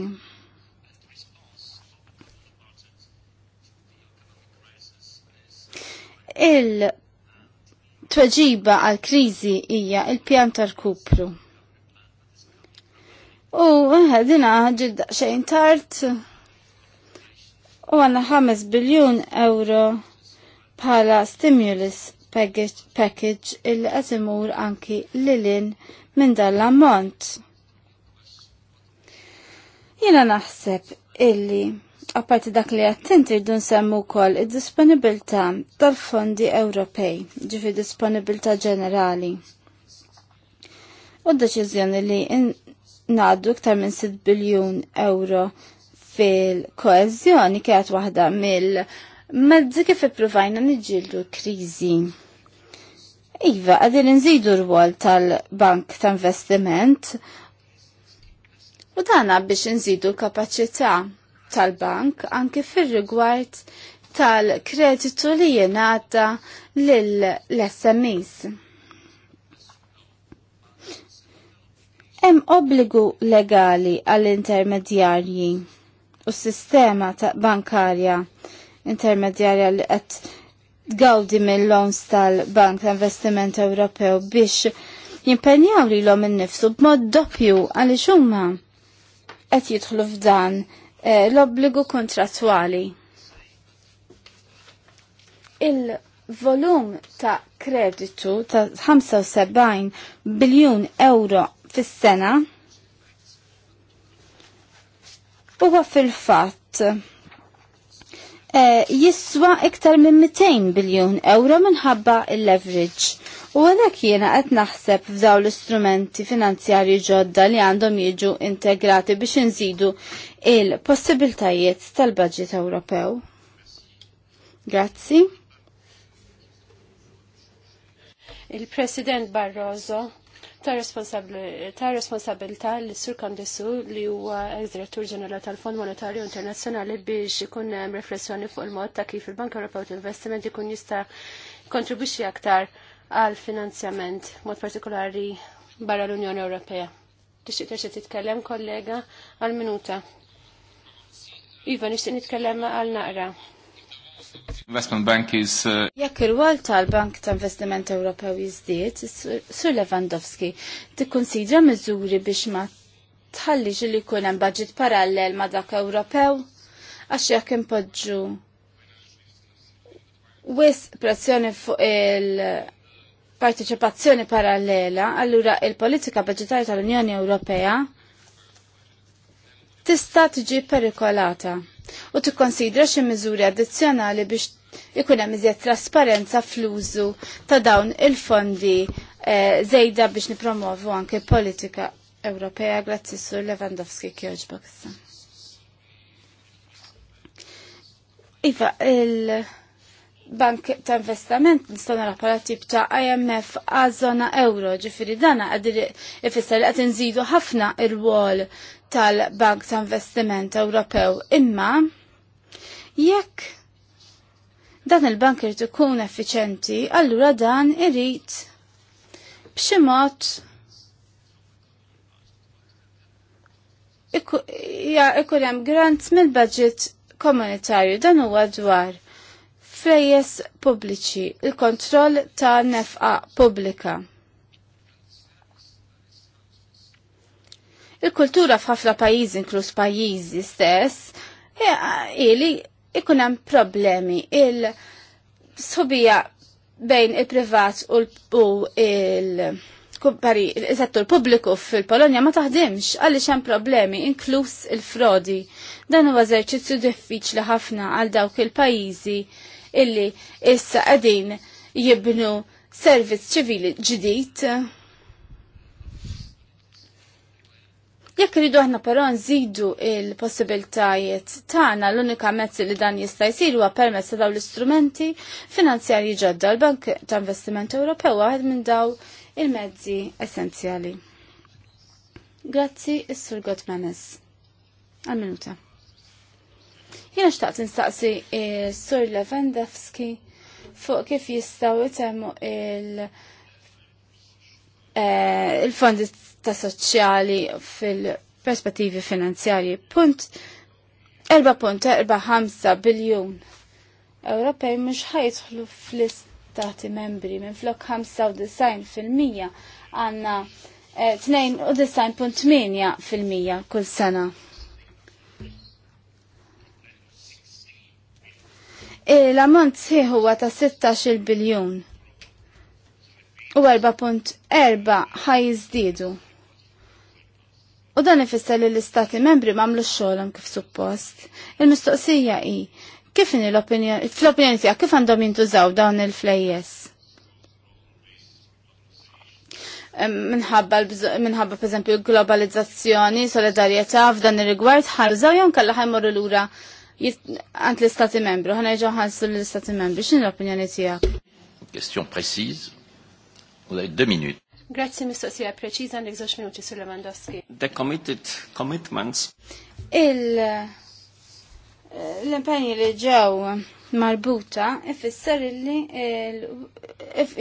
Il-tweġiba għal kriżi hija il-pjan tal-kupru. U għadina ġidda xejn tart u għanna 5 biljun euro bħala stimulus package, package il-għazimur anki lilin minn dan l-ammont. Jiena naħseb illi apparti dak li għattinti irdu nsemmu kol id-disponibilta tal-fondi Ewropej, ġifi disponibilta ġenerali. U d-deċizjoni li naddu iktar minn 6 biljun euro fil-koezjoni kienet waħda mill-mezzi kif ippruvajna niġġieldu kriżi. Iva, għadin nżidu r-wol tal-bank ta' investiment u dana biex nżidu l-kapacità tal-bank anke fir-rigward tal-kreditu li jenata l-SMEs. Hemm obbligu legali għall-intermedjarji u s-sistema bankarja intermedjarja li qed tgawdi mill loans tal-Bank ta' Investiment Ewropew biex jimpenjaw li l-om innifsu b'mod doppju għalli xumma qed jidħlu f'dan eh, l-obbligu kontrattwali. Il-volum ta' kreditu ta' 75 biljun euro fis-sena huwa fil-fatt Eh, jiswa iktar minn 200 biljun euro minħabba il-leverage. U għadak jiena qed naħseb f'daw l-istrumenti finanzjarji ġodda li għandhom jiġu integrati biex inżidu il-possibiltajiet tal-budget Ewropew. Grazzi. Il-President Barroso ta' responsabilità li sur Kandisu li huwa ex-direttur ġenerali tal-Fond Monetarju Internazzjonali biex ikun hemm riflessjoni fuq il-mod ta' kif il-Bank Ewropew tal-Investiment ikun jista' kontribwixxi aktar għal finanzjament mod partikolari barra l-Unjoni Ewropea. Tixtieq terġa' titkellem kollega għal minuta. Iva, nixtieq nitkellem għal naqra. Investment Bank is... Uh, jekk il-wol tal-Bank ta' Investiment Ewropew jizdiet, Sur Lewandowski, tikkonsidra miżuri biex ma tħallix li jkun hemm budget parallel ma' dak Ewropew għax jekk impoġġu wis pressjoni fuq il-partiċipazzjoni parallela, allura il-politika budgetarja tal-Unjoni Ewropea tista' tiġi perikolata u tikkonsidra xi miżuri addizzjonali biex ikun hemm iżjed trasparenza fl-użu ta' dawn il-fondi eh, zejda biex nipromovu anke politika Ewropea grazzi sur Lewandowski kjoġbok Iva, il- bank ta' investiment nistana nara bħala tip ta' IMF għaż-żona euro, ġifieri dana għadir ifisser li qed inżidu ħafna il-wall tal-Bank ta' Investiment Ewropew imma jekk dan il-bank irid ikun effiċenti, allura dan irid b'xi mod ikun hemm grant mill-budget komunitarju dan huwa dwar frejjes pubbliċi, il-kontroll ta' nefqa pubblika. Il-kultura f'ħafna pajjiżi inkluż pajjiżi stess, ili ikun hemm problemi il sħubija bejn il-privat u il- il-settur pubbliku fil-Polonja ma taħdimx għaliex hemm problemi inkluż il-frodi. Dan huwa eżerċizzju diffiċli ħafna għal dawk il-pajjiżi illi issa qegħdin jibnu servizz ċivili ġdid Jekk rridu aħna però nżidu il-possibiltajiet tagħna l-unika mezz li dan jista' jsir huwa permezz ta' dawn l-istrumenti finanzjarji ġodda l-Bank ta' Investiment Ewropew waħed minn daw il-mezzi essenzjali. Grazzi is-Sur Gottmanes. Għal-minuta. Jena xtaqt nistaqsi s-Sur Lewandowski fuq kif jistaw itemmu il- eh, il-fondi ta' soċjali fil-perspettivi finanzjarji. Punt 4.45 biljun Ewropej mhux ħajdħlu fl-istati membri minn flok 95% għandna 92.8% kull sena. L-ammont sħiħ huwa ta' 16 biljun u 4.4 ħaj U dan ifisser li l-istati membri mamlu xogħolhom kif suppost. Il-mistoqsija hi kif l-opinjoni fl-opinjoni tiegħek kif għandhom jintużaw dawn il-flejjes? minħabba per pereżempju globalizzazzjoni, solidarjetà f'dan ir-rigward ħarżaw jew kellha ħajmorru lura għand l-Istati Membru, ħana iġo ħansu l-Istati Membru, xin l-opinjoni tija? Question precise, vous avez deux minutes. Grazzi mistoqsija preċiża li żewġ minuti sur Lewandowski. The committed commitments. Il l-impenji li ġew marbuta ifisser li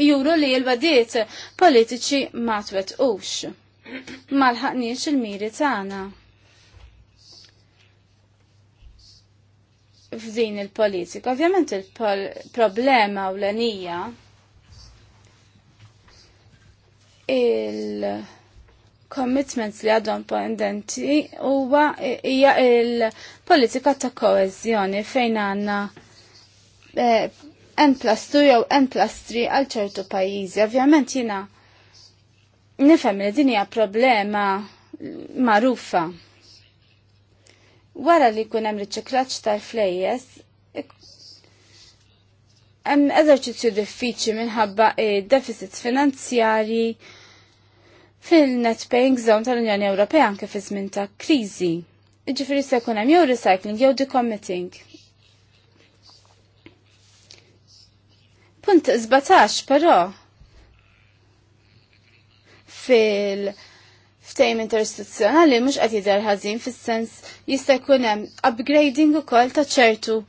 juru li l-badiet politiċi ma twetqux. Ma lħaqniex il-miri tagħna. F'din il-politika, ovvjament il-problema u l-anija il-commitments li għadhom pendenti huwa hija il-politika ta' koezjoni fejn għandna eh, n plus 2 jew n plus 3 għal ċertu pajjiżi. Ovvjament jiena nifhem li din hija problema magħrufa. Wara li jkun hemm riċiklaġġ tal-flejjes, hemm eżerċizzju diffiċli minħabba deficit finanzjari fil-net paying zone tal-Unjoni Ewropea anke fi żmien ta' kriżi. Jiġifieri se jkun hemm jew recycling jew decommitting. Punt 17 però fil- ftejm interstituzzjonali mhux qed jidher ħażin fis-sens jista' jkun hemm upgrading ukoll ta' ċertu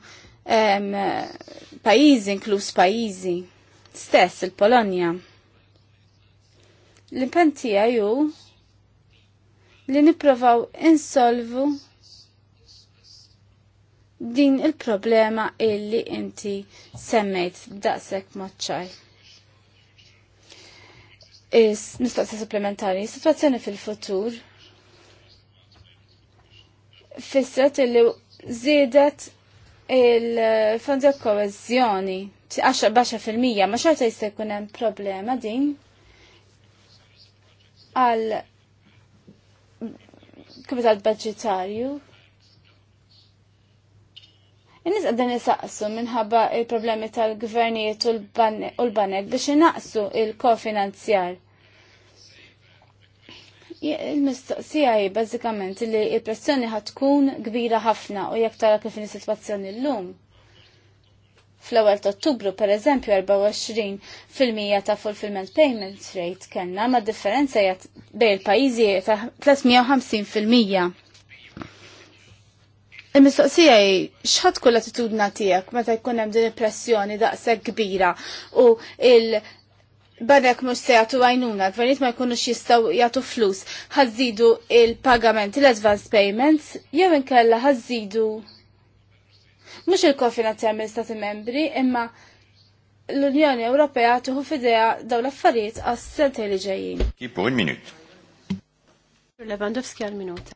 pajizi inkluż pajizi stess il-Polonja. L-impentija ju li niprofaw insolvu din il-problema illi inti semmejt daqsek moċċaj. Mistoqsa supplementari, situazzjoni fil-futur fissat illi zidet il-fondi koezjoni fil-mija ma xorta jista' jkun hemm problema din għal kapital budgetarju. Nis nies nisaqsu minħabba il-problemi tal-gvernijiet u l-banek biex naqsu il-kofinanzjar. Il-mistoqsija hi bażikament li l-pressjoni ħad tkun kbira ħafna u jekk tara kif is-sitwazzjoni llum. Fl-ewwel ta' Ottubru pereżempju 24 fil-mija ta' fulfillment payment rate kellna ma' differenza bejn il-pajjiżi ta' 350 fil-mija. Il-mistoqsija xħat kull attitudna tijak meta jkun hemm din il-pressjoni daqshekk kbira u il- Badek mux se jatu għajnuna, gvernijiet ma jkunux jistaw jatu flus, ħazzidu il-pagamenti, l-advance payments, jew inkella ħazzidu mux il-kofinanzjament mill stati membri, imma l-Unjoni Ewropea tuħu fidea daw l-affarijiet għas sentej li ġejjin. Kipu, un minut. Lewandowski għal minut.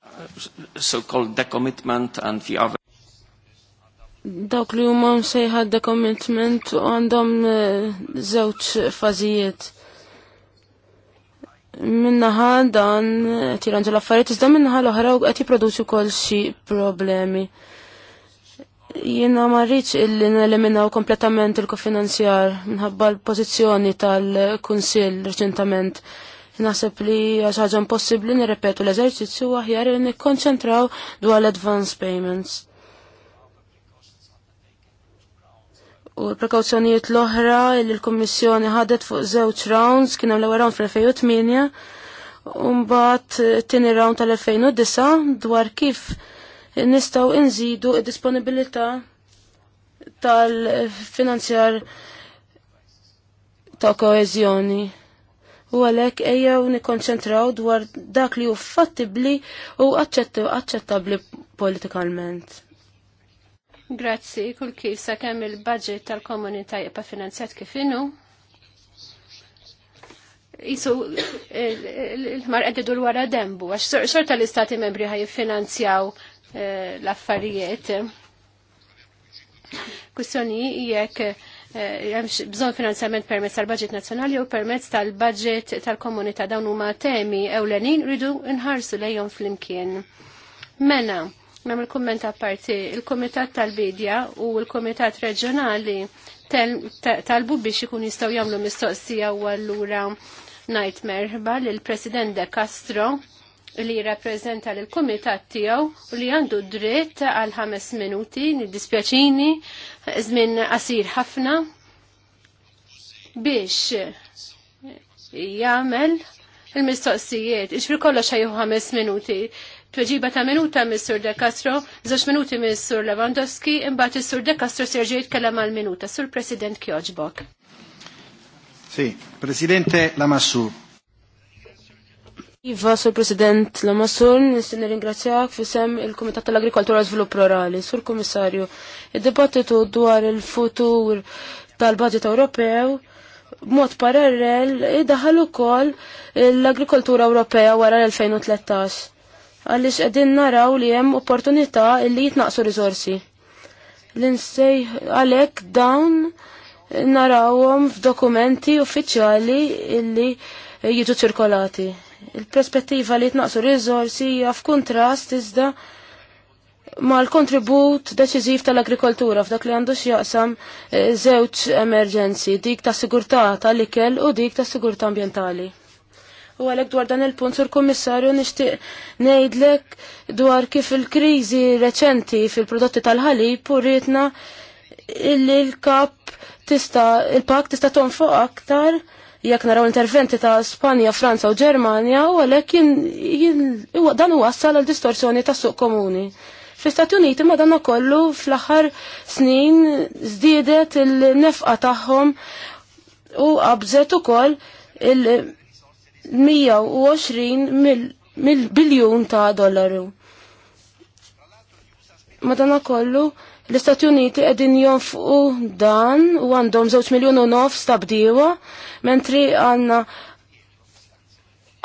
So-called decommitment and the other Dawk li huma msejħa da commitment għandhom eh, żewġ fażijiet. Minnaħa dan qed jirranġu l-affarijiet iżda minnaħa l-oħra qed jipproduċu wkoll xi problemi. Jiena ma rridx illi neliminaw kompletament il-kofinanzjar minħabba l-pożizzjoni tal-Kunsill reċentament. Naħseb li għax ħaġa impossibbli nirrepetu l-eżerċizzju aħjar li nikkonċentraw dwar l-advance payments. U l-prekawzjonijiet l-oħra li l-Kommissjoni ħadet fuq żewġ rounds kienu l-ewwel round fl-2008 u mbagħad tieni round tal-2009 dwar kif nistgħu inżidu d disponibilità tal-finanzjar ta' koeżjoni. U għalhekk ejjew nikkonċentraw dwar dak li hu fattibbli u aċċettabbli politikalment. Grazzi kull kif sakemm il-budget tal-komunità jibqa' finanzjat kif inhu. Isu il-ħmar qed wara dembu għax xorta l-istati membri ħaj jiffinanzjaw eh, l-affarijiet. Kwistjoni jekk eh, hemm bżonn finanzjament permezz tal-budget nazzjonali jew permezz tal-budget tal-komunità dawn huma temi ewlenin rridu nħarsu lejhom flimkien. Mena, Namel kumment apparti, il-Komitat tal-Bidja u il-Komitat Reġjonali talbu biex ikun jistaw jamlu mistoqsija u għallura najt merħba l-President De Castro li jirrapprezenta l-Komitat tiegħu u li għandu dritt għal ħames minuti, niddispjaċini, żmien qasir ħafna biex jagħmel il-mistoqsijiet. Ixfir kollox ħames minuti Tweġiba ta' minuta mis-Sur De Castro, żewġ minuti mis-Sur Lewandowski, imbagħad is-Sur De Castro serġej jitkellem għal minuta. Sur President Kjoġbok. Si, Presidente Lamassur. Iva, Sur President Lamassur, nistin ringrazzjak fisem il-Komitat tal-Agrikoltura Svilupp Rurali. Sur Komissarju, id-dibattitu dwar il-futur tal-Budget Ewropew mod parallel idaħal ukoll l-agrikoltura Ewropea wara l-2013 għaliex qegħdin naraw li hemm opportunità illi jitnaqsu rizorsi. L-insej għalhekk dawn narawhom f'dokumenti uffiċjali illi jiġu ċirkolati. Il-perspettiva li jitnaqsu rizorsi hija f'kuntrast iżda ma l-kontribut deċiżiv tal-agrikoltura f'dak li għandu jaqsam eh, żewġ emerġenzi, dik ta' sigurtà tal-ikel u dik ta' sigurtà ambjentali. U għalek dwar dan il-punt sur kommissarju nishtiq nejdlek dwar kif il-krizi reċenti fil-prodotti tal-ħalib purritna illi l-kap tista, il-pak tista tonfoq aktar jekk naraw interventi ta' Spanja, Franza u Ġermanja u għalek dan wassal għal distorsjoni ta' suq komuni. Fl-Istati Uniti ma dan kollu fl-aħħar snin zdiedet il-nefqa tagħhom u qabżet ukoll il- 120 mill-biljun ta' dollaru. Madana kollu, l-Istati Uniti edin jonfqu dan u għandhom 2 miljon u nof stabdiwa, mentri għanna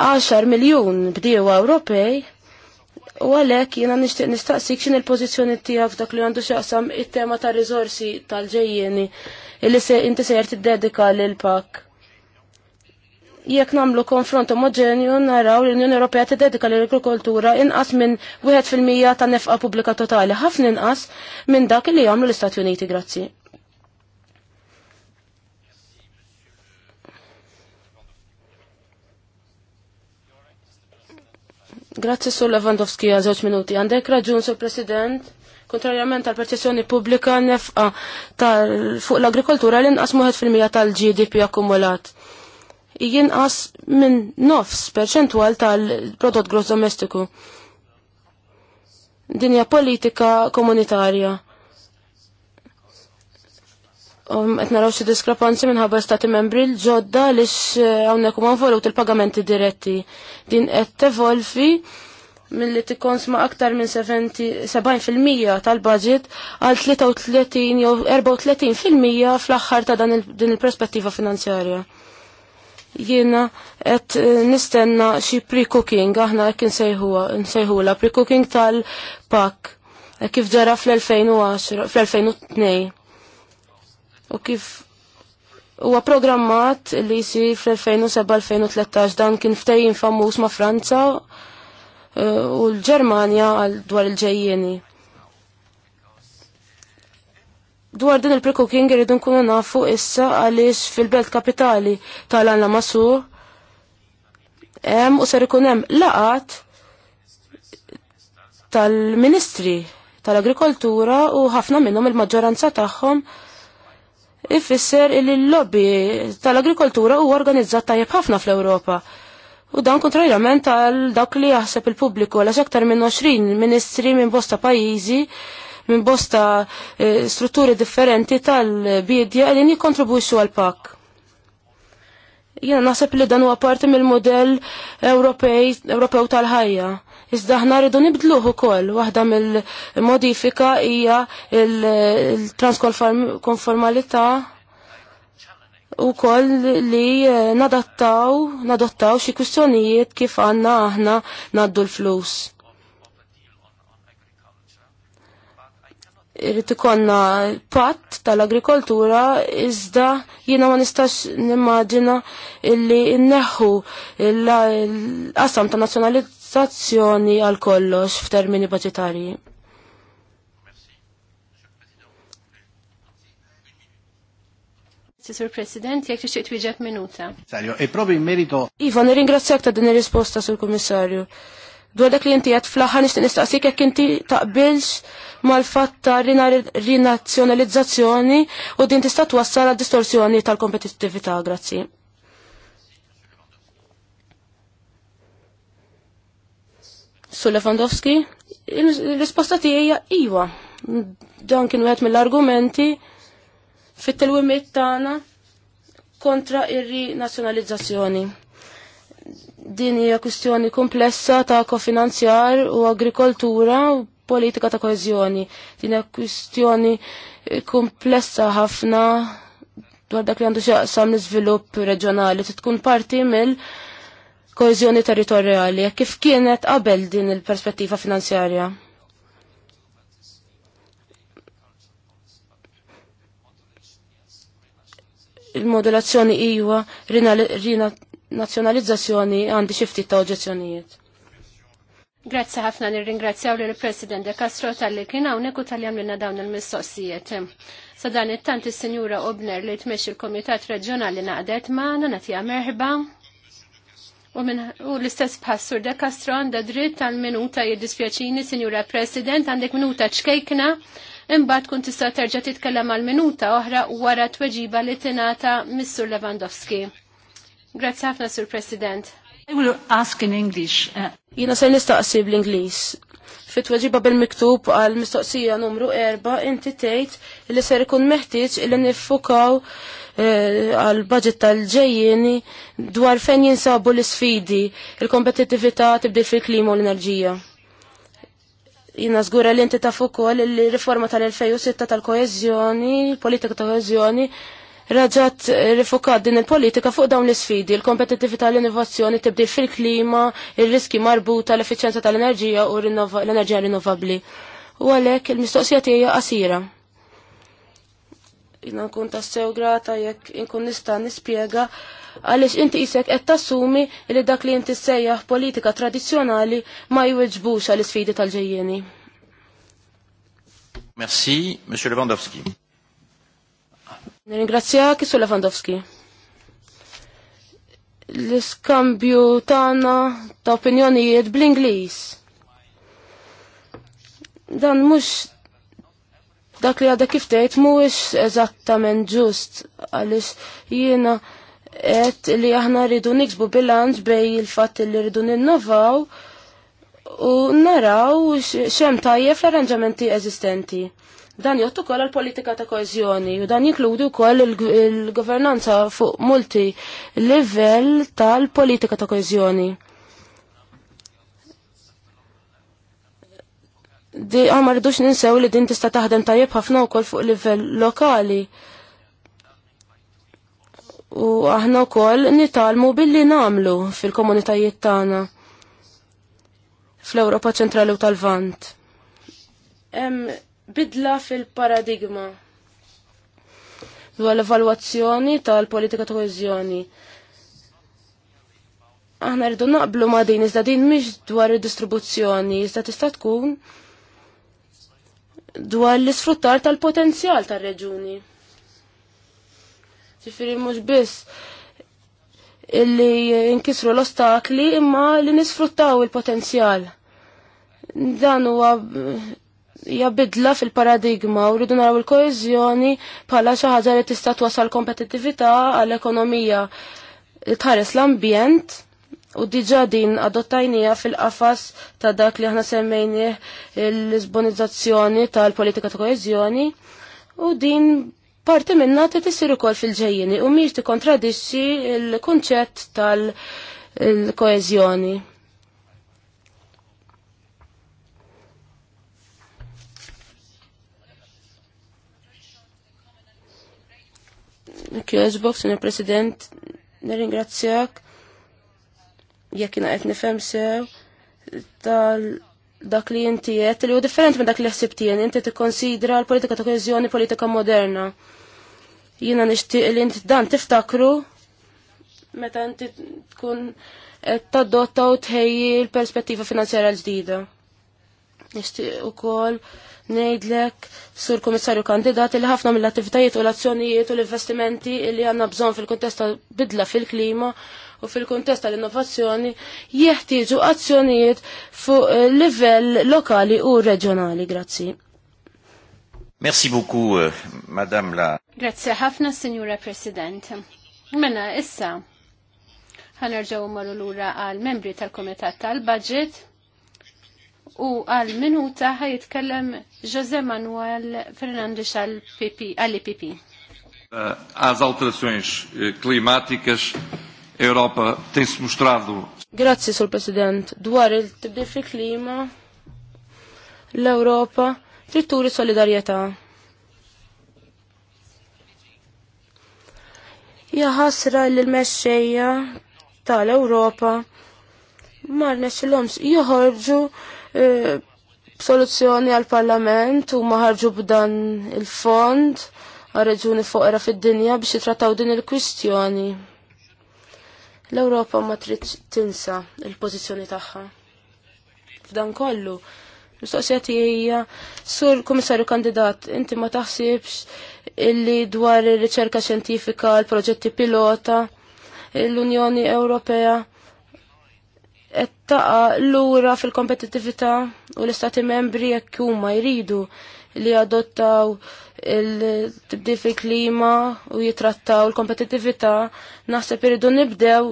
10 miljon bdiewa Ewropej, u għalek jena nishtiq nistaqsik xin il-pozizjoni tijak dak li għandu xaqsam it-tema ta' rizorsi tal-ġejjeni, il-li se inti sejjer tiddedika l-pak jekk namlu konfront omogenju naraw l-Unjoni Ewropea tiddedika l-agrikoltura inqas minn 1% ta' nefqa pubblika totali, ħafna inqas minn dak li jagħmlu l-Istati Uniti, grazzi. Grazzi Sur Lewandowski għal żewġ minuti. Għandek raġun Sur President kontrarjament tal perċessjoni pubblika nefqa fuq l-agrikoltura l-inqas mija tal-GDP akkumulat jinqas minn nofs perċentwal tal-prodott gross domestiku. Dinja politika komunitarja. Um, etna xi diskrepanzi ħabba stati membri l-ġodda lix hawnhekk huma nvolut il-pagamenti diretti. Din qed tevolvi mill-li ma' aktar minn 70% tal-budget għal 33 jew 34% fil-mija fl-aħħar ta' din il-perspettiva finanzjarja jiena qed eh, nistenna xi pre-cooking aħna hekk nsejħula pre-cooking tal-pak e kif ġara fl-2010 fl-2002 u kif Huwa programmat li jsir fl-2007-2013 dan kien ftejjin famus ma' Franza eh, u l-Ġermanja għal dwar il-ġejjeni. Dwar din il-pre-cooking irridu nkunu nafu issa għaliex fil-belt kapitali tal-għan la masu. Hemm u ser ikun hemm laqat tal-Ministri tal-Agrikoltura u ħafna minnhom il-maġġoranza tagħhom ifisser il lobby tal-agrikoltura u organizzat tajjeb ħafna fl-Ewropa. U dan kontrarjament għal dak li jaħseb il-pubbliku għal aktar minn 20 ministri minn bosta pajjiżi minn bosta eh, strutturi differenti tal-bidja li nikontribwixxu għal pak. Jena naħseb li dan huwa parti mill-modell Ewropew tal-ħajja. Iżda ħna rridu nibdluh ukoll waħda mill-modifika hija il-transkonformalità u koll li eh, nadattaw, nadattaw xie kwistjonijiet kif għanna aħna naddu l-flus. irrit ikonna patt tal-agrikoltura iżda jiena ma nistax nimmaġina illi nneħħu l-qasam ta' nazzjonalizzazzjoni għal kollox f'termini budġetarji. Sur President, jek tixtieq twieġeb minuta. E iva, nirringrazzjak ta' din ir-risposta sur Kummissarju. Dwar dak li inti qed fl-aħħar nixtieq nistaqsik jekk inti taqbilx mal-fatt ta' rinazzjonalizzazzjoni u din tista' twassal għad distorsjoni tal-kompetittività, grazzi. Su Lewandowski, il-risposta tiegħi iwa. Iva. Dan kien wieħed mill-argumenti fit-telwimiet tagħna kontra ir-rinazzjonalizzazzjoni. Din hija kwistjoni komplessa ta' kofinanzjar u agrikoltura u politika ta' koezjoni. Din hija kwistjoni komplessa ħafna dwar dak li għandu xaqsam l-iżvilupp reġjonali tkun parti mill koezjoni territorjali, kif kienet qabel din il-perspettiva finanzjarja? Il-modulazzjoni iwa, nazzjonalizzazzjoni għandi xi ftit ta' oġezzjonijiet. Grazzi ħafna nirringrazzjaw lill president De Castro tal-li kien hawnhekk u tal-li għamlilna dawn il-mistoqsijiet. Sa dan it-tant is-Sinjura Obner li tmexxi il kumitat Reġjonali naqdet magħna nagħtiha merħba. U, l-istess bħassur De Castro għandha dritt tal-minuta jiddispjaċini, Sinjura President, għandek minuta ċkejkna imbagħad tkun tista' terġa' titkellem għal minuta oħra wara tweġiba li tingħata Missur Lewandowski. Grazzi ħafna, Sur President. I will ask in English. Uh, jina se nistaqsi bl-Inglis. Fit-tweġiba bil-miktub għal mistoqsija numru 4 inti tgħid li ser ikun meħtieġ li niffukaw eh, għal budget tal-ġejjieni dwar fejn jinsabu l-sfidi, il-kompetittività tibdil fil-klima u l-enerġija jina zgura li inti taf ukoll li riforma tal-2006 tal-koezjoni, politika ta' koezjoni, raġat rifukat din il-politika fuq dawn l-sfidi, il-kompetitività l-innovazzjoni tibdi fil-klima, il-riski marbuta l efficienza tal-enerġija u l-enerġija rinnovabli. U għalek il-mistoqsija tiegħi qasira. Jina nkun tassew grata jekk inkun nista' nispjega għaliex inti isek qed tassumi li dak li inti sejjaħ politika tradizzjonali ma jwiġbux għall-isfidi tal-ġejjeni. Merci, Monsieur Lewandowski. Nirringrazzjak Kisu Lewandowski. L-iskambju tagħna ta' opinjonijiet bl-Ingliż. Dan mhux dak li għadha kif tgħid mhuwiex eżattament ġust għaliex jiena et li aħna rridu niksbu bilanċ bej il-fatt li rridu ninnovaw u naraw xem tajjeb fl-arranġamenti eżistenti. Dan jottu kol għal-politika ta' koezjoni u dan jinkludi wkoll il-governanza fuq multi livell tal-politika ta' koezjoni. Di għamar rridux ninsew li din tista' taħdem tajjeb ħafna kol fuq livell lokali. U aħna wkoll nitalmu billi namlu fil-komunitajiet tagħna fl-Ewropa ċentrali u tal-Vant bidla fil-paradigma dwar l-evalwazzjoni tal-politika ta' koeżjoni. Aħna rridu naqblu ma' din, iżda din mhix dwar id-distribuzzjoni, iżda tista' tkun dwar l-isfruttar tal-potenzjal tal-reġuni. Ġifieri mhux biss illi jinkisru l-ostakli imma li nisfruttaw il-potenzjal. Dan huwa jabidla fil-paradigma u rridu naraw il-koezjoni bħala xi ħaġa li tista' twasal kompetittività għall-ekonomija tħares l-ambjent u diġa din adottajnija fil-qafas ta' dak li aħna semmejni l izbonizzazzjoni tal-politika ta' koezjoni u din parti minna ti tisir ukoll fil-ġejjini u miex tikkontradixxi l-kunċett tal-koezjoni. Kjożbok, Sinu President, nirringrazzjak jekk jina qed nifhem sew tal dak li inti jett, li hu differenti minn dak li ħsib jinti inti tikkonsidra l-politika ta' koeżjoni politika moderna. Jiena nixtieq li jinti dan tiftakru meta inti tkun qed tadotta u tħejji l-perspettiva finanzjera l-ġdida. Nixtieq ukoll ngħidlek sur komissarju kandidat li ħafna mill-attivitajiet u l-azzjonijiet u l-investimenti li għandna bżonn fil-kuntest bidla fil-klima u fil-kuntest tal-innovazzjoni jeħtieġu azzjonijiet fuq eh, livell lokali u reġjonali. Grazzi. Merci beaucoup, euh, Madame la. Grazie ħafna, Signora President. Mena, issa, ħanerġaw marru l għal membri tal-Komitat tal-Budget u għal minuta ħaj jitkellem Jose Manuel Fernandes għal-IPP. Għaz eh, alterazzjoni klimatikas eh, Europa tens mostradu. Grazie, sol President. Dwar il-tibdil fil-klima l-Europa trid solidarieta. solidarjetà. Ja ħasra l-mexxejja tal-Ewropa europa l-oms joħorġu E, soluzzjoni għal-parlament u maħarġu b'dan il-fond għal-reġuni foqra fid-dinja biex jitrataw din il-kwistjoni. L-Ewropa ma trid tinsa il-pożizzjoni tagħha. F'dan kollu, mistoqsija hija sur komissarju kandidat, inti ma taħsibx illi dwar ir-riċerka xjentifika, l-proġetti pilota, l-Unjoni Ewropea ettaqa l lura fil kompetitivita u l-istati membri jekk huma jridu li adottaw il-tibdi fil-klima u jitrattaw l kompetitivita naħseb iridu nibdew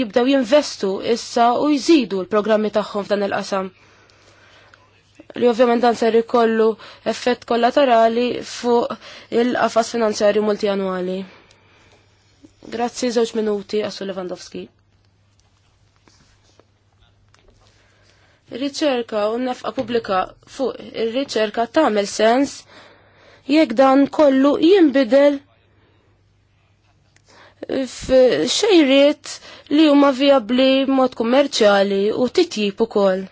jibdew jinvestu issa u jżidu l-programmi tagħhom f'dan il-qasam. Li ovvjament dan ser ikollu effett kollaterali fuq il-qafas finanzjarju multianwali. Grazzi żewġ minuti Assu Lewandowski. riċerka u nefqa pubblika fuq ir-riċerka tagħmel sens jekk dan kollu jinbidel f'xejriet li huma vijabbli mod kummerċjali u titjib ukoll.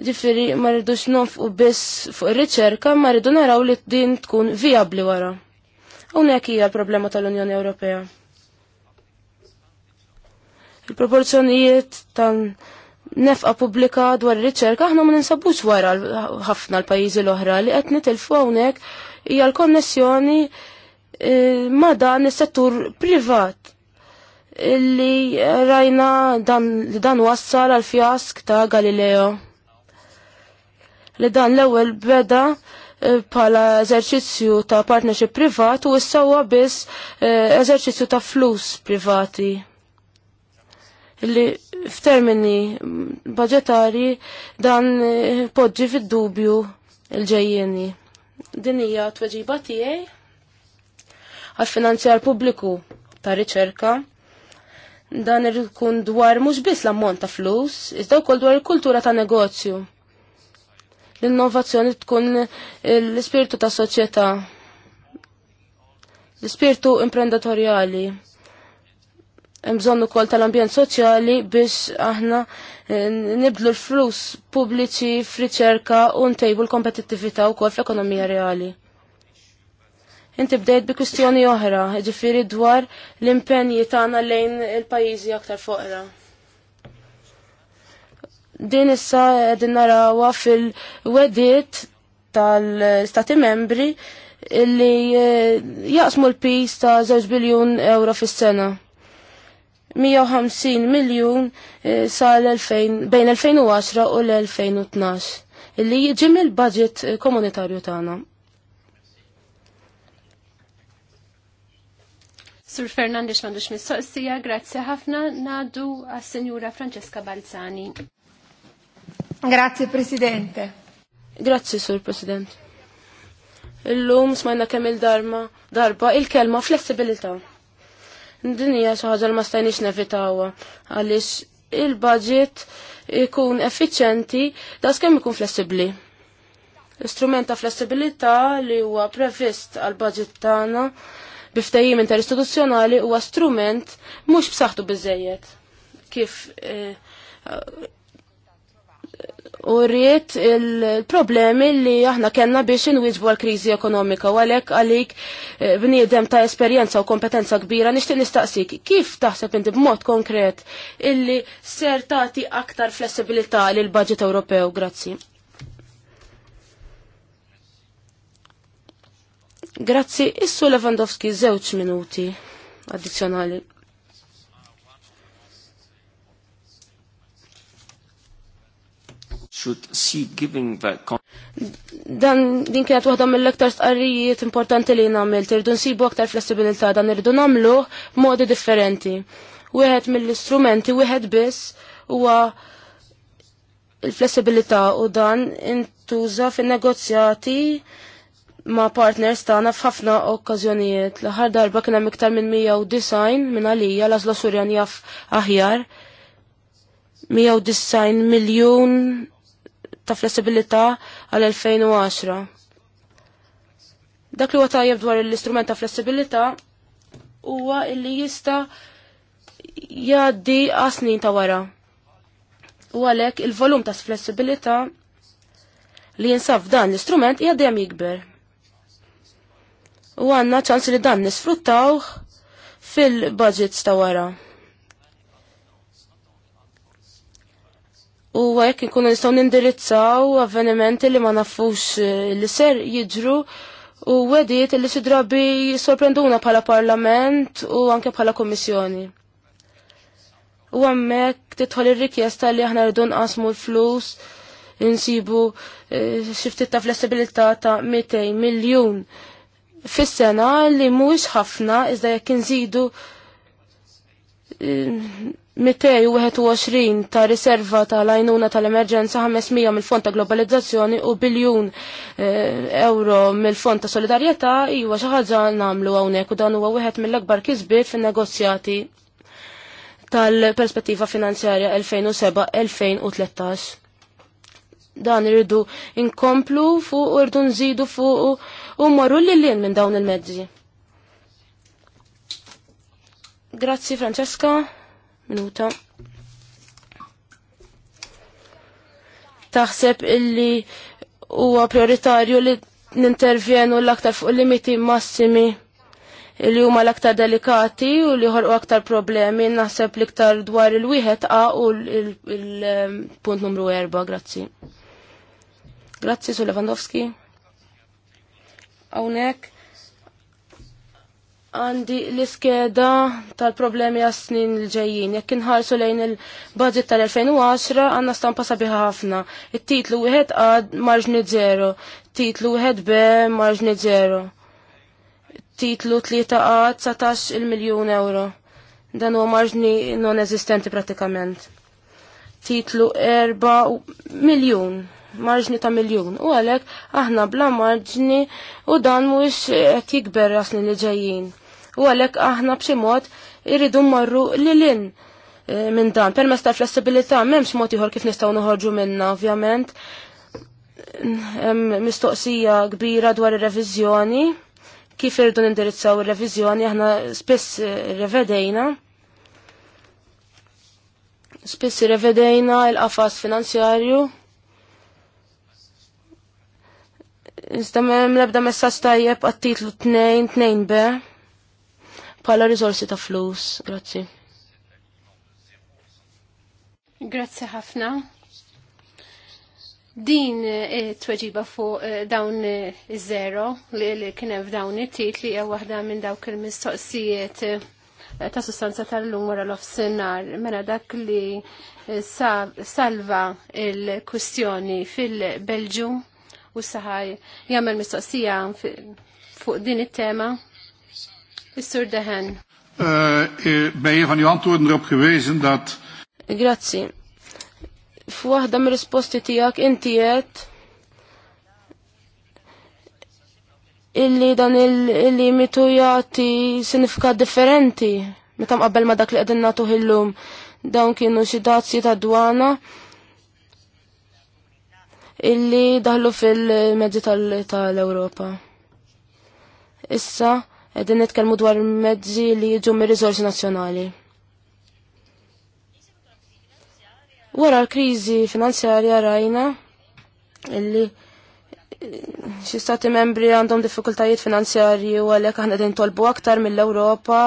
Ġifieri ma rridux nonfqu biss fuq ir-riċerka ma rridu naraw li din tkun vijabbli wara. Hawnhekk hija l-problema tal-Unjoni Ewropea. Il-proporzjonijiet tal-, -Unjoni Ewropea. il proporzjonijiet tal unjoni ewropea il tal nefqa pubblika dwar ir-riċerka aħna ma ninsabux wara ħafna l-pajjiżi l-oħra li qed nitilfu hawnhekk hija l-konnessjoni eh, ma dan is-settur privat li rajna dan, dan wassal għal fjask ta' Galileo. Li dan l-ewwel beda eh, bħala eżerċizzju ta' partnership privat u issawa biss eh, eżerċizzju ta' flus privati. Li f'termini budgetari dan poġġi fid-dubju l-ġejjeni. Din hija tweġiba tiegħi għal finanzjar pubbliku ta' riċerka dan ikun dwar mhux biss l-ammont ta' flus, iżda wkoll dwar il-kultura ta' negozju. L-innovazzjoni tkun l-ispirtu ta' soċjetà, l-ispirtu imprenditorjali bżonn ukoll tal-ambjent soċjali biex aħna eh, nibdlu l-flus pubbliċi f'riċerka u ntejbu l u wkoll fl-ekonomija reali inti bdejt bi kustjoni oħra, ġifiri dwar l-impenji tagħna lejn il-pajjiżi aktar foqra. Din issa qegħdin narawha fil-wedit tal-Stati membri illi eh, jaqsmu l-pis ta' 2 biljun euro fis-sena. 150 miljun sal-2000 bejn 2010 u l-2012 illi jiġi mill-budget komunitarju tagħna. Sur Fernandez m'għandux mistoqsija, grazzi ħafna nadu għas senjura Francesca Balzani. Grazie Presidente. Grazzi Sur President. Illum smajna kemm il-darma darba il-kelma flessibilità n dinja xi ħaġa li ma stajniex nevitawha għaliex il-budget ikun effiċjenti da skem ikun flessibbli. L-istrument ta' flessibilità li huwa previst għal budget tagħna biftejjim interistituzzjonali huwa strument mhux b'saħħtu biżejjed kif eh, u rrit il-problemi li aħna kena biex inwiġbu għal-krizi ekonomika u għalek għalik eh, bniedem ta' esperjenza u kompetenza kbira nishti nistaqsik kif taħseb inti b'mod konkret illi ser tagħti aktar flessibilità l budget Ewropew grazzi. Grazzi, issu Lewandowski żewġ minuti addizzjonali. should see giving the Dan din kienet waħda mill-aktar stqarrijiet importanti li nagħmel, irdu nsibu aktar flessibilità dan irdu nagħmlu b'modi differenti. Wieħed mill-istrumenti wieħed biss huwa il-flessibilità u dan intuża fin-negozjati ma' partners tagħna f'ħafna okkażjonijiet. L-aħħar darba kien hemm iktar minn design minn għalija l-għażla Surjan jaf aħjar. 190 miljun ta' flessibilità għal-2010. Dak li huwa tajjeb dwar l-istrument ta' flessibilità huwa li jista' jgħaddi għasnin ta' wara. U għalhekk il-volum ta' flessibilità li jinsaf dan l-istrument hija dejjem jikber. U għandna ċans li dan nisfruttawh fil-budgets ta' wara. u għek ikun nistaw nindirizzaw avvenimenti li ma nafux eh, li ser jidru u għediet li si drabi sorprenduna bħala parlament u anke bħala kommissjoni. U għammek titħol ir-rikjesta li aħna rridu nqasmu l-flus insibu eh, xiftit ta' flessibilità ta' 200 miljun fis-sena li mhux ħafna iżda jekk inżidu eh, 221 ta' riserva tal-għajnuna tal-emerġenza 500 mill-fond ta' globalizzazzjoni u biljun eh, euro mill-fond ta' solidarjetà iwa xi ħaġa nagħmlu hawnhekk u dan huwa wieħed mill-akbar kisbiet fin-negozjati tal-perspettiva finanzjarja 2007-2013. Dan irridu inkomplu fuq u irridu nżidu fuq u l lil minn dawn il-mezzi. Grazzi Francesca. Minuta. Taħseb illi huwa prioritarju li nintervjenu l-aktar fuq limiti massimi li huma l-aktar delikati u li ħorqu aktar problemi naħseb l-iktar dwar il-wieħed A u l-punt um, numru 4, grazzi. Grazzi su Lewandowski. Hawnhekk għandi l-iskeda tal-problemi għas snin l-ġejjin. Jekk inħarsu lejn il-budget tal-2010 għanna stampa sabiħa ħafna. Il-titlu wieħed għad marġni zero, titlu wieħed b marġni zero. Titlu tlieta għad 19 il-miljon euro. Dan huwa marġni non eżistenti pratikament. Titlu 4 miljon marġni ta' miljon. U għalek aħna bla marġni u dan mux jikber rasni li ġejjin u għalhekk aħna b'xi mod irridu mmorru lilin e, minn dan. Permezz ta' flessibilità m'hemmx mod ieħor kif nistgħu noħorġu minnha, ovvjament. Mistoqsija kbira dwar ir-reviżjoni kif irridu nindirizzaw ir-reviżjoni aħna spiss revedejna. Spiss revedejna il-qafas finanzjarju. Nistamem l-ebda messa tajjeb għat-titlu 2 2 b bħala rizorsi ta' flus. Grazzi. Grazzi ħafna. Din eh, tweġiba fuq eh, dawn eh, iż zero li kien hemm f'dawn it-tit li hija waħda minn dawk il-mistoqsijiet ta' sustanza tal-lum wara l-offsinar mela dak li salva il-kustjoni fil-Belġu u saħaj jagħmel mistoqsija fuq din it-tema Mr. sur Dehen. Eh, eh, ben je van uw antwoorden erop gewezen dat... Grazzi. F'waħda mir-risposti tijak inti jett illi dan illi mitu jati sinifikat differenti meta mqabbel ma dak li qegħdin nagħtu illum dawn kienu xi dazzi ta' dwana illi daħlu fil medzi tal-Ewropa. Issa Edin nitkellmu dwar mezzi li jiġu mir rizorsi nazzjonali. Wara l-kriżi finanzjarja rajna illi xi stati membri għandhom diffikultajiet finanzjarji u għalhekk aħna qegħdin tolbu aktar mill-Ewropa,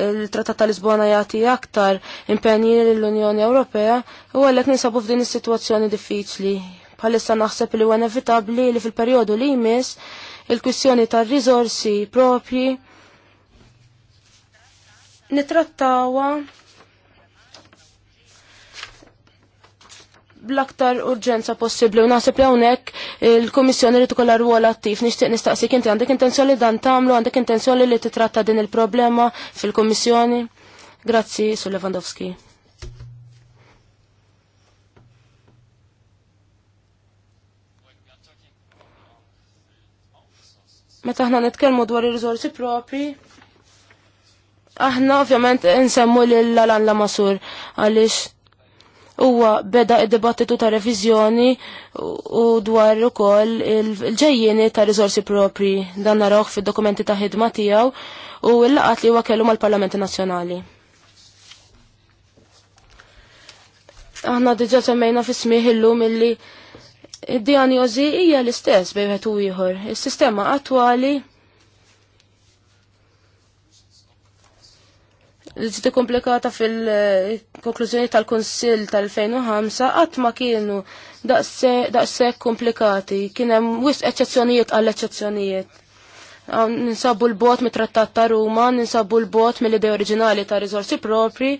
il-Trattat tal Lisbona jagħti aktar impenji l-Unjoni Ewropea u għalhekk ninsabu f'din is-sitwazzjoni diffiċli. Bħalissa naħseb li huwa inevitabbli li fil-perjodu li jmiss il-kwissjoni tar rizorsi propri. nitrattawa bl-aktar urġenza possibli u naħseb li hawnhekk il-Kummissjoni li tkollha rwol attiv nixtieq nistaqsik inti għandek intenzjoni dan tagħmlu għandek intenzjoni li titratta din il-problema fil-Kummissjoni. Grazzi, Su Lewandowski. Meta aħna nitkellmu dwar ir-riżorsi propri, aħna ovvjament nsemmu lil la masur għaliex huwa beda id-dibattitu ta' reviżjoni u dwar ukoll il-ġejjieni ta' riżorsi propri dan narawh fid-dokumenti ta' ħidma tiegħu u l-laqat li huwa kellu mal-Parlamenti Nazzjonali. Aħna diġa semmejna fi smieħ illum illi id-dijanjozi hija l-istess bej wieħed u ieħor. Is-sistema attwali li ġdi komplikata fil-konklużjoni tal-Konsil tal-2005 qatt ma kienu daqshekk komplikati, kien hemm wisq eċċezzjonijiet għall eċċezzjonijiet Ninsabu l-bot mit-trattat ta' Ruma, ninsabu l-bot mill-idea oriġinali ta' rizorsi propri,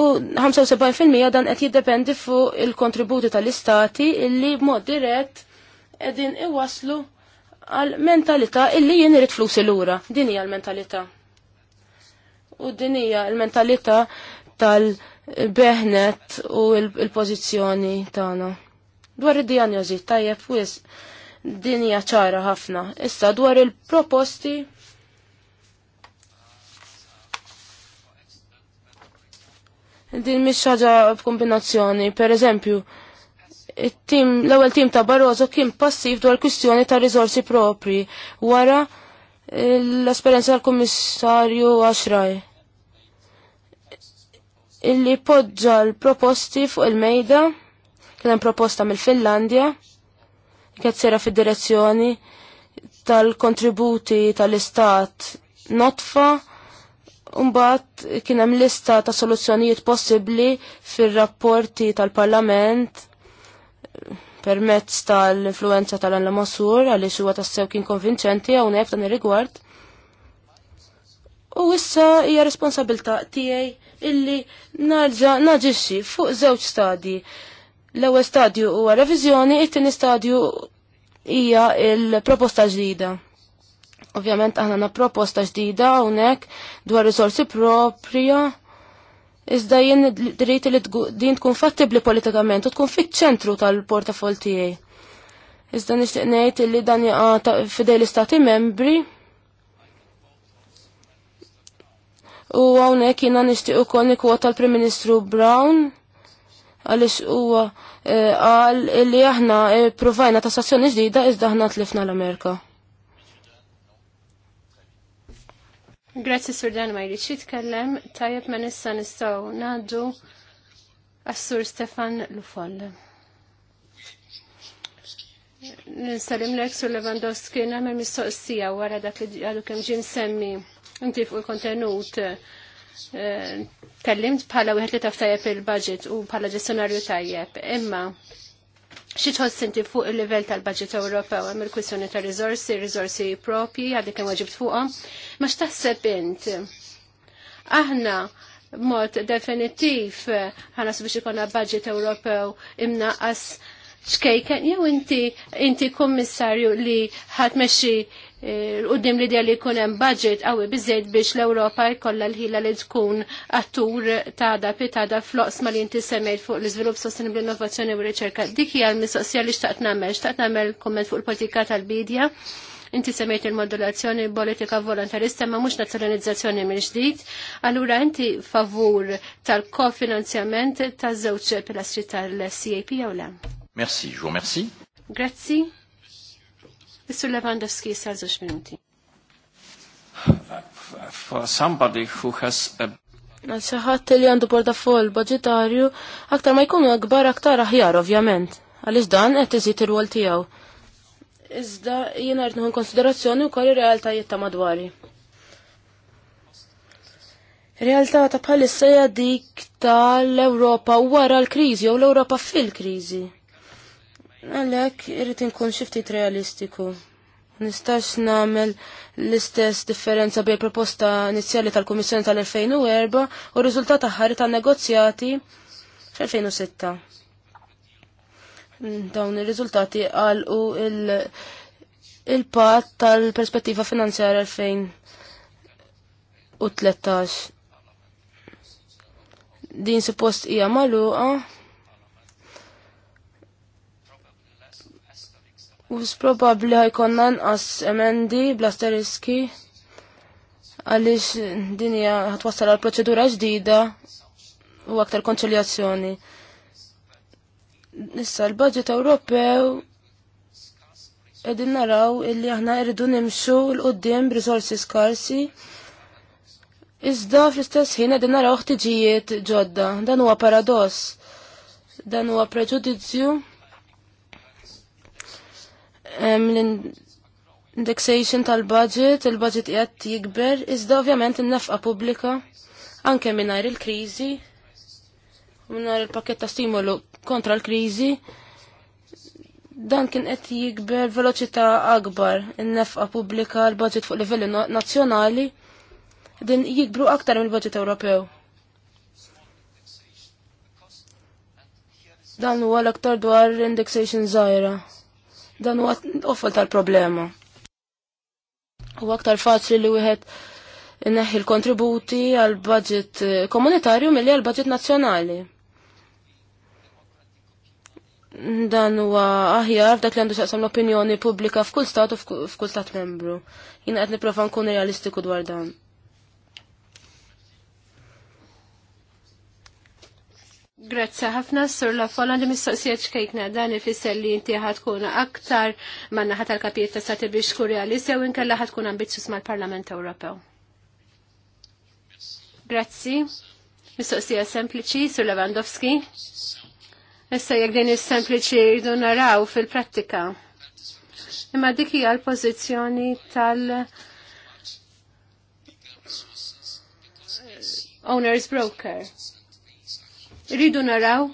U 75% dan qed jiddependi fuq il-kontributi tal-istati illi b'mod dirett qegħdin iwaslu għal mentalità illi jien irid flus lura. Din hija l-mentalità. U din hija l-mentalità tal-beħnet u l-pożizzjoni tagħna. Dwar id-dijanjożi tajjeb wis din hija ċara ħafna. Issa dwar il-proposti Din mhix ħaġa b'kombinazzjoni, pereżempju, it-tim l-ewwel tim ta' Barroso kien passiv dwar kwistjoni ta' riżorsi propri wara l-esperjenza tal-Kummissarju Ashraj. illi poġġa l-proposti fuq il-mejda, kien hemm proposta mill-Finlandja, kien sera fid-direzzjoni tal-kontributi tal-istat notfa Umbat kien hemm lista ta' soluzzjonijiet possibbli fir-rapporti tal-Parlament permezz tal-influenza tal-Alla Masur għaliex huwa tassew kien konvinċenti hawnhekk dan ir-rigward. U issa hija responsabilità tiegħi illi narġa' naġixxi fuq żewġ stadji. L-ewwel stadju huwa reviżjoni, it-tieni stadju hija il-proposta ġdida. Ovvjament aħna na proposta ġdida hawnhekk dwar risorsi propria. Iżda jien dritti li din tkun fattibli politikament u tkun fiċ-ċentru tal-portafol tiegħi. Iżda nixtieq ngħid li dan jaqa' fidej l-istati membri U għawnek jina nishtiq u konni tal-Prim Ministru Brown, għalix u eh, għal li aħna eh, provajna tassazzjoni ġdida iżda aħna tlifna l-Amerika. Grazzi Sur Dan ma jridx jitkellem, tajjeb ma nissa nistgħu ngħaddu għas-Sur Stefan Lufoll. Ninsalim lek Sur Lewandowski nagħmel mistoqsija wara dak li għadu kemm ġim semmi inti fuq il-kontenut eh, kellimt bħala wieħed li taf tajjeb il-budget u bħala ġestjonarju tajjeb. Imma Xi tħossinti inti fuq il-livell tal-budget Ewropew hemm il-kwissjoni ta' riżorsi, riżorsi propji għadek kemm waġib fuqhom, ma x'taħseb int. Aħna b'mod definittiv ħanas biex ikonna budget Ewropew imnaqqas xkejken jew inti inti kummissarju li ħadmexxi. Uddim eh, l-idea li jkun hemm budget qawwi biżejt biex l-Ewropa jkollha l-ħila li tkun attur ta' da floqs ma li inti semmejt fuq l-iżvilupp sostenibli innovazzjoni u riċerka. Dik hija l-mistoqsija li xtaqt nagħmel, xtaqt nagħmel komment fuq il-politika tal-bidja inti semmejt il-modulazzjoni politika volontarista ma mhux nazzjonalizzazzjoni minn ġdid, allura inti favur tal-kofinanzjament taż żewġ pilastri tal-CAP jew le? Merci, je merci. Grazie. Grazzi. Mr. sur Lewandowski sar żewġ minuti. For somebody who has a Saħat li għandu portafol budgetarju, aktar ma jkunu akbar aktar aħjar, ovvjament. Għalix dan, għet iżit il-wol tijaw. Iżda jena rtnuħu konsiderazzjoni u koll realtajiet ta' madwari. Realtà ta' bħalissa hija dik l ewropa wara l-kriżi jew l-Ewropa fil-kriżi. Għalek, irrit inkun xiftit realistiku. Nistax namel l-istess differenza bej proposta inizjali tal-Komissjoni tal-2004 u r-riżultat aħħari negozjati fl-2006. Dawn ir-riżultati għalqu il-pat il pat tal perspettiva finanzjarja 2013. Din suppost hija magħluqa U s-probabli ħajkonna nqas emendi blasteriski għalix dinja ħatwassal għal proċedura ġdida u aktar konċiljazzjoni. Issa l-budget Ewropew edin naraw illi aħna irridu nimxu l-qoddim b'risorsi skarsi. Iżda fl-istess ħin edin naraw ħtiġijiet ġodda. Dan huwa paradoss. Dan huwa preġudizzju l-indexation tal-budget, il-budget jgħat jikber, iżda ovvjament in-nefqa pubblika anke mingħajr il-kriżi, mingħajr il-pakket ta' stimolu kontra l-kriżi, dan kien qed jikber veloċità akbar, in-nefqa pubblika, l-budget fuq livelli nazzjonali, din jikbru aktar mill-budget Ewropew. Dan huwa l-aktar dwar indexation żgħira. Dan huwa offol tal-problema. U aktar faċli li wieħed neħi l-kontributi għal budget eh, komunitarju milli għal budget nazzjonali. Dan huwa aħjar dak li għandu xaqsam l-opinjoni pubblika f'kull stat u f'kull stat membru. Jien qed nipprova nkun realistiku dwar dan. Grazzi ħafna sur la folla li mistoqsija ċkejkna dan ifisser li inti tkun aktar manna ħat tal-kapijiet ta' sati biex kurjali sew inkella tkun ambizzjuż mal-Parlament Ewropew. Grazzi. Mistoqsija sempliċi sur Lewandowski. Issa jekk din is-sempliċi jridu naraw fil-prattika. Imma dik hija l-pożizzjoni tal- Owner's Broker Rridu naraw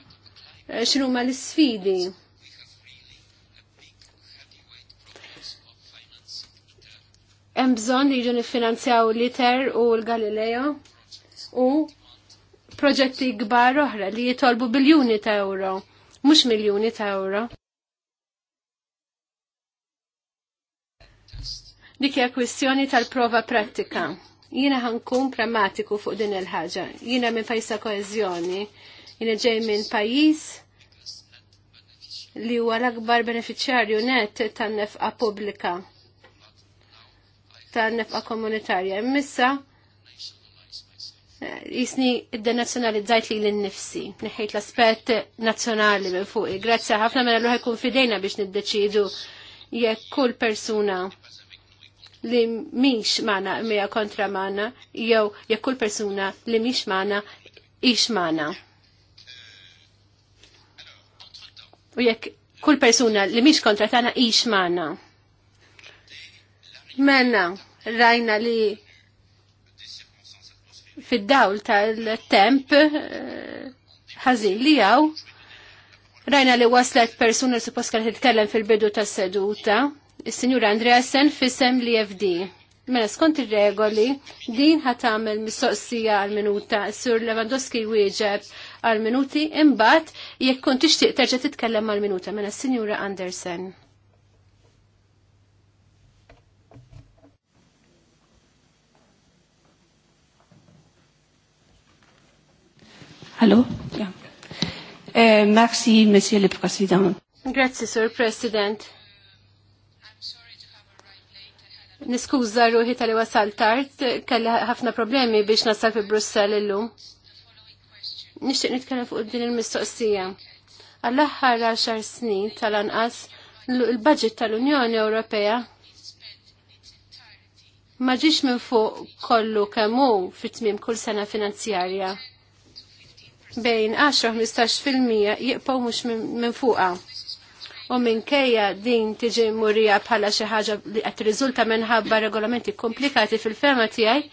eh, xinu ma l-sfidi. Hemm bżonn li niffinanzjaw l-ITER u l-Galileo u proġetti kbar oħra li jitolbu biljuni ta' euro, mhux miljuni ta' euro. dik hija kwistjoni tal-prova prattika. Jiena ħankun pragmatiku fuq din il-ħaġa. Jiena minn pajsa koeżjoni Jina ġej minn pajjiż li huwa l-akbar beneficjarju net tan-nefqa pubblika tan-nefqa komunitarja. Missa eh, jisni id-denazzjonalizzajt li l-nifsi, neħejt l-aspet nazzjonali minn fuq. Grazzi ħafna mela l-ruħi kun fidejna biex niddeċidu jekk kull persuna li miex mana mija kontra mana, jew jekk kull persuna li miex mana ix mana. u jekk kull persuna li miex tagħna ix maħna. Menna, rajna li fid-dawl tal-temp eh, ħażin li jaw, rajna li waslet persuna li suppost kellha titkellem fil-bidu tas-seduta, is-Sinjur Andreasen fissem li FD. Mela skont ir-regoli din tagħmel mistoqsija għal minuta, Sur Lewandowski wieġeb għal minuti imbagħad jekk kont tixtieq terġa' titkellem għal minuta mela Sinjura Andersen. Hello? Yeah. Eh, merci, Monsieur le Président. Grazie, Sir President. Niskuża ruħi tal-li wasal tard, kelli ħafna problemi biex nasal fi Brussel illum nixtieq nitkellem fuq din il-mistoqsija. Għall-aħħar 10 snin tal-anqas il-budget tal-Unjoni Ewropea ma ġiex minn fuq kollu kemmu fit-tmiem kull sena finanzjarja bejn 10-15% jiqpaw mux minn fuqa. U minn kejja din tiġi murija bħala xi ħaġa li qed riżulta minħabba regolamenti komplikati fil-fema tiegħi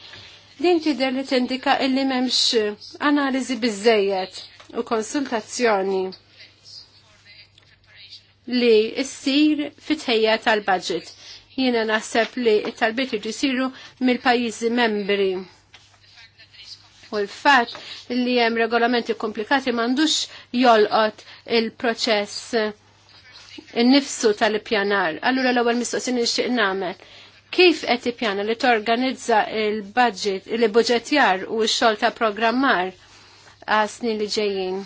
Din tidher li tindika illi m'hemmx eh, analiżi biżejjed u konsultazzjoni li issir fit tal-budget. Jiena naħseb li tal-bit jisiru mill-pajjiżi membri. U l-fat li hemm regolamenti komplikati m'għandux jolqot il-proċess il-nifsu tal-ippjanar. Allura l-ewwel mistoqsin nixtieq nagħmel. Kif qed tippjana li torganizza il-budget, il-budgetjar u x-xogħol ta' programmar għas snin li ġejjin?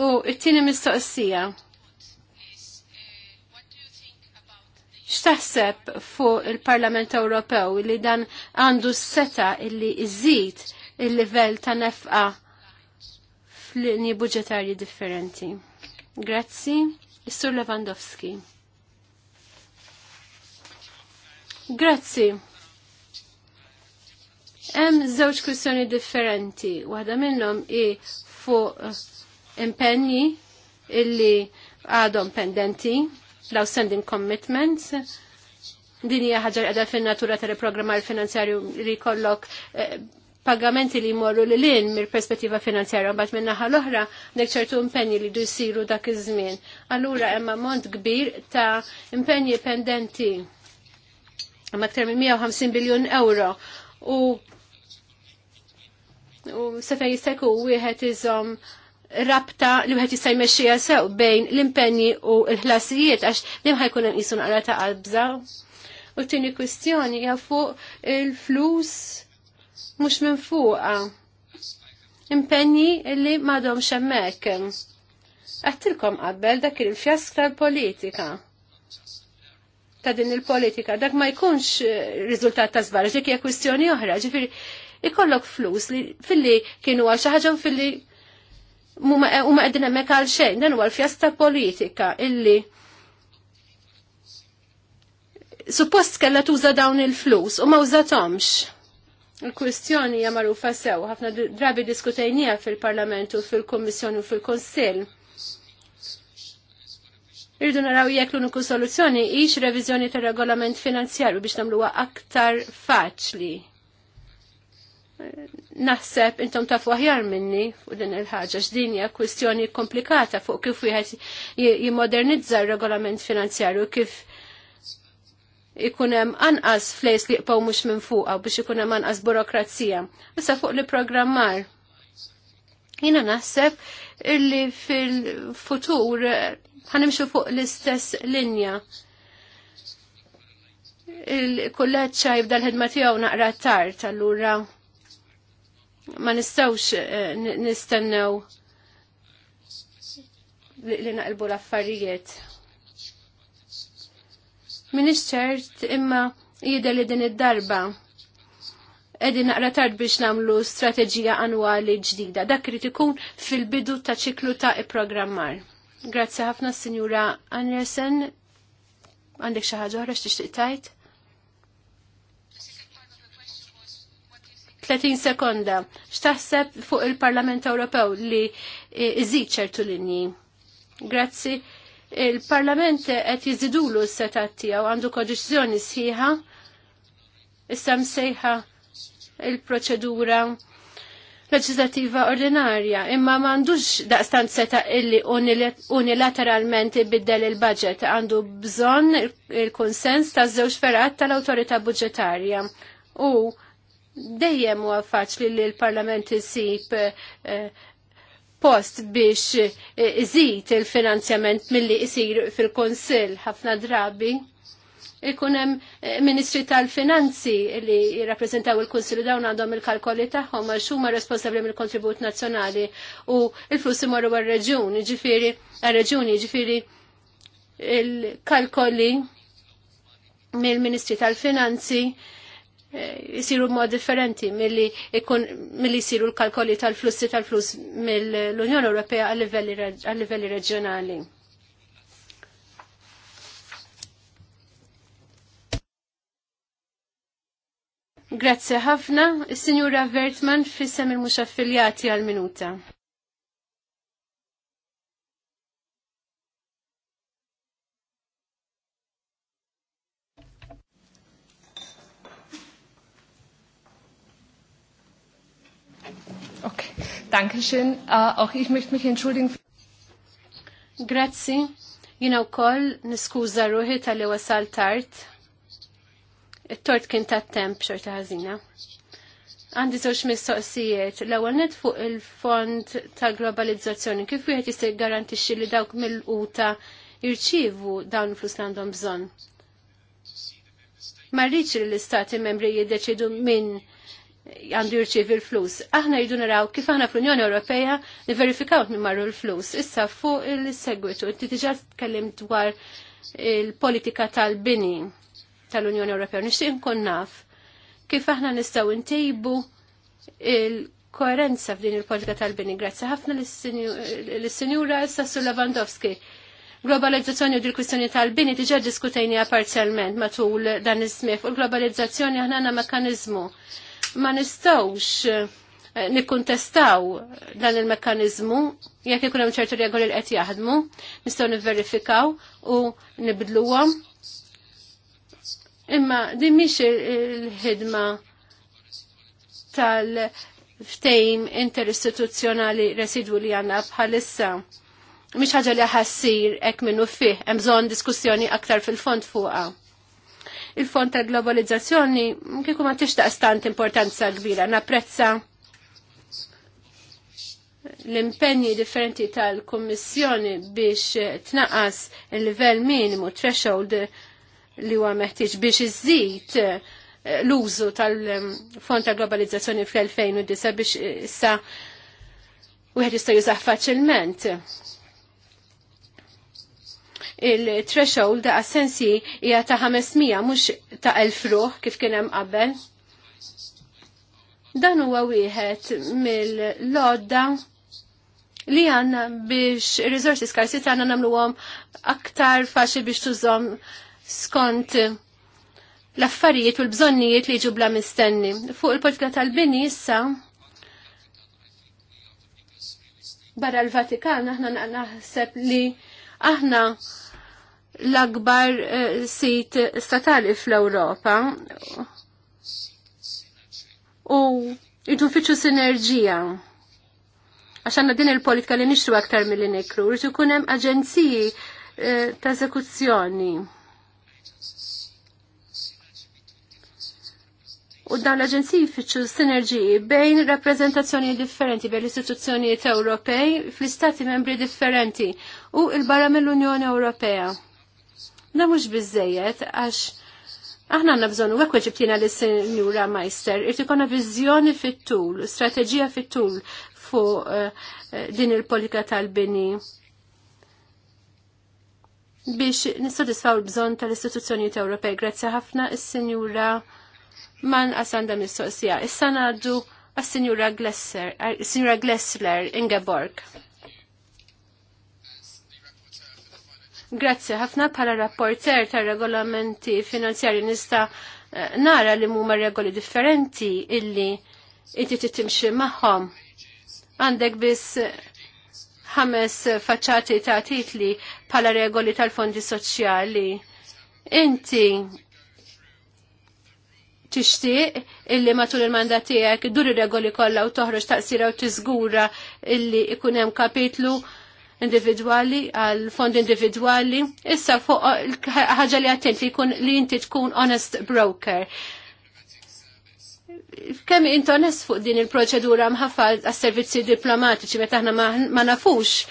U it-tieni mistoqsija. X'taħseb fuq il-Parlament Ewropew li dan għandu s-seta illi iżid il-livell ta' nefqa fl-linji budġetarji differenti? Grazzi, sur Lewandowski. Grazzi. Hemm żewġ kwistjoni differenti. Waħda minnhom hi fuq eh, impenji illi għadhom pendenti l sending commitments din hija ħaġa qiegħda fin-natura tal-programmar finanzjarju li jkollok eh, pagamenti li jmorru li lin mill-perspettiva finanzjarja mbagħad minn naħa l-oħra nek ċertu impenji li jdu jsiru dak iż-żmien. Allura hemm ammont kbir ta' impenji pendenti maktar minn 150 biljun euro u u sefa jistajku wieħed iżom rabta li wieħed jista' jmexxija sew bejn l-impenji u l-ħlasijiet għax dejjem ħajkun hemm qisu naqra ta' qalbża. U t-tieni kwistjoni hija fuq il-flus mhux minn fuqha. Impenji li m'għadhomx hemmhekk. Għattilkom qabel dak il-fjask tal-politika ta' din il-politika. Dak ma jkunx eh, riżultat ta' zbar, dik hija kwistjoni oħra, ġifieri ikollok flus li filli kienu għal xi ħaġa u filli eh, huma qegħdin hemmhekk għal xejn, dan huwa għal fjasta politika illi suppost kellha tuża dawn il-flus u ma użathomx. Il-kwistjoni hija magħrufa sew, ħafna drabi diskutejnija fil-Parlament u fil-Kummissjoni u fil konsil fil u fil kunsill Irridu naraw jekk l-uniku soluzzjoni hix reviżjoni tar-regolament finanzjarju biex nagħmluha aktar faċli. Naħseb intom tafu aħjar minni fuq din il-ħaġa x'din hija kwistjoni komplikata fuq kif wieħed jimmodernizza r-regolament finanzjarju kif ikun hemm anqas flejs li jqpaw mhux minn u biex ikun hemm anqas burokrazija. Issa fuq li programmar. Jiena naħseb illi fil-futur ħanimxu fuq l-istess linja. Il-kulleċċa jibda l ħedma tiegħu naqra tard allura ma nistgħux eh, nistennew li naqilbu l-affarijiet. Minix ċert imma jidher li din id-darba edin naqra tard biex namlu strateġija annwali ġdida. Dak irid ikun fil-bidu ta' ċiklu ta' i-programmar. Grazzi ħafna Sinjura Andersen. Għandek xi ħaġa oħra x'tixtieq tajt? 30 sekonda. X'taħseb fuq il-Parlament Ewropew li iżid ċertu linji? Grazzi. Il-Parlament qed jiżidulu s-setat tiegħu għandu kodeċiżjoni sħiħa issa msejħa il-proċedura leġislativa ordinarja, imma m'għandux daqstant seta illi unilateralment ibiddel il-budget għandu bżonn il-konsens ta' żewġ ferat tal-awtorità budgetarja. U dejjem huwa faċli li l-Parlament jisib eh, post biex eh, iżid il-finanzjament milli isir fil konsil ħafna drabi ikun hemm eh, Ministri tal-Finanzi li jirrappreżentaw il-Kunsilju dawn għandhom il-kalkoli tagħhom għal huma responsabbli mill-kontribut nazzjonali u l flussi imorru għar-reġjun, ġifieri għar-reġjuni, ġifieri il-kalkoli mill-Ministri tal-Finanzi eh, jisiru mod differenti milli jisiru l-kalkoli tal-flussi tal-flus mill-Unjoni Ewropea għal livelli reġjonali. Grazie ħafna, Signora Vertman fissem il-mux affiljati għal-minuta. Okay, Dankeschön. Uh, auch ich möchte mich entschuldigen. Grazzi. Jina u koll niskuza ruħi tal-li wasal tart it-tort kien ta' temp xorta ħażina. Għandi żewġ mistoqsijiet. L-ewwel net fuq il-fond ta' globalizzazzjoni kif wieħed jista' jgarantixxi li dawk mill-quta jirċievu dawn il-flus li għandhom bżonn. Ma rridx li l-istati membri jiddeċidu min għandu jirċievi l-flus. Aħna jridu naraw kif aħna fl-Unjoni Ewropea niverifikaw min marru l-flus. Issa fuq il-segwitu, inti diġà tkellim dwar il-politika tal-bini tal-Unjoni Ewropea. Nixtieq nkun naf kif aħna nistgħu ntejbu il-koerenza f'din il-politika tal-bini. Grazzi ħafna lis-Sinjura Sassu Lewandowski. Globalizzazzjoni u dil-kwistjoni tal-bini diġà diskutejnija parzjalment matul dan is-smif u l-globalizzazzjoni aħna għandna mekkaniżmu. Ma nistgħux eh, nikkuntestaw dan il-mekkaniżmu jekk ikun hemm ċertu regoli li qed jaħdmu, nistgħu nivverifikaw u nibdluhom Imma din mhix il-ħidma tal-ftejm interistituzzjonali residwu li għanna bħalissa. Mish ħaġa li ħassir hekk minnu fih, hemm bżonn diskussjoni aktar fil-fond fuqha il-fond ta' globalizzazzjoni kieku ma tixtaq stant importanza kbira. Napprezza l-impenji differenti tal-Kommissjoni biex tnaqas il-level minimu threshold li huwa meħtieġ biex iżid eh, l-użu tal-fond ta' globalizzazzjoni fl-2009 biex eh, issa wieħed jista' jużah faċilment. Il-threshold da' assensi hija ta' 500 mhux ta' 1000 ruħ kif kien hemm qabel. Dan huwa wieħed mill-lodda li għanna biex il-resources skarsi tagħna nagħmluhom aktar faċli biex tużhom skont l-affarijiet u l-bżonnijiet li ġubla mistenni. Fuq il-politika tal-bini issa barra l-Vatikan aħna naħseb li aħna l-akbar eh, sit statali fl-Europa u idu fiċu sinerġija għaxanna din il-politika li nixtru aktar mill-li nekru, rritu kunem aġenziji eh, ta' esekuzzjoni. u dawn l-aġenziji jfittxu sinerġiji bejn rappreżentazzjoni differenti bejn l-istituzzjonijiet Ewropej fl-istati membri differenti u il-barra mill-Unjoni Ewropea. Da mhux biżejjed għax aħna għandna bżonn u hekk ġibtina lis sinjura Majster, irti ikolna viżjoni fit-tul, strateġija fit-tul fuq eh, din il-politika tal-bini biex nissodisfaw l-bżon tal-istituzzjonijiet Ewropej. Grazzi ħafna is-Sinjura man għasanda mistoqsija. Issa għaddu għas-Sinjura Glesser, er, Sinjura Glessler Ingeborg. Grazzi, ħafna bħala rapporter tar regolamenti finanzjari nista eh, nara li mumma regoli differenti illi inti titimxi maħħom. Għandek biss ħames faċċati ta' titli bħala regoli tal-fondi soċjali. Inti tixtieq illi matul il-mandat tiegħek dur ir-regoli kollha u toħroġ taqsira u tiżgura illi ikun hemm kapitlu individwali għal fond individwali. Issa fuq ħaġa li għattent li jkun li inti tkun honest broker. Kemm inti honest fuq din il-proċedura mħaffa għas-servizzi diplomatiċi meta aħna ma nafux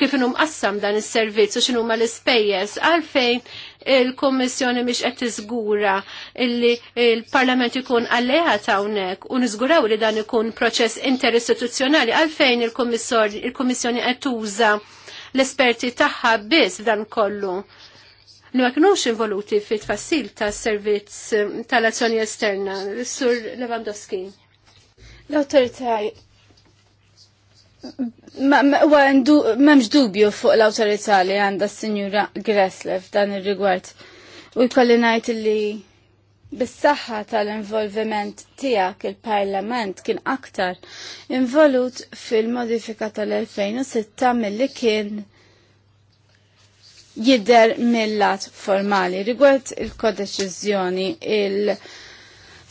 kif inhom dan is-servizz u x'inhuma l-ispejjeż għalfejn il-Kommissjoni mhix qed tiżgura illi il-Parlament ikun alleat hawnhekk u niżguraw li dan ikun proċess interistituzzjonali għalfejn il-Kommissjoni qed tuża l-esperti tagħha biss f'dan kollu li ma kinux involuti fit tfassil tas servizz tal-azzjoni esterna, sur Lewandowski. L-autorità Memx dubju fuq l-autorità li għanda s-Sinjura Greslev dan il-rigward. U jkolli najt li bis-saħħa tal-involviment tiegħek il-Parlament kien aktar involut fil-modifika tal-2006 milli kien jidher mill-lat formali rigward il-kodeċiżjoni il-, -kodeċizjoni, il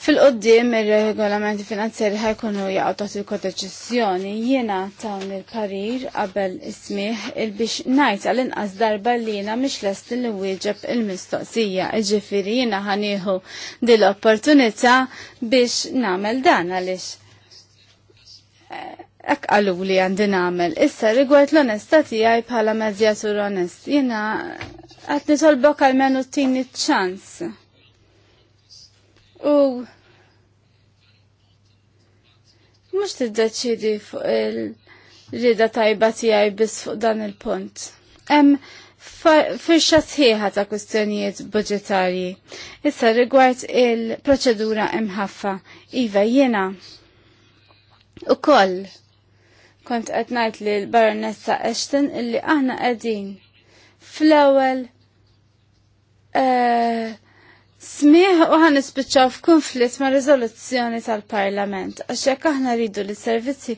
Fil-qoddim il-regolamenti finanzjari ħajkunu jaqgħu il-kodeċizzjoni jiena tawn il-karir qabel ismiħ il-biex ngħid għall-inqas darba li jiena mhix lest li wieġeb il-mistoqsija, jiġifieri jiena ħanieħu din l-opportunità biex nagħmel dan għaliex ek eh, għallu li għandin għamel. Issa rigward l-onesta tiegħi bħala medjatur onest, jiena għatni nitolbok għal-menu tini ċans. U mhux deċidi fuq il-rida tajba tiegħi bis fuq dan il-punt. Hemm firxa sħiħa ta' kwistjonijiet budgetarji. Issa rigward il-proċedura imħaffa. Iva jiena u koll kont għetnajt li l-baronessa Ashton illi aħna għedin fl-ewel uh, eh, Smiħ u ħan nispiċċaw f'konflitt ma' riżoluzzjoni tal-Parlament għax jekk aħna rridu li servizzi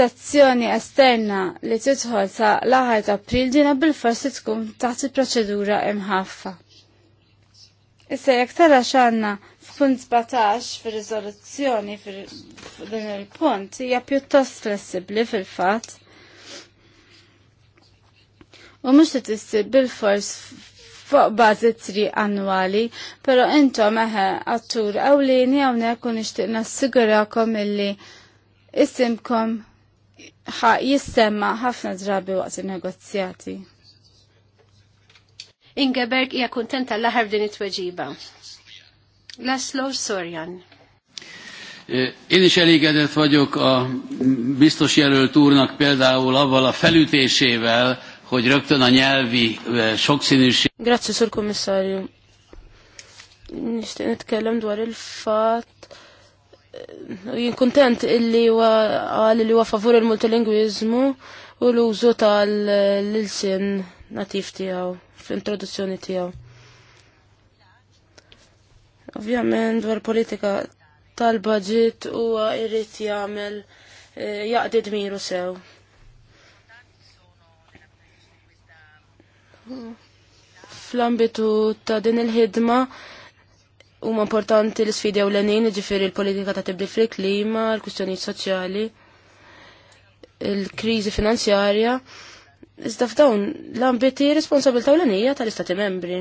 tazzjoni esterna li tidħol sa l-aħħar ta' April dina bil-forsi tkun taħt il-proċedura imħaffa. Issa jekk tara xanna f'punt 17 fir-riżoluzzjoni f'din il-punt hija pjuttost flessibbli fil-fatt. U mhux li tissib bil-fors fuq bazi tri annuali, pero intom eħe għattur ewlieni hawnhekk u s-sigurakom illi isimkom jissemma ħafna drabi waqt il-negozzjati. Ingeberg hija kuntenta l-aħar din it-tweġiba. Laslo Sorjan. Eh, én is elégedett vagyok a biztos jelölt úrnak például avval a felütésével, hogy rögtön a nyelvi sokszínűség... Grazie, Sur Kommissarju. Nishtiq nitkellem dwar il-fat jien kontent illi huwa qal li huwa favur il-multilingwiżmu u l-użu tal-lilsien nativ tiegħu fl-introduzzjoni tiegħu. Ovvjament dwar politika tal-budget huwa jrid jagħmel eh, jaqdi dmiru sew. Fl-ambitu ta' din il-ħidma huma importanti l-sfidi ewlenin, ġifiri l-politika ta' tibdil fil-klima, l-kwistjonijiet soċjali, il-kriżi finanzjarja. Iżda f'dawn l-ambiti responsabilta' ewlenija tal-Istati membri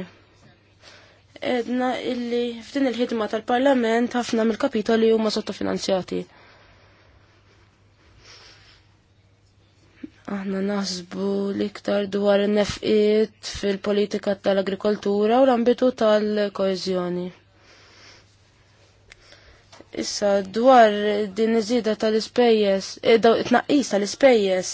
edna illi f'din il-ħidma tal-parlament ħafna mill-kapitoli huma sottofinanzjati. aħna naħsbu liktar dwar nefqiet fil-politika tal-agrikoltura u l-ambitu tal-koezjoni. Issa dwar din iżida tal eh, it tnaqqis tal ispejjes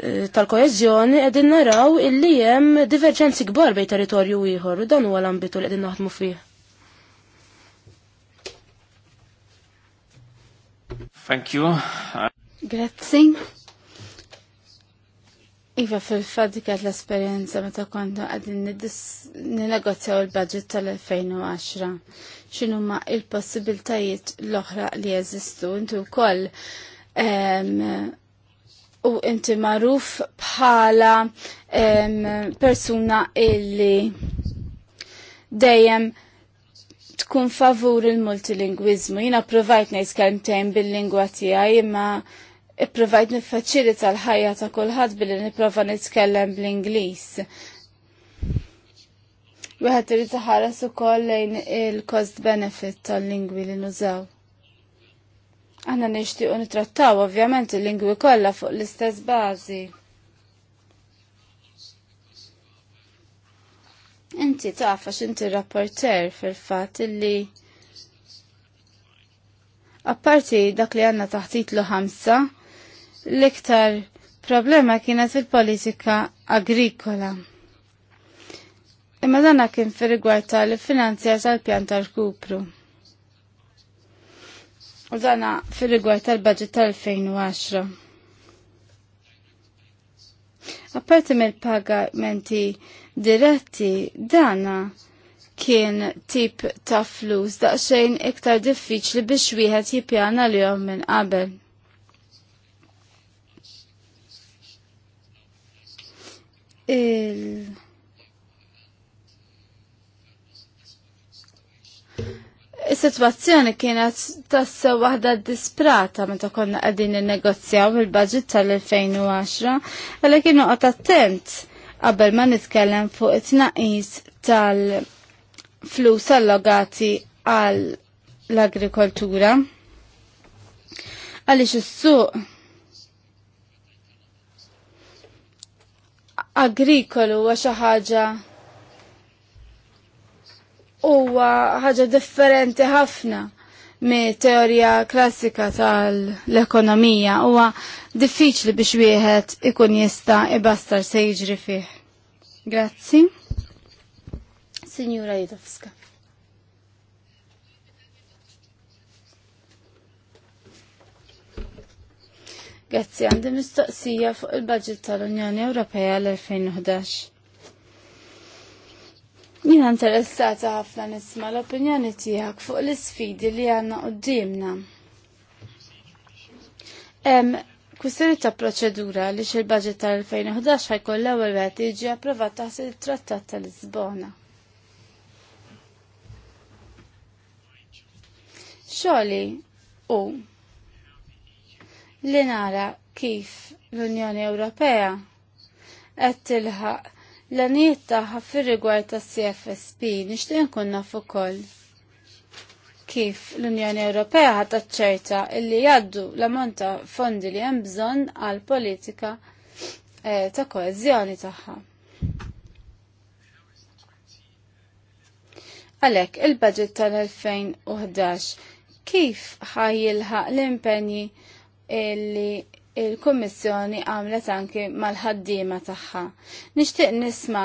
eh, tal-koezjoni qegħdin naraw illi hemm diverġenzi kbar bejn territorju ieħor u dan huwa l-ambitu li qegħdin naħdmu fih. Thank you. Grazzi. Iva fil-fat l-esperienza meta kontu għadin ninegozjaw il-budget tal-2010. X'inhu ma il-possibiltajiet l-oħra li jeżistu intu wkoll u inti magħruf bħala persuna illi dejjem tkun favur il-multilingwizmu. Jina provajt nejt bil-lingwa tiegħi imma ipprovajt niffaċilita l-ħajja ta' kulħadd billi nipprova nitkellem bl-Ingliż. Wieħed irid iħares ukoll lejn il-cost benefit tal-lingwi li nużaw. Aħna nixtiequ nitrattaw ovvjament il-lingwi kollha fuq l-istess bażi. Inti taf għax inti rapporter fil-fatt illi Apparti dak li għanna lu ħamsa, L-iktar problema kienet il-politika agrikola. Imma danna kien fi rigward tal-finanzjar tal-pjan tal-kupru. U danna fi rigward tal-budget tal-2010. Apparti mill-pagamenti diretti, dana kien tip ta' flus xejn iktar diffiċli biex wieħed jippjana li minn qabel. il Is-sitwazzjoni kienet tassa waħda disprata meta konna qegħdin innegozjaw il-budget tal-2010, għalhekk kienu noqgħod attent qabel ma nitkellem fuq it-tnaqqis tal-flus allogati għall agrikoltura Għaliex is-suq agrikolu huwa xi ħaġa huwa ħaġa differenti ħafna me teorija klassika tal-ekonomija huwa diffiċli biex wieħed ikun jista' ibastar se jiġri fih. Grazzi. Signora Jidowska. Grazzi għandi mistoqsija fuq il-budget tal-Unjoni Ewropea l-2011. Jina interessata ħafna nisma l-opinjoni tijak fuq l-sfidi li għanna qoddimna. Em, kustjoni ta' proċedura li xil-budget tal-2011 ħajkun l-ewel għet iġi approvat taħt il-trattat tal-Lisbona. Xoli, u li nara kif l-Unjoni Ewropea qed tilħaq l-għaniet tagħha fir-rigward tas-CFSP nixtieq inkunna naf ukoll kif l-Unjoni Ewropea ħadd taċċerta li jgħaddu l-ammont ta' fondi li hemm bżonn għal politika eh, ta' koeżjoni tagħha. Għalhekk il-budget tal-2011 kif ħajjilħaq l-impenji illi il-Kommissjoni għamlet anki mal-ħaddima tagħha. Nixtieq nisma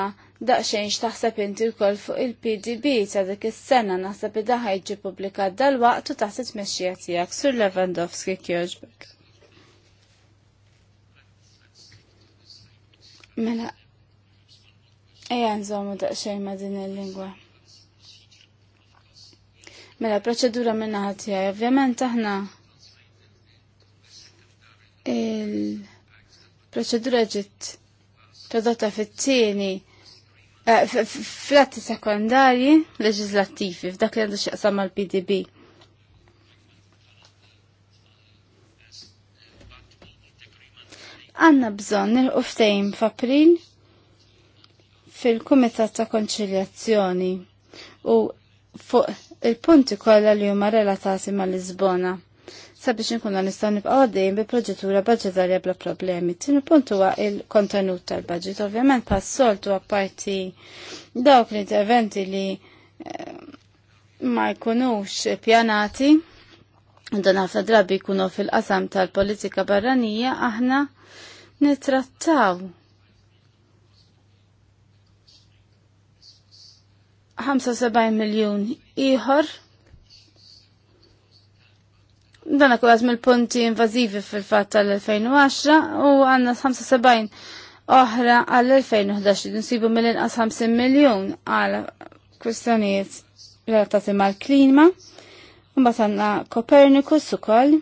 daqsxejn x'taħseb inti wkoll fuq il-PDB ta' dik is-sena naħseb li daħħa jiġi pubblikat dal-waqt u taħt it-tmexxija tiegħek sur Lewandowski Kjoġbek. Mela, ejja nżommu daqsxejn ma' din il-lingwa. Mela, proċedura min-naħa tiegħi ovvjament aħna il-proċedura ġiet prodotta fit-tieni eh, fl-atti sekondarji leġislattivi f'dak li għandu x'jaqsam mal-PDB. Għanna bżonn il-qoftejn f'April fil-Kumitat ta' Konċiljazzjoni u fuq il-punti kollha li huma relatati mal-Lisbona sabiex nkun nistgħu nibqgħu għaddejjin bi proġettura budgetarja bla problemi. Tieni punt huwa il-kontenut tal-budget. Ovvjament passoltu apparti dawk l-interventi li eh, ma jkunux pjanati dan għafna drabi jkunu fil-qasam tal-politika barranija aħna nitrattaw 75 miljon iħor Dan akku għazm il-punti invazivi fil-fat tal-2010 u għanna 75 oħra għall-2011 nsibu mill-inqas 50 miljon għal kwistjonijiet relatati mal-klima. Mbagħad għandna Copernicus ukoll.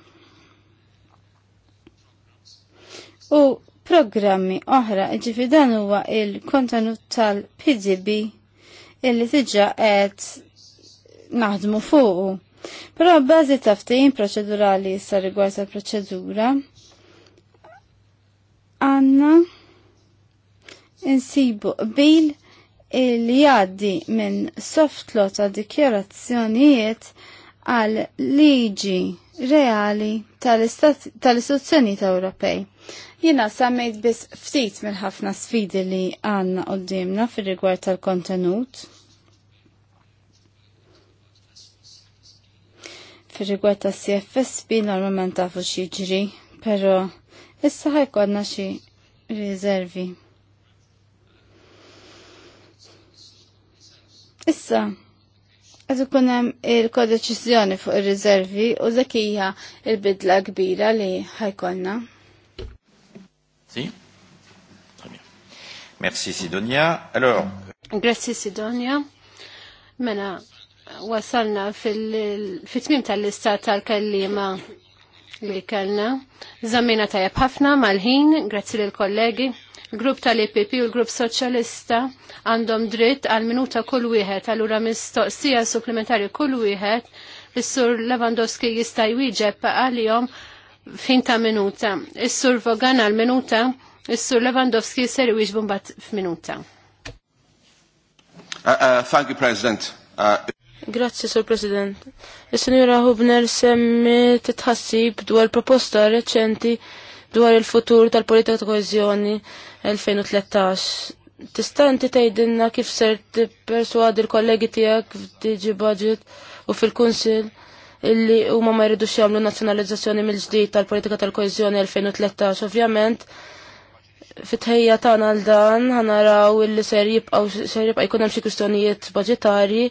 U programmi oħra, ġifi dan huwa il-kontenut tal-PDB illi tiġa qed naħdmu fuqu. Però bażi ta' ftehim proċedurali sa rigward ta' proċedura għandna insibu bil li jgħaddi minn soft law ta' dikjarazzjonijiet għal liġi reali tal-istituzzjoni ta' Ewropej. Jina sammejt biss ftit mill-ħafna sfidi li għanna qoddimna fil rigward tal-kontenut Fir-rigward ta' CFSB normalment tafu ġri, però issa ħajkodna xi riservi. Issa, għad ikun hemm il kodeċizjoni fuq ir-riservi u zekija il l-bidla kbira li ħajkolna. Si? Merci Sidonia. Alors. Grazie Sidonia. Mela, wasalna fit-tmim tal-lista tal-kellima li kellna. Zammina tajab ħafna mal-ħin, grazzi lil kollegi Il-grupp tal-EPP u l-grupp soċjalista għandhom dritt għal minuta kull wieħed, għallura mistoqsija supplementari kull wieħed, is-sur Lewandowski jista' jwieġeb għalihom fin ta' minuta. Is-sur Vogan għal minuta, is-sur Lewandowski ser jwieġbu mbagħad f'minuta. Uh, uh, thank you, President. Uh... Grazzi, Sur President. Is-Sinjura Hubner semmi titħassib dwar proposta reċenti dwar il-futur tal-politika ta' koezjoni 2013. Tista' inti tgħidilna kif ser tippersuadi l-kollegi tiegħek f'DG Budget u fil-Kunsill illi huma ma jridux jagħmlu nazzjonalizzazzjoni mill-ġdid tal-politika tal-koezjoni 2013. Ovvjament, fit-ħejja tagħna għal dan ħanaraw illi ser jibqgħu ser jibqa' jkun hemm xi kwistjonijiet budġetarji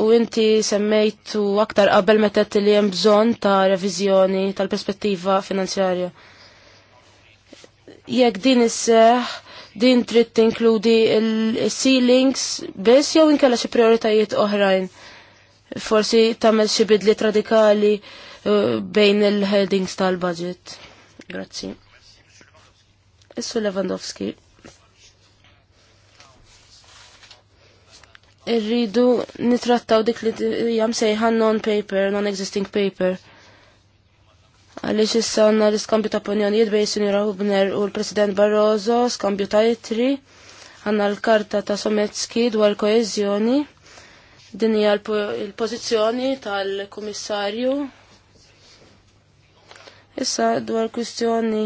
u inti semmejtu aktar qabel meta li hemm bżonn ta' reviżjoni tal-perspettiva finanzjarja. Jekk din isseħ din trid tinkludi il-ceilings biss jew inkella xi prioritajiet oħrajn. Forsi tagħmel xi bidliet radikali uh, bejn il-headings tal-budget. Grazzi. Issu Lewandowski. Irridu nitrattaw dik li jam sejħan non-paper, non-existing paper. Għalix issa għanna l-skambju ta' opinjonijiet bej Sinjura Hubner u l-President Barroso, skambju ta' itri, għanna l-karta ta' Sometski dwar koezjoni, din hija l-pożizzjoni tal-Kummissarju. Issa dwar kwistjoni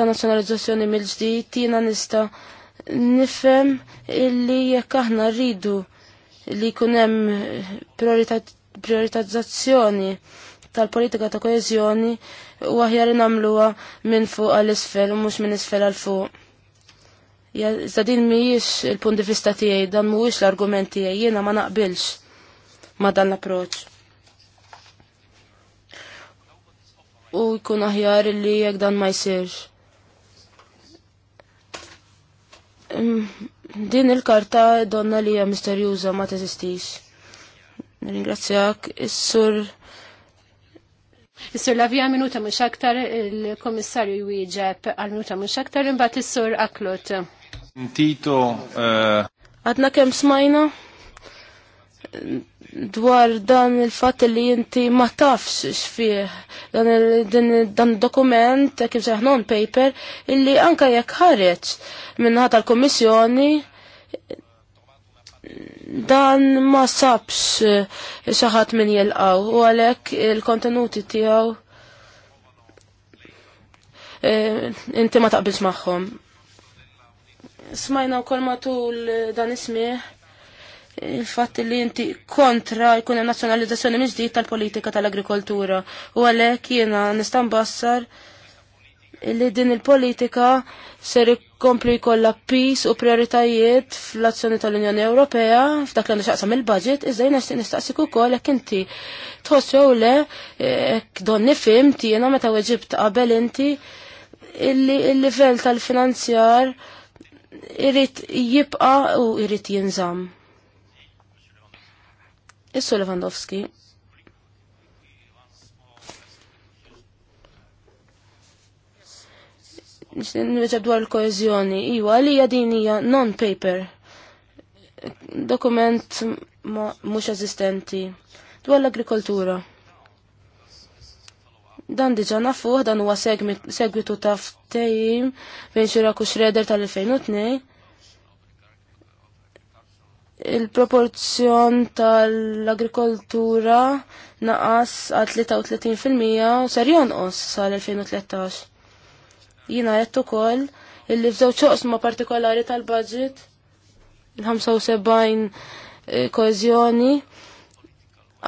ta' nazzjonalizzazzjoni mill-ġdid tina nista' nifhem illi jekk aħna rridu li jkun hemm prioritizzazzjoni tal-politika ta' koeżjoni u aħjar nagħmluha minn fuq għall isfel u mhux minn isfel għal fuq. Iżda din mhijiex il-punt di vista tiegħi, dan mhuwiex l-argument tiegħi, jiena ma naqbilx ma dan l-approċċ. U jkun aħjar li jekk dan ma jsirx. Din il-karta donna li hija misterjuża ma teżistix. Ringrazzjak, is-sur Is-sur Lavija minuta mhux aktar il-Kummissarju jwieġeb għal minuta mhux aktar imbagħad is-sur Aklot. Tito eh, Għadna kemm smajna dwar dan il fat li inti ma tafx xfieħ dan, dan dokument kif seħ non paper illi anka jekk ħareġ minna tal komissjoni dan ma sabx xaħat min jelqaw u għalek il-kontenuti tijaw e, inti ma taqbilx maħħom. Smajna u kol matul dan ismiħ il-fatt li inti kontra jkun hemm nazzjonalizzazzjoni minn ġdid tal-politika tal-agrikoltura u għalhekk jiena nista' mbassar li din il-politika ser ikkompli jkollha pis u prioritajiet fl-azzjoni tal-Unjoni Ewropea f'dak li xaqsam il-budget iżda jiena nistaqsik ukoll jekk inti jew le hekk donni fimt tiena meta weġibt qabel inti il-livell tal-finanzjar irrit jibqa u irrit jinżamm. Issu Lewandowski. Nirġab dwar il-koezjoni, iwa, li din hija non-paper, dokument mhux eżistenti dwar l-agrikoltura. Dan diġa nafuħ, dan huwa segwitu ta' tejjim, fejn xira u xreder tal-2002 il-proporzjon tal-agrikoltura naqas għal 33% u ser jonqos sal-2013. Jina għedt ukoll illi fżew oqsma partikolari tal-budget il-75 eh, koezjoni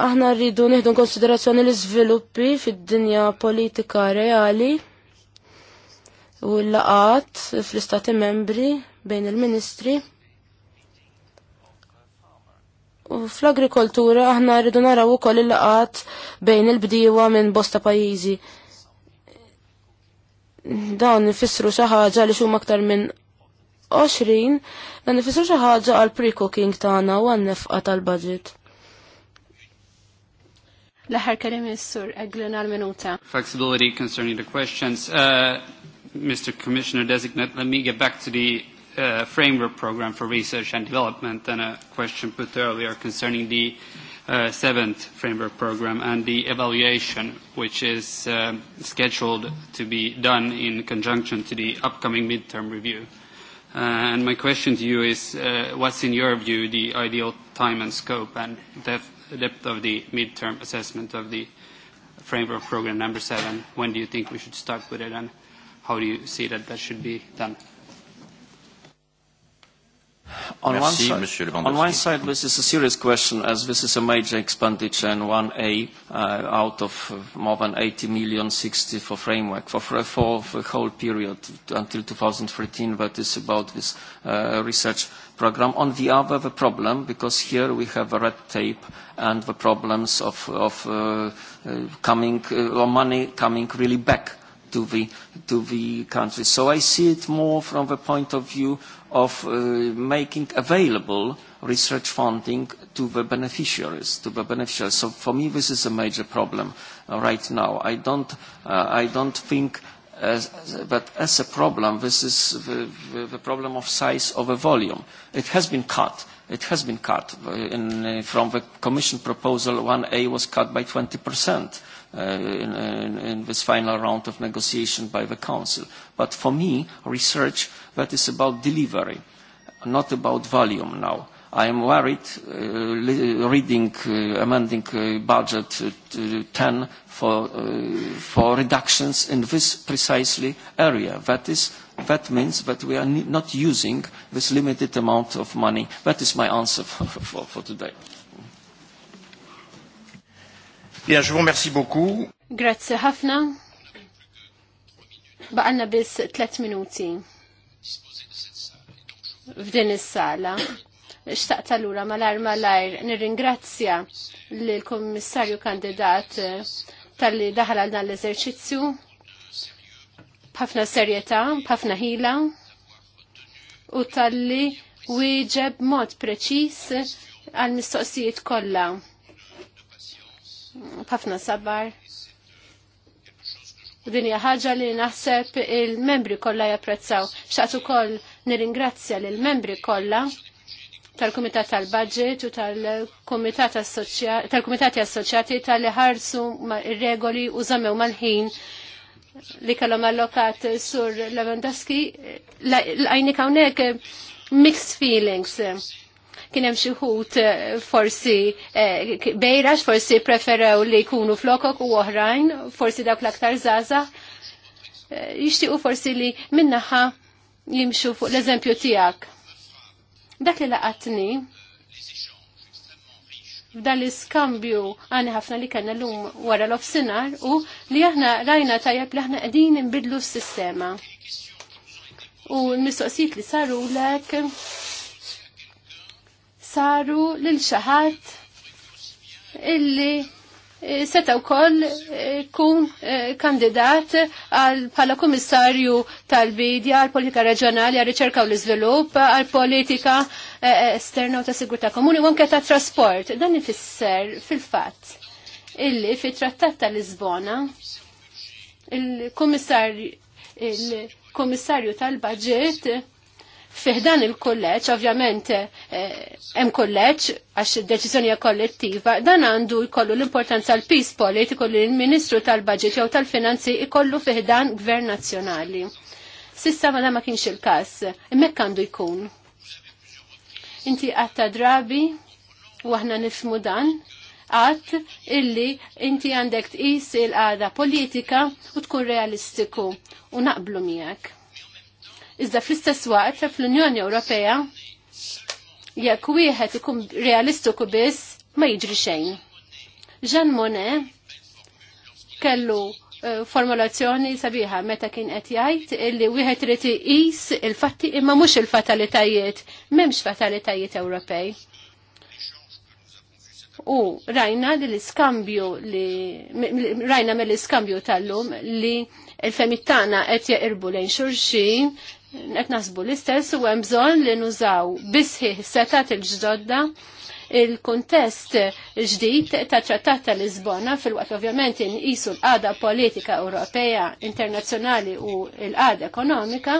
aħna rridu nieħdu konsiderazzjoni l-iżviluppi fid-dinja politika reali u l-laqat fl-istati membri bejn il-ministri fl-agrikoltura aħna rridu naraw ukoll il-laqat bejn il-bdiewa minn bosta pajjiżi. Dawn ifissru xi ħaġa li xhuma aktar minn 20, dan nifissru xi ħaġa għal pre-cooking tagħna u għan-nefqa tal-budget. L-aħħar kelim is-sur Eglin għal-minuta. Flexibility concerning the questions. Uh, Mr. Commissioner Designate, let me get back to the uh, framework program for research and development and a question put earlier concerning the uh, seventh framework program and the evaluation which is uh, scheduled to be done in conjunction to the upcoming midterm review. Uh, and my question to you is uh, what's in your view the ideal time and scope and depth depth of the midterm assessment of the framework program number seven? When do you think we should start with it and how do you see that that should be done? On Merci, one side, on one side, this is a serious question, as this is a major expenditure, and 1A uh, out of more than 80 million, 60 for framework. For, for the whole period until 2013, that is about this uh, research program. On the other, the problem, because here we have a red tape and the problems of, of uh, uh, coming, uh, or money coming really back to the, to the country. So I see it more from the point of view of uh, making available research funding to the beneficiaries, to the beneficiaries. So for me, this is a major problem uh, right now. I don't, uh, I don't think as, that as a problem, this is the, the, the problem of size of a volume. It has been cut. It has been cut. In, uh, from the Commission proposal, 1A was cut by 20 percent uh, in, in, in this final round of negotiation by the Council. But for me, research that is about delivery, not about volume now. I am worried uh, reading uh, amending uh, budget uh, 10 for, uh, for reductions in this precisely area. That, is, that means that we are not using this limited amount of money. That is my answer [LAUGHS] for, for, for today. Bien, je vous remercie beaucoup. Grazie ħafna. Baqanna biss 3 minuti f'din is-sala. Ixtaqt allura l malar nirringrazzja lill kummissarju kandidat tal-li daħal għal dan l-eżerċizzju b'ħafna serjetà, b'ħafna ħila u tal-li wieġeb mod preċiż għal mistoqsijiet kollha. Ħafna sabar. Dinja ħaġa li naħseb il-membri kollha japprezzaw. Xaqt ukoll nirringrazzja lil membri kollha tal-Kumitat tal-Budget u tal-Kumitati Assoċjati tal-li ħarsu ir-regoli u żammew mal-ħin li kellhom allokat sur Lewandowski l-għajnik hawnhekk mixed feelings kien hemm xi eh, forsi eh, bejrax, forsi preferew li jkunu flokok u oħrajn, forsi dawk l-aktar żgħażagħ. Eh, jixtiequ forsi li minnaħa jimxu fuq l-eżempju tiegħek. Dak li laqatni f'dan l-iskambju għani ħafna li kanna l-lum wara l-ofsinar u li aħna rajna tajab li aħna qegħdin nbidlu s-sistema. U l-mistoqsijiet li saru lek saru lil xaħat illi eh, setaw koll eh, kun eh, kandidat għal pala komissarju tal-bidja għal politika reġjonali għal riċerka u l-izvilup għal politika esterna u ta' sigurta komuni u anke ta' trasport. Dan ifisser fil-fatt illi fit-trattat tal-Lisbona il-komissarju il tal-budget Fiħdan il kolleċ ovvjament eh, hemm kolleċ għax id-deċiżjoni kollettiva, dan għandu jkollu l-importanza l peace politiku li l-Ministru tal-Baġit jew tal-Finanzi jkollu fiħdan Gvern Nazzjonali. Sissa ma ma kienx il-każ, imhekk għandu jkun. Inti għatta drabi u aħna nifmu dan, għat illi inti għandek tqis il-għada politika u tkun realistiku u naqblu miegħek Iżda fl-istess waqt fl-Unjoni Ewropea jekk wieħed ikun realistiku biss ma jiġri xejn. Jean Monnet kellu eh, formulazzjoni sabiħa meta kien qed jgħid illi wieħed irid iqis il-fatti imma mhux il-fatalitajiet, m'hemmx fatalitajiet Ewropej. U rajna li l-iskambju li rajna mill-iskambju tal-lum li l-femittana qed jaqirbu lejn xulxin qed nasbu l-istess u hemm bżonn li nużaw bisħiħ setat il-ġdodda il-kontest ġdid ta' ċattat ta' Lisbona fil-waqt ovvjament inqisu l-qada politika Ewropea internazzjonali u l-qada ekonomika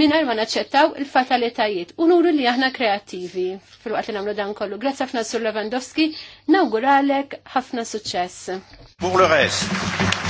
mingħajr ma naċċettaw il-fatalitajiet u nuru li aħna kreattivi fil-waqt li nagħmlu dan kollu. Grazzi ħafna Sur Lewandowski, nawguralek ħafna suċċess. Pour le reste.